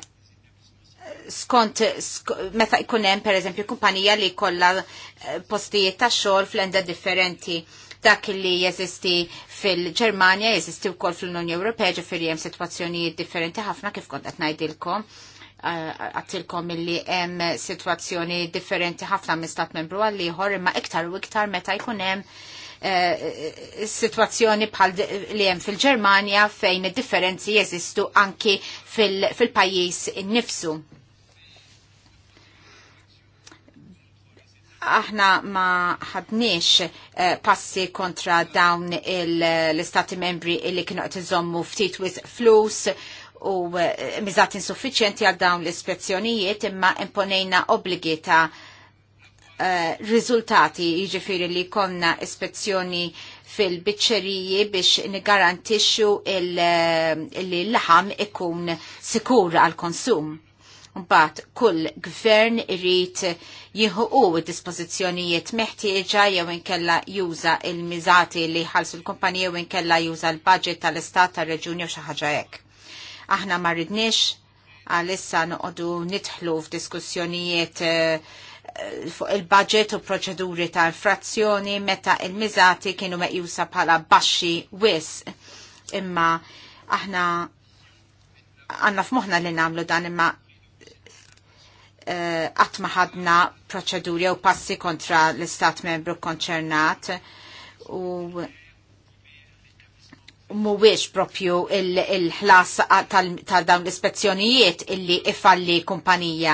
skont sk meta jkun hemm pereżempju kumpanija li kollha eh, postijiet ta' xogħol fl-enda differenti dak li jeżisti fil-Ġermanja jeżisti wkoll fl-Unjoni Ewropea ġifieri hemm sitwazzjonijiet differenti ħafna kif kont qed ngħidilkom għattilkom illi hemm situazzjoni differenti ħafna minn stat membru għal ieħor imma iktar u iktar meta jkun hemm eh, eh, situazzjoni bħal li hemm fil-Ġermanja fejn id-differenzi jeżistu anki fil-pajjiż innifsu. aħna ma ħadniex eh, passi kontra dawn l-istati membri li kienu qed iżommu ftit flus u eh, miżat insuffiċjenti għal dawn l-ispezzjonijiet imma imponejna obbligi ta' uh, riżultati jiġifieri li konna ispezzjoni fil-biċċeriji biex nigarantixxu eh, li l-laħam ikun sikur għal konsum. Mbagħad kull gvern irid jieħu id-dispożizzjonijiet meħtieġa jew inkella juża il-miżati li ħalsu l-kumpanija jew inkella juża l-budget tal-istat tar-reġuni u xi ħaġa hekk. Aħna ma rridniex għalissa noqogħdu nidħlu f'diskussjonijiet eh, eh, fuq il-budget u proċeduri tal-frazzjoni meta il-miżati kienu meqjusa bħala baxxi wis. Imma aħna għanna f'moħna li namlu dan imma għatmaħadna eh, ħadna proċeduri u passi kontra l-istat membru konċernat u muwiex propju il-ħlas tal-dawn l-ispezzjonijiet illi ifalli kumpanija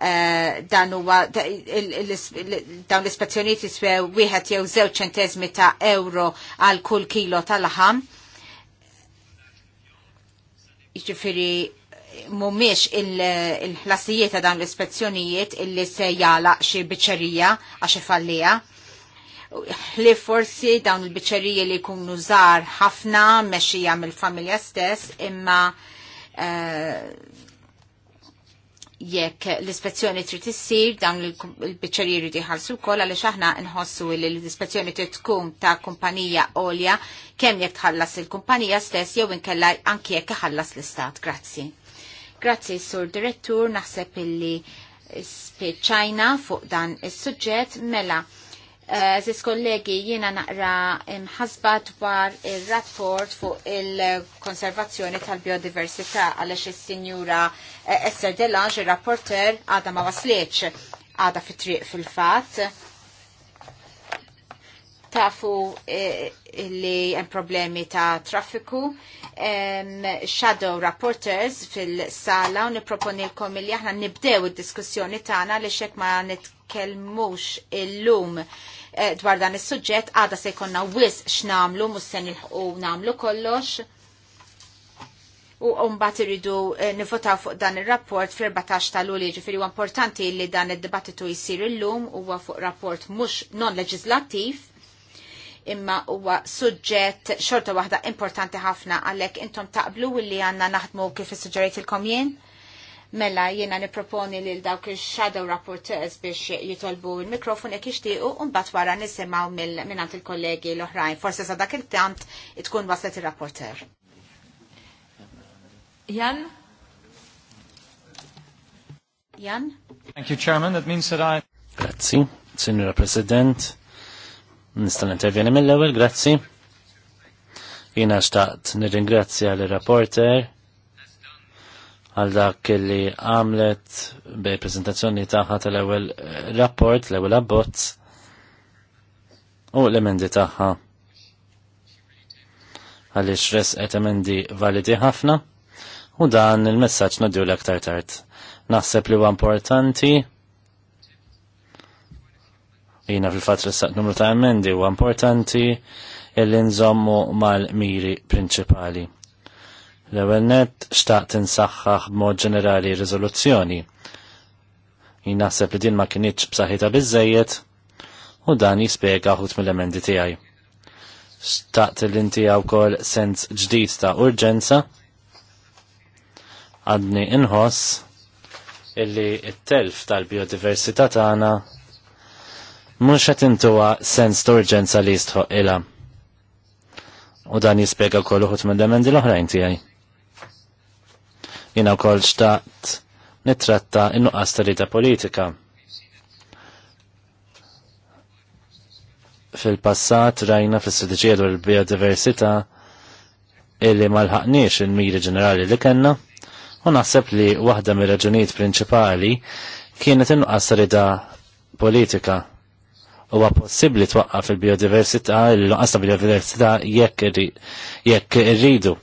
eh, dan dawn l-ispezzjonijiet jiswew wieħed jew żewġ ċentezmi ta' euro għal kull kilo tal-ħam. Jiġifieri mhumiex il-ħlasijiet ta' dawn l-ispezzjonijiet illi se jala xi biċċerija għax ifallija li forsi dawn il-biċerija li jkunu żgħar ħafna mexxija mill-familja stess imma eh, jekk l-ispezzjoni trid issir dawn il-biċċerji jridu jħallsu wkoll għaliex aħna nħossu li l-ispezzjoni trid tkun ta' kumpanija għolja kemm jekk tħallas il-kumpanija stess jew inkella anke jekk iħallas l-istat. Grazzi. Grazzi Sur Direttur, naħseb illi spiċċajna fuq dan is-suġġett mela Eh, Ziz kollegi, jiena naqra imħasba dwar il-rapport fuq il-konservazzjoni tal-biodiversità għalex il-Sinjura eh, Esther Delange, il-rapporter, għada ma waslieċ għada fit-triq fil-fat. Tafu eh, li hemm problemi ta' traffiku. shadow rapporters fil-sala u niproponilkom li aħna nibdew id-diskussjoni tagħna li xek ma nitkellmux illum Eh, dwar dan is-suġġett għada se jkollna wis x'namlu mhux se nilħqu nagħmlu kollox. U mbagħad iridu eh, nivotaw fuq dan ir-rapport fil-14 ta' luli, ġifieri huwa importanti li dan id-dibattitu jsir illum huwa fuq rapport mhux non leġislattiv imma huwa suġġett xorta waħda importanti ħafna għalhekk intom taqblu li għandna naħdmu kif issuġġerejt ilkom jien? Mela jiena niproponi lil dawk il-shadow rapporteurs biex jitolbu il-mikrofon e jixtiequ u mbagħad wara nisimaw minnant il-kollegi l-oħrajn. Forse sa dak il-tant tkun waslet ir-rapporter. Jan? Jan? Thank you, Chairman. That means that I... Grazzi, Signora President. Nistan intervjeni mill-ewel, grazzi. Jina xtaqt nirringrazzja l-rapporter għal dak li għamlet bej prezentazzjoni taħħa tal-ewel eh, rapport, l-ewel abbozz u l-emendi taħħa. għalli xres et emendi validi ħafna u dan il-messagġ nadju l-aktar tard. Naħseb li huwa importanti jina fil-fat ressaq numru ta' emendi u importanti il linżommu mal-miri prinċipali L-ewwel nett xtaqt insaħħaħ b'mod ġenerali riżoluzzjoni. Jien naħseb li din ma kinitx b'saħħitha biżejjed u dan jispjega ħut mill-emendi tiegħi. Staqt li inti wkoll sens ġdid ta' urġenza għadni inħoss illi it-telf tal-biodiversità tagħna mhux qed intuwa sens ta' urġenza li jistħoq ilha. U dan jispjega wkoll uħut mill-emendi l-oħrajn tiegħi. Jina wkoll xtaqt nittratta in-nuqqas tarita politika. Fil-passat rajna fil istrateġija dwar il-biodiversità illi malħaqniex il-miri ġenerali li kellna u naħseb li waħda mir raġunijiet prinċipali kienet innuqqas rida politika. Huwa possibbli twaqqaf il-biodiversità, l nuqqas ta' biodiversità jekk irridu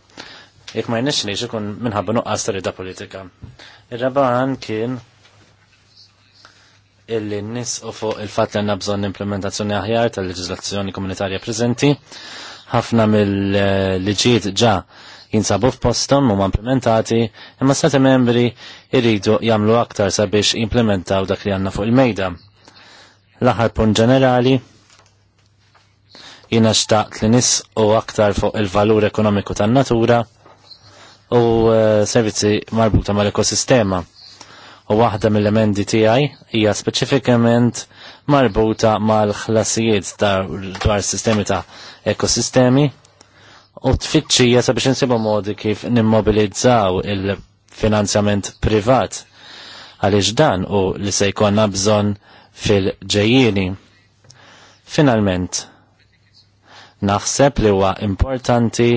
jekk ma jnex li ikun minħabba nuqqas rida politika. ir rabban kien illi nis u fuq il-fat li għanna bżon implementazzjoni aħjar tal-leġizlazzjoni komunitarja preżenti, ħafna mill-liġijiet ġa jinsabu f'postom u implementati, imma stati membri irridu jamlu aktar sabiex implementaw dak li għanna fuq il-mejda. L-aħar punt ġenerali, jina xtaqt li nis u aktar fuq il-valur ekonomiku tan-natura, u eh, servizzi marbuta mal-ekosistema. U waħda mill-emendi tiegħi hija speċifikament marbuta mal-ħlasijiet dwar sistemi ta' ekosistemi u tfittxija sabiex insibu modi kif nimmobilizzaw il-finanzjament privat għaliex dan u li se jkollna bżonn fil-ġejjieni. Finalment, naħseb li huwa importanti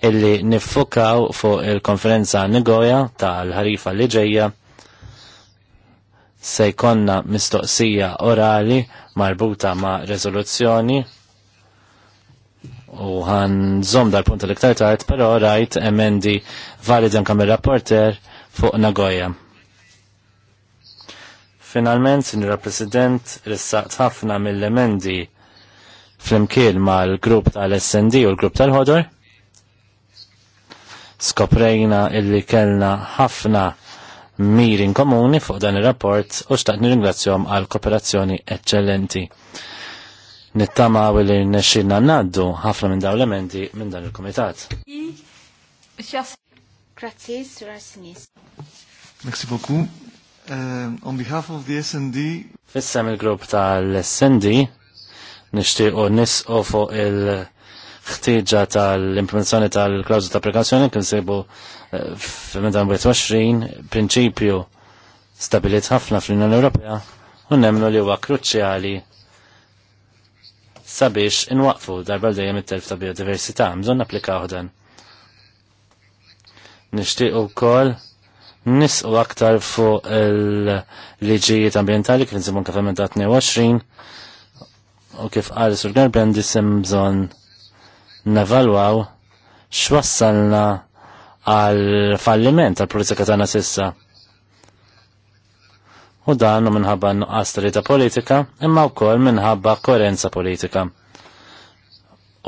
illi niffukaw fuq il-konferenza Nigoja tal-ħarifa li ġejja se jkonna mistoqsija orali marbuta ma' rezoluzzjoni u għan zom dal-punt l-iktar tard, pero rajt emendi validem kam rapporter fuq Nagoya. Finalment, sinjur President, rissaqt ħafna mill-emendi flimkien mal-grupp tal-SND u l-grupp tal-ħodor skoprejna illi kellna ħafna mirin komuni fuq dan ir-rapport u xtaqt nirringrazzjom għal kooperazzjoni eccellenti. Nittama u li nexxinna naddu ħafna minn dawn elementi minn dan il-komitat. Grazie, Sura Sinis. Merci beaucoup. Uh, on behalf of the SND... Fissem il-grupp tal-SND nishtiqo nisqo fuq il- ħtieġa tal-implementazzjoni tal-klawżu ta' prekazzjoni kien sejbu eh, fil-20 prinċipju stabilit ħafna fl-Unjoni Ewropea u nemmnu li huwa kruċjali sabiex inwaqfu darba dejjem it-telf ta' biodiversità, bżonn applikaw dan. Nixtieq ukoll nisqu aktar fuq il-liġijiet ambientali kif nsibu kif emendat 22 u kif qal sur Garben disem bżonn navalwaw x'wassalna għal falliment għal politika tagħna sissa. U dan minħabba nuqqas ta' politika imma wkoll minħabba koerenza politika.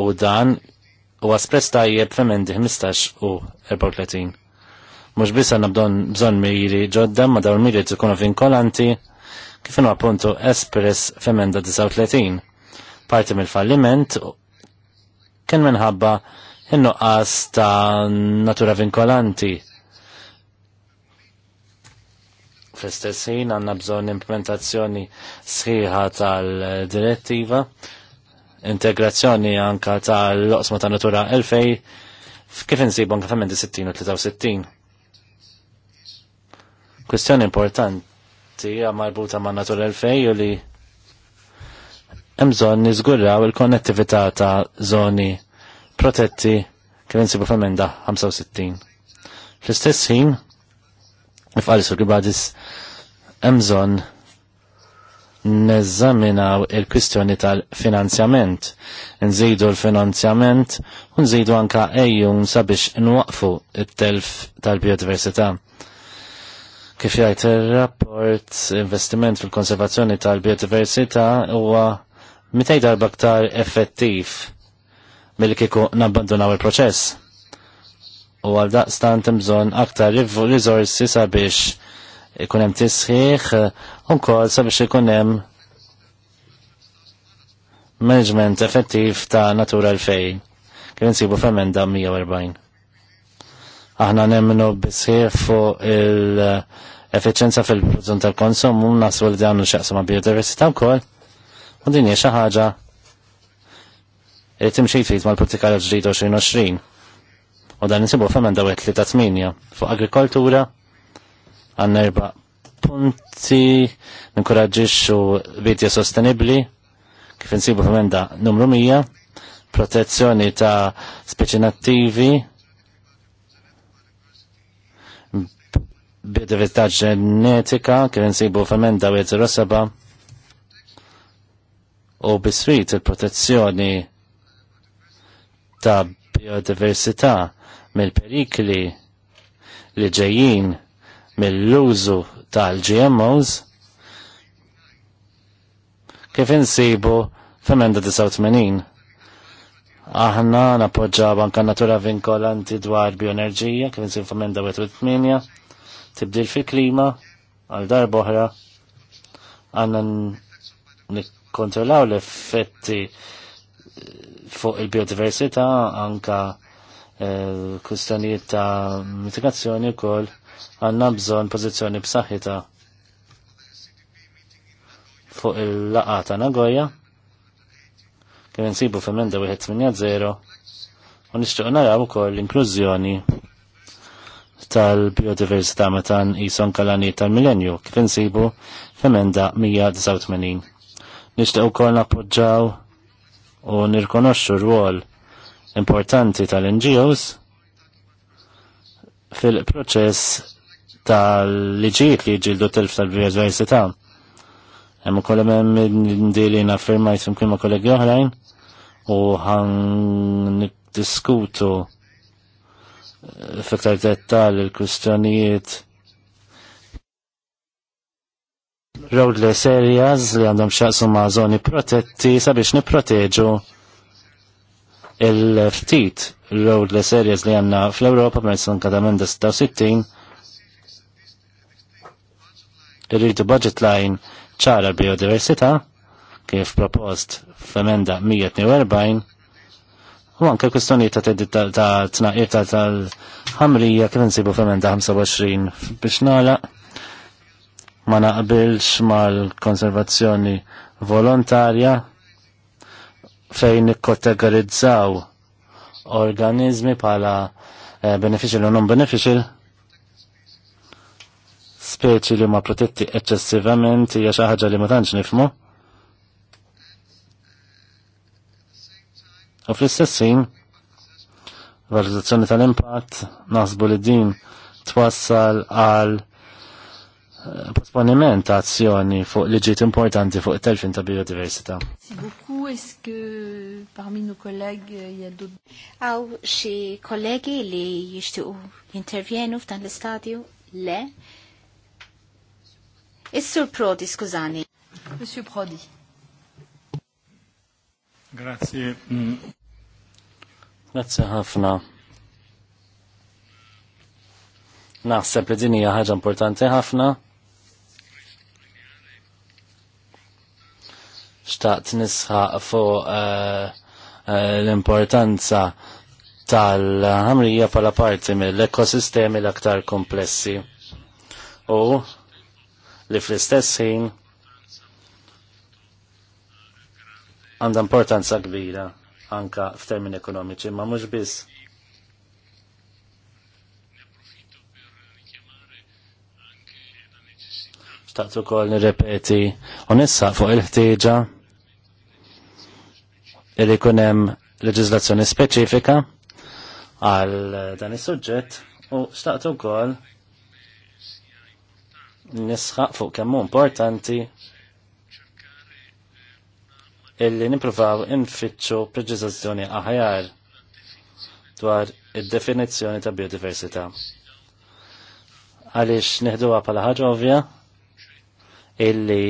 U dan huwa espress tajjeb f'emendi 15 u 34. Mhux biss nabdon bżonn miri ġodda ma daw miri tkunu vinkolanti kif inhu appuntu espress f'emenda 39. Parti mill-falliment kien minħabba in-nuqqas ta' natura vinkolanti. Fl-istess ħin għandna bżonn implementazzjoni sħiħa tal-direttiva, integrazzjoni anka tal-oqsma ta' natura 2000 kif insibu anka f'emendi 60 u 63. Kwestjoni importanti hija marbuta ma' natura 2000 u li Mżon nizgurraw il-konnettività ta' zoni protetti kif insibu f'emenda 65. Fl-istess ħin, f'qalis il hemm mżon neżaminaw il-kwistjoni tal-finanzjament. Nżidu l-finanzjament u nżidu anka ejjum sabiex nwaqfu it-telf tal-biodiversità. Kif jgħid ir rapport investiment fil-konservazzjoni tal-biodiversità huwa mitaj darba ktar effettiv mill kiku nabbandunaw il-proċess. U għal daqstant imżon aktar rizorsi sabiex ikunem tisħiħ uh, unkol sabiex ikunem management effettiv ta' natura l-fej. Kien nsibu f'emenda 140. Aħna nemmnu bisħiħ fuq il- uh, efficienza fil-produzzjon tal-konsum, nasbu li xaqsa ma' biodiversità u koll U din hija xi ħaġa li timxi jfid mal-politika ġdid 2020. U dan insibu f'emenda wet li ta' tminja fuq agrikoltura għandna erba' punti u bidja sostenibbli kif insibu f'emenda numru mija, protezzjoni ta' speċi nattivi biodiversità ġenetika kif insibu f'emenda 107 u bisrit il-protezzjoni ta' biodiversità mill-perikli li ġejjin mill-użu tal-GMOs kif insibu f'emenda 89. Aħna nappoġġaw anka natura vinkolanti dwar bioenerġija kif insibu f'emenda 88 tibdil fil-klima għal oħra, għanna Kontrollaw l-effetti eh, fuq il-biodiversità anka e, eh, kustanijiet ta' mitigazzjoni wkoll għandna bżonn pożizzjoni b'saħħitha fuq il laqata ta' Nagoya kien insibu f'emenda 1.80 u nixtieq naraw ukoll l-inklużjoni tal-biodiversità meta nqisu anke l tal-millenju kif insibu f'emenda 189 nixtieq ukoll nappoġġaw u nirkonoxxu rwol importanti tal-NGOs fil-proċess tal-liġijiet li jġildu telf tal-biodiversità. Hemm ukoll hemm indili naffirmajt flimkien ma' kollegi oħrajn u ħan niddiskutu fiktar dettal il-kwistjonijiet roadless areas li għandhom xaqsu ma' zoni protetti sabiex niproteġu il-ftit roadless areas li għanna fl-Europa jisun kada minn 66 irridu budget line ċara biodiversità kif propost f'emenda 142 u anke kwistjoni ta' ta' tnaqir ta' tal-ħamrija kif insibu f'emenda 25 biex nagħlaq ma naqbilx mal-konservazzjoni volontarja fejn nikkotegorizzaw organizmi pala eh, beneficial u non beneficial speċi li ma protetti eccessivament hija xi ħaġa li ma tantx nifmu. U fl-istessin, valutazzjoni tal-impatt naħsbu li din twassal għal Eh, posponiment ta' azzjoni fuq liġiet importanti fuq telfin ta' biodiversità. Sibuku, eske parmi nu kolleg jaddu? Għaw xie kollegi li jishtiqu jintervjenu f'dan l-istadju? Le? Is-sur Prodi, skużani. Monsieur Prodi. Grazie. Mm. Grazie ħafna. Naħseb li din hija ħaġa importanti ħafna xtaqt nisħaq fuq eh, eh, l-importanza tal-ħamrija pala parti mill-ekosistemi l-aktar komplessi u li fl-istess ħin għandha importanza kbira anka f'termini ekonomiċi, ma mhux biss. Xtaqt ukoll nirrepeti u nissa fuq il-ħtieġa li kunem leġizlazzjoni speċifika għal eh, dan is-suġġett u xtaqt ukoll nisħaq fuq kemm importanti illi nippruvaw infittxu preġizazzjoni aħjar dwar id-definizzjoni ta' biodiversità. Għaliex neħduha bħala ħaġa ovvja illi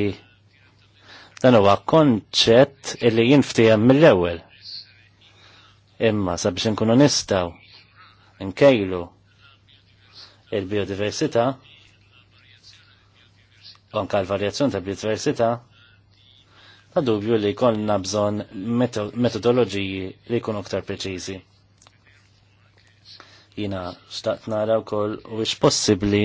Dan huwa konċett illi jinftijem mill-ewwel. Imma sabiex inkunu nistgħu nkejlu il-biodiversità anka l-varjazzjoni ta' biodiversità ta' dubju li jkollna bżonn metodoloġiji li jkunu aktar preċiżi. Jina xtaqt nara wkoll u possibbli possibli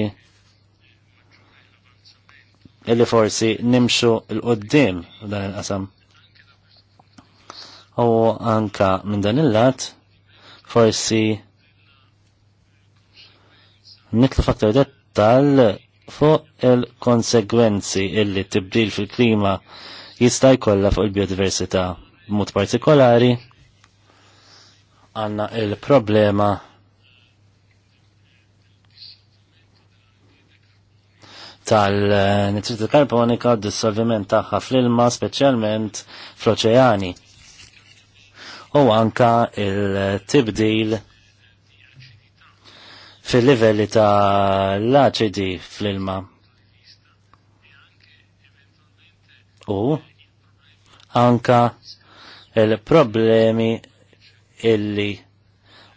illi forsi nimxu l-qoddim dan il-qasam. U anka minn dan il-lat forsi niklu faktar dettal fuq il-konsegwenzi illi tibdil fil-klima jista' jkollha fuq il-biodiversità b'mod partikolari għandna il-problema il problema tal nitrit karbonika d dissolviment tagħha fl-ilma speċjalment fl-oċeani. U anka il-tibdil fil-livelli ta' l-aċidi fl-ilma. U anka il-problemi illi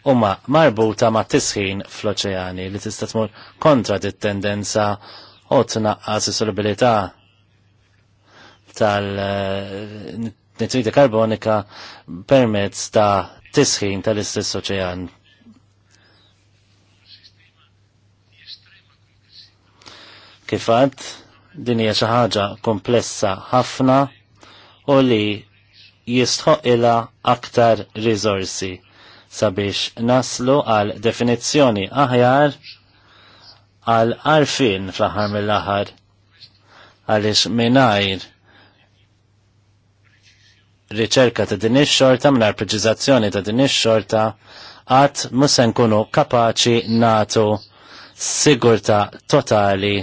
huma marbuta ma' tisħin fl-oċeani li tista' tmur kontra dit-tendenza u tnaqqas s-sorbilita tal-nitride eh, karbonika permezz ta' tisħin tal-istess oċean. Kifat, din hija xi ħaġa komplessa ħafna u li jistħoq ilha aktar riżorsi sabiex naslu għal definizzjoni aħjar għal arfin fl-aħħar mill-aħħar għaliex mingħajr riċerka ta' din ix-xorta mingħajr preċiżazzjoni ta' din ix-xorta għad musen nkunu kapaċi natu sigurta totali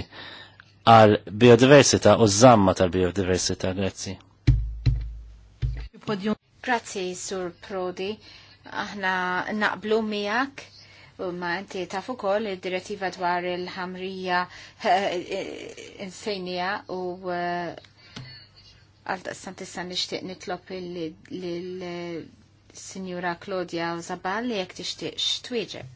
għal biodiversita u zamma tal biodiversita grazzi. Grazzi, Sur Prodi. Aħna naqblu miegħek ma inti taf ukoll id-direttiva dwar il-ħamrija (laughs) eh, insejnija u eh, għal santissa issa nixtieq nitlob lill-Sinjura Claudia Zabal li jekk tixtieq twieġeb.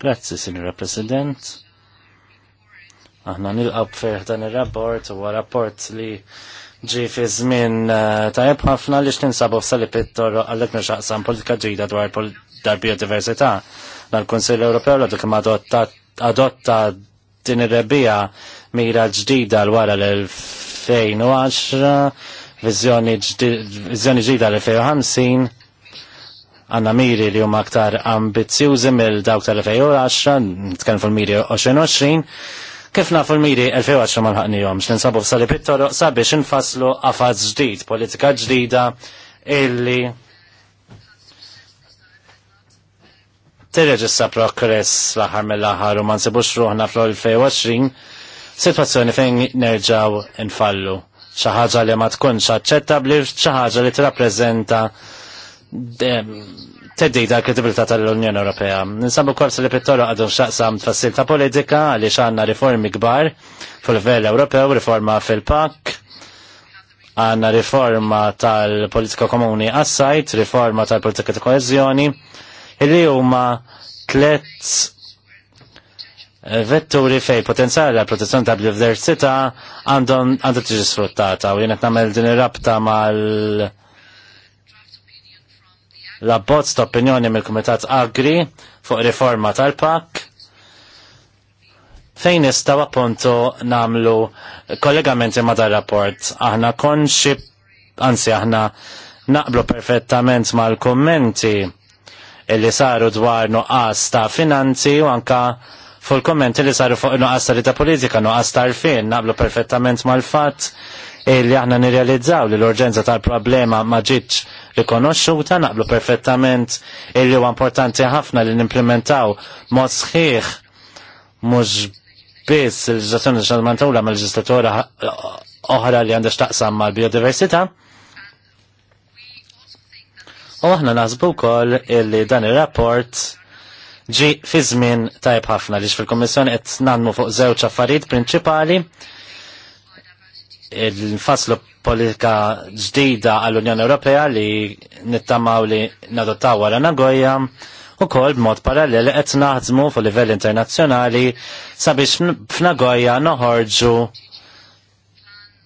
Grazzi, Sinjura President. Aħna nilqab ferħ dan ir rapport u rapport li ġi fi żmien eh, tajb ħafna li f f'sali pittor għallet nixaqsam politika ġdida dwar dar-biodiversità. L-Kunsill Ewropew l kemm adotta din ir rebija mira ġdida l wara l-2010, viżjoni ġdida l-2050 għanna miri li huma aktar ambizzjużi mill dawk tal-2010, nitkellem fuq miri 2020, Kif nafu l-miri 2010 ma f-sali pittoru, sabi sabiex infaslu għafaz ġdid, politika ġdida illi tirreġissa progress laħar aħħar mill laħar u ma nsibux ruħna fl-2020 situazzjoni fejn nerġaw infallu. Xi ħaġa li ma tkunx aċċettabbli xi ħaġa li tirrappreżenta teddida l-kredibilità tal-Unjoni Ewropea. Nsabu kors li pittoru għadu xaqsam tfassil ta' politika għaliex għandna riformi kbar fil-livell Ewropew, riforma fil-PAK, għandna riforma tal-politika komuni għas-sajt, riforma tal-politika ta' koezjoni, illi huma tlet eh, vetturi fej potenzjali għal protezzjoni ta' biodiversità għandhom għandu tiġi sfruttata u jien qed nagħmel din ir-rabta mal la bozz ta' opinjoni mill-Kumitat Agri fuq riforma tal-PAK fejn istaw appuntu namlu kollegamenti ma' dar-rapport. Aħna konxi, anzi aħna naqblu perfettament mal-kommenti illi saru dwar nuqqas ta' finanzi u anka fuq il-kommenti li saru fuq nuqqas ta' rita politika, nuqqas ta' rfin, naqblu perfettament mal-fat E li aħna nirrealizzaw li l-urġenza tal-problema ma ġitx rikonoxxuta naqblu perfettament illi e huwa importanti ħafna li nimplementaw mod sħiħ mhux biss il-ġizzazzjoni xadmantawla mal leġislatura oħra li għandha x'taqsam mal-biodiversità. U aħna naħsbu wkoll illi dan ir-rapport ġi fi żmien tajb ħafna li fil-Kommissjoni qed nagħmlu fuq żewġ affarijiet prinċipali il-faslu politika ġdida għall-Unjoni Ewropea li nittamaw li nadottaw għara Nagoya u kol b'mod paralleli qed naħdmu fuq livell internazzjonali sabiex f'Nagoya noħorġu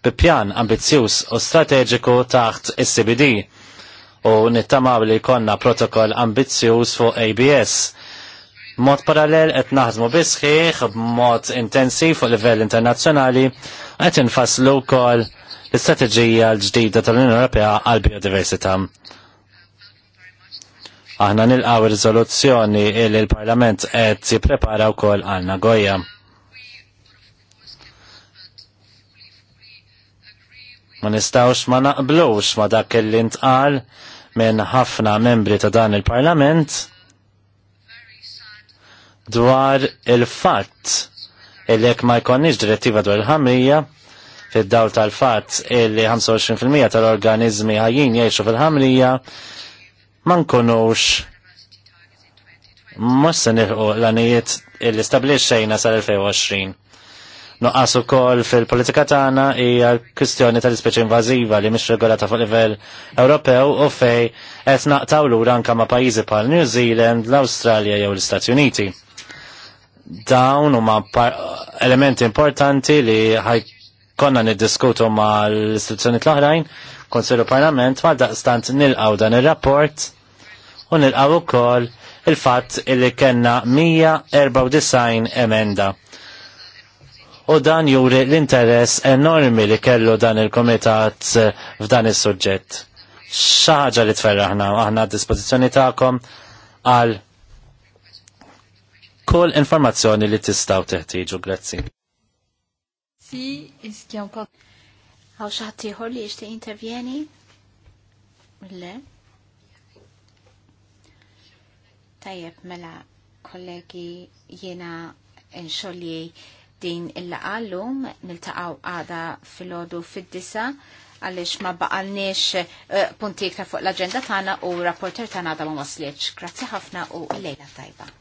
bi pjan ambizzjuż u strateġiku taħt is-CBD u nittamaw li konna protokoll ambizzjuż fuq ABS Mod parallel qed naħdmu bisħiħ b'mod intensiv fuq livell internazzjonali qed infasslu wkoll l-istrateġija l-ġdida tal-Unjoni Ewropea għal biodiversità. Aħna nilqgħu riżoluzzjoni li l-Parlament qed jipprepara wkoll għal Nagoya. Ma nistgħux ma naqblux ma dak li ntqal minn ħafna membri ta' dan il-Parlament dwar il-fatt il-jek ma jkonniġ direttiva dwar il-ħamrija fid-dawl tal-fatt illi 25% tal-organizmi ħajjin jgħixu fil-ħamrija ma nkunux mhux se l-għanijiet illi xejna sal-2020. Nuqqas ukoll fil-politika tagħna hija l-kwistjoni tal-ispeċi invażiva li mish regolata fuq livell Ewropew u fej qed naqtaw lura anke ma' pajjiżi bħal New Zealand, l-Awstralja jew l-Istati Uniti dawn huma elementi importanti li ħaj konna niddiskutu ma l-istituzzjoni l-oħrajn, konsilu parlament, ma daqstant nilqaw dan il-rapport u nilqaw ukoll il-fatt li kena 194 emenda. U dan juri l-interess enormi li kellu dan il-komitat f'dan is-suġġett. Xaħġa li tferraħna, aħna d-dispozizjoni ta'kom għal kol informazzjoni li tistaw teħtieġu. Grazzi. Si, iski kol. Għaw xaħtiħor li jishti intervjeni? Mille. Tajjeb, mela, kollegi, jena nxolli din il-laqallum, niltaqaw għada fil-ħodu fil-disa, għalix ma baqalniex eh, punti ta' fuq l-agenda tana u rapporter tana għada ma waslieċ. Grazzi ħafna u l-lejla tajba.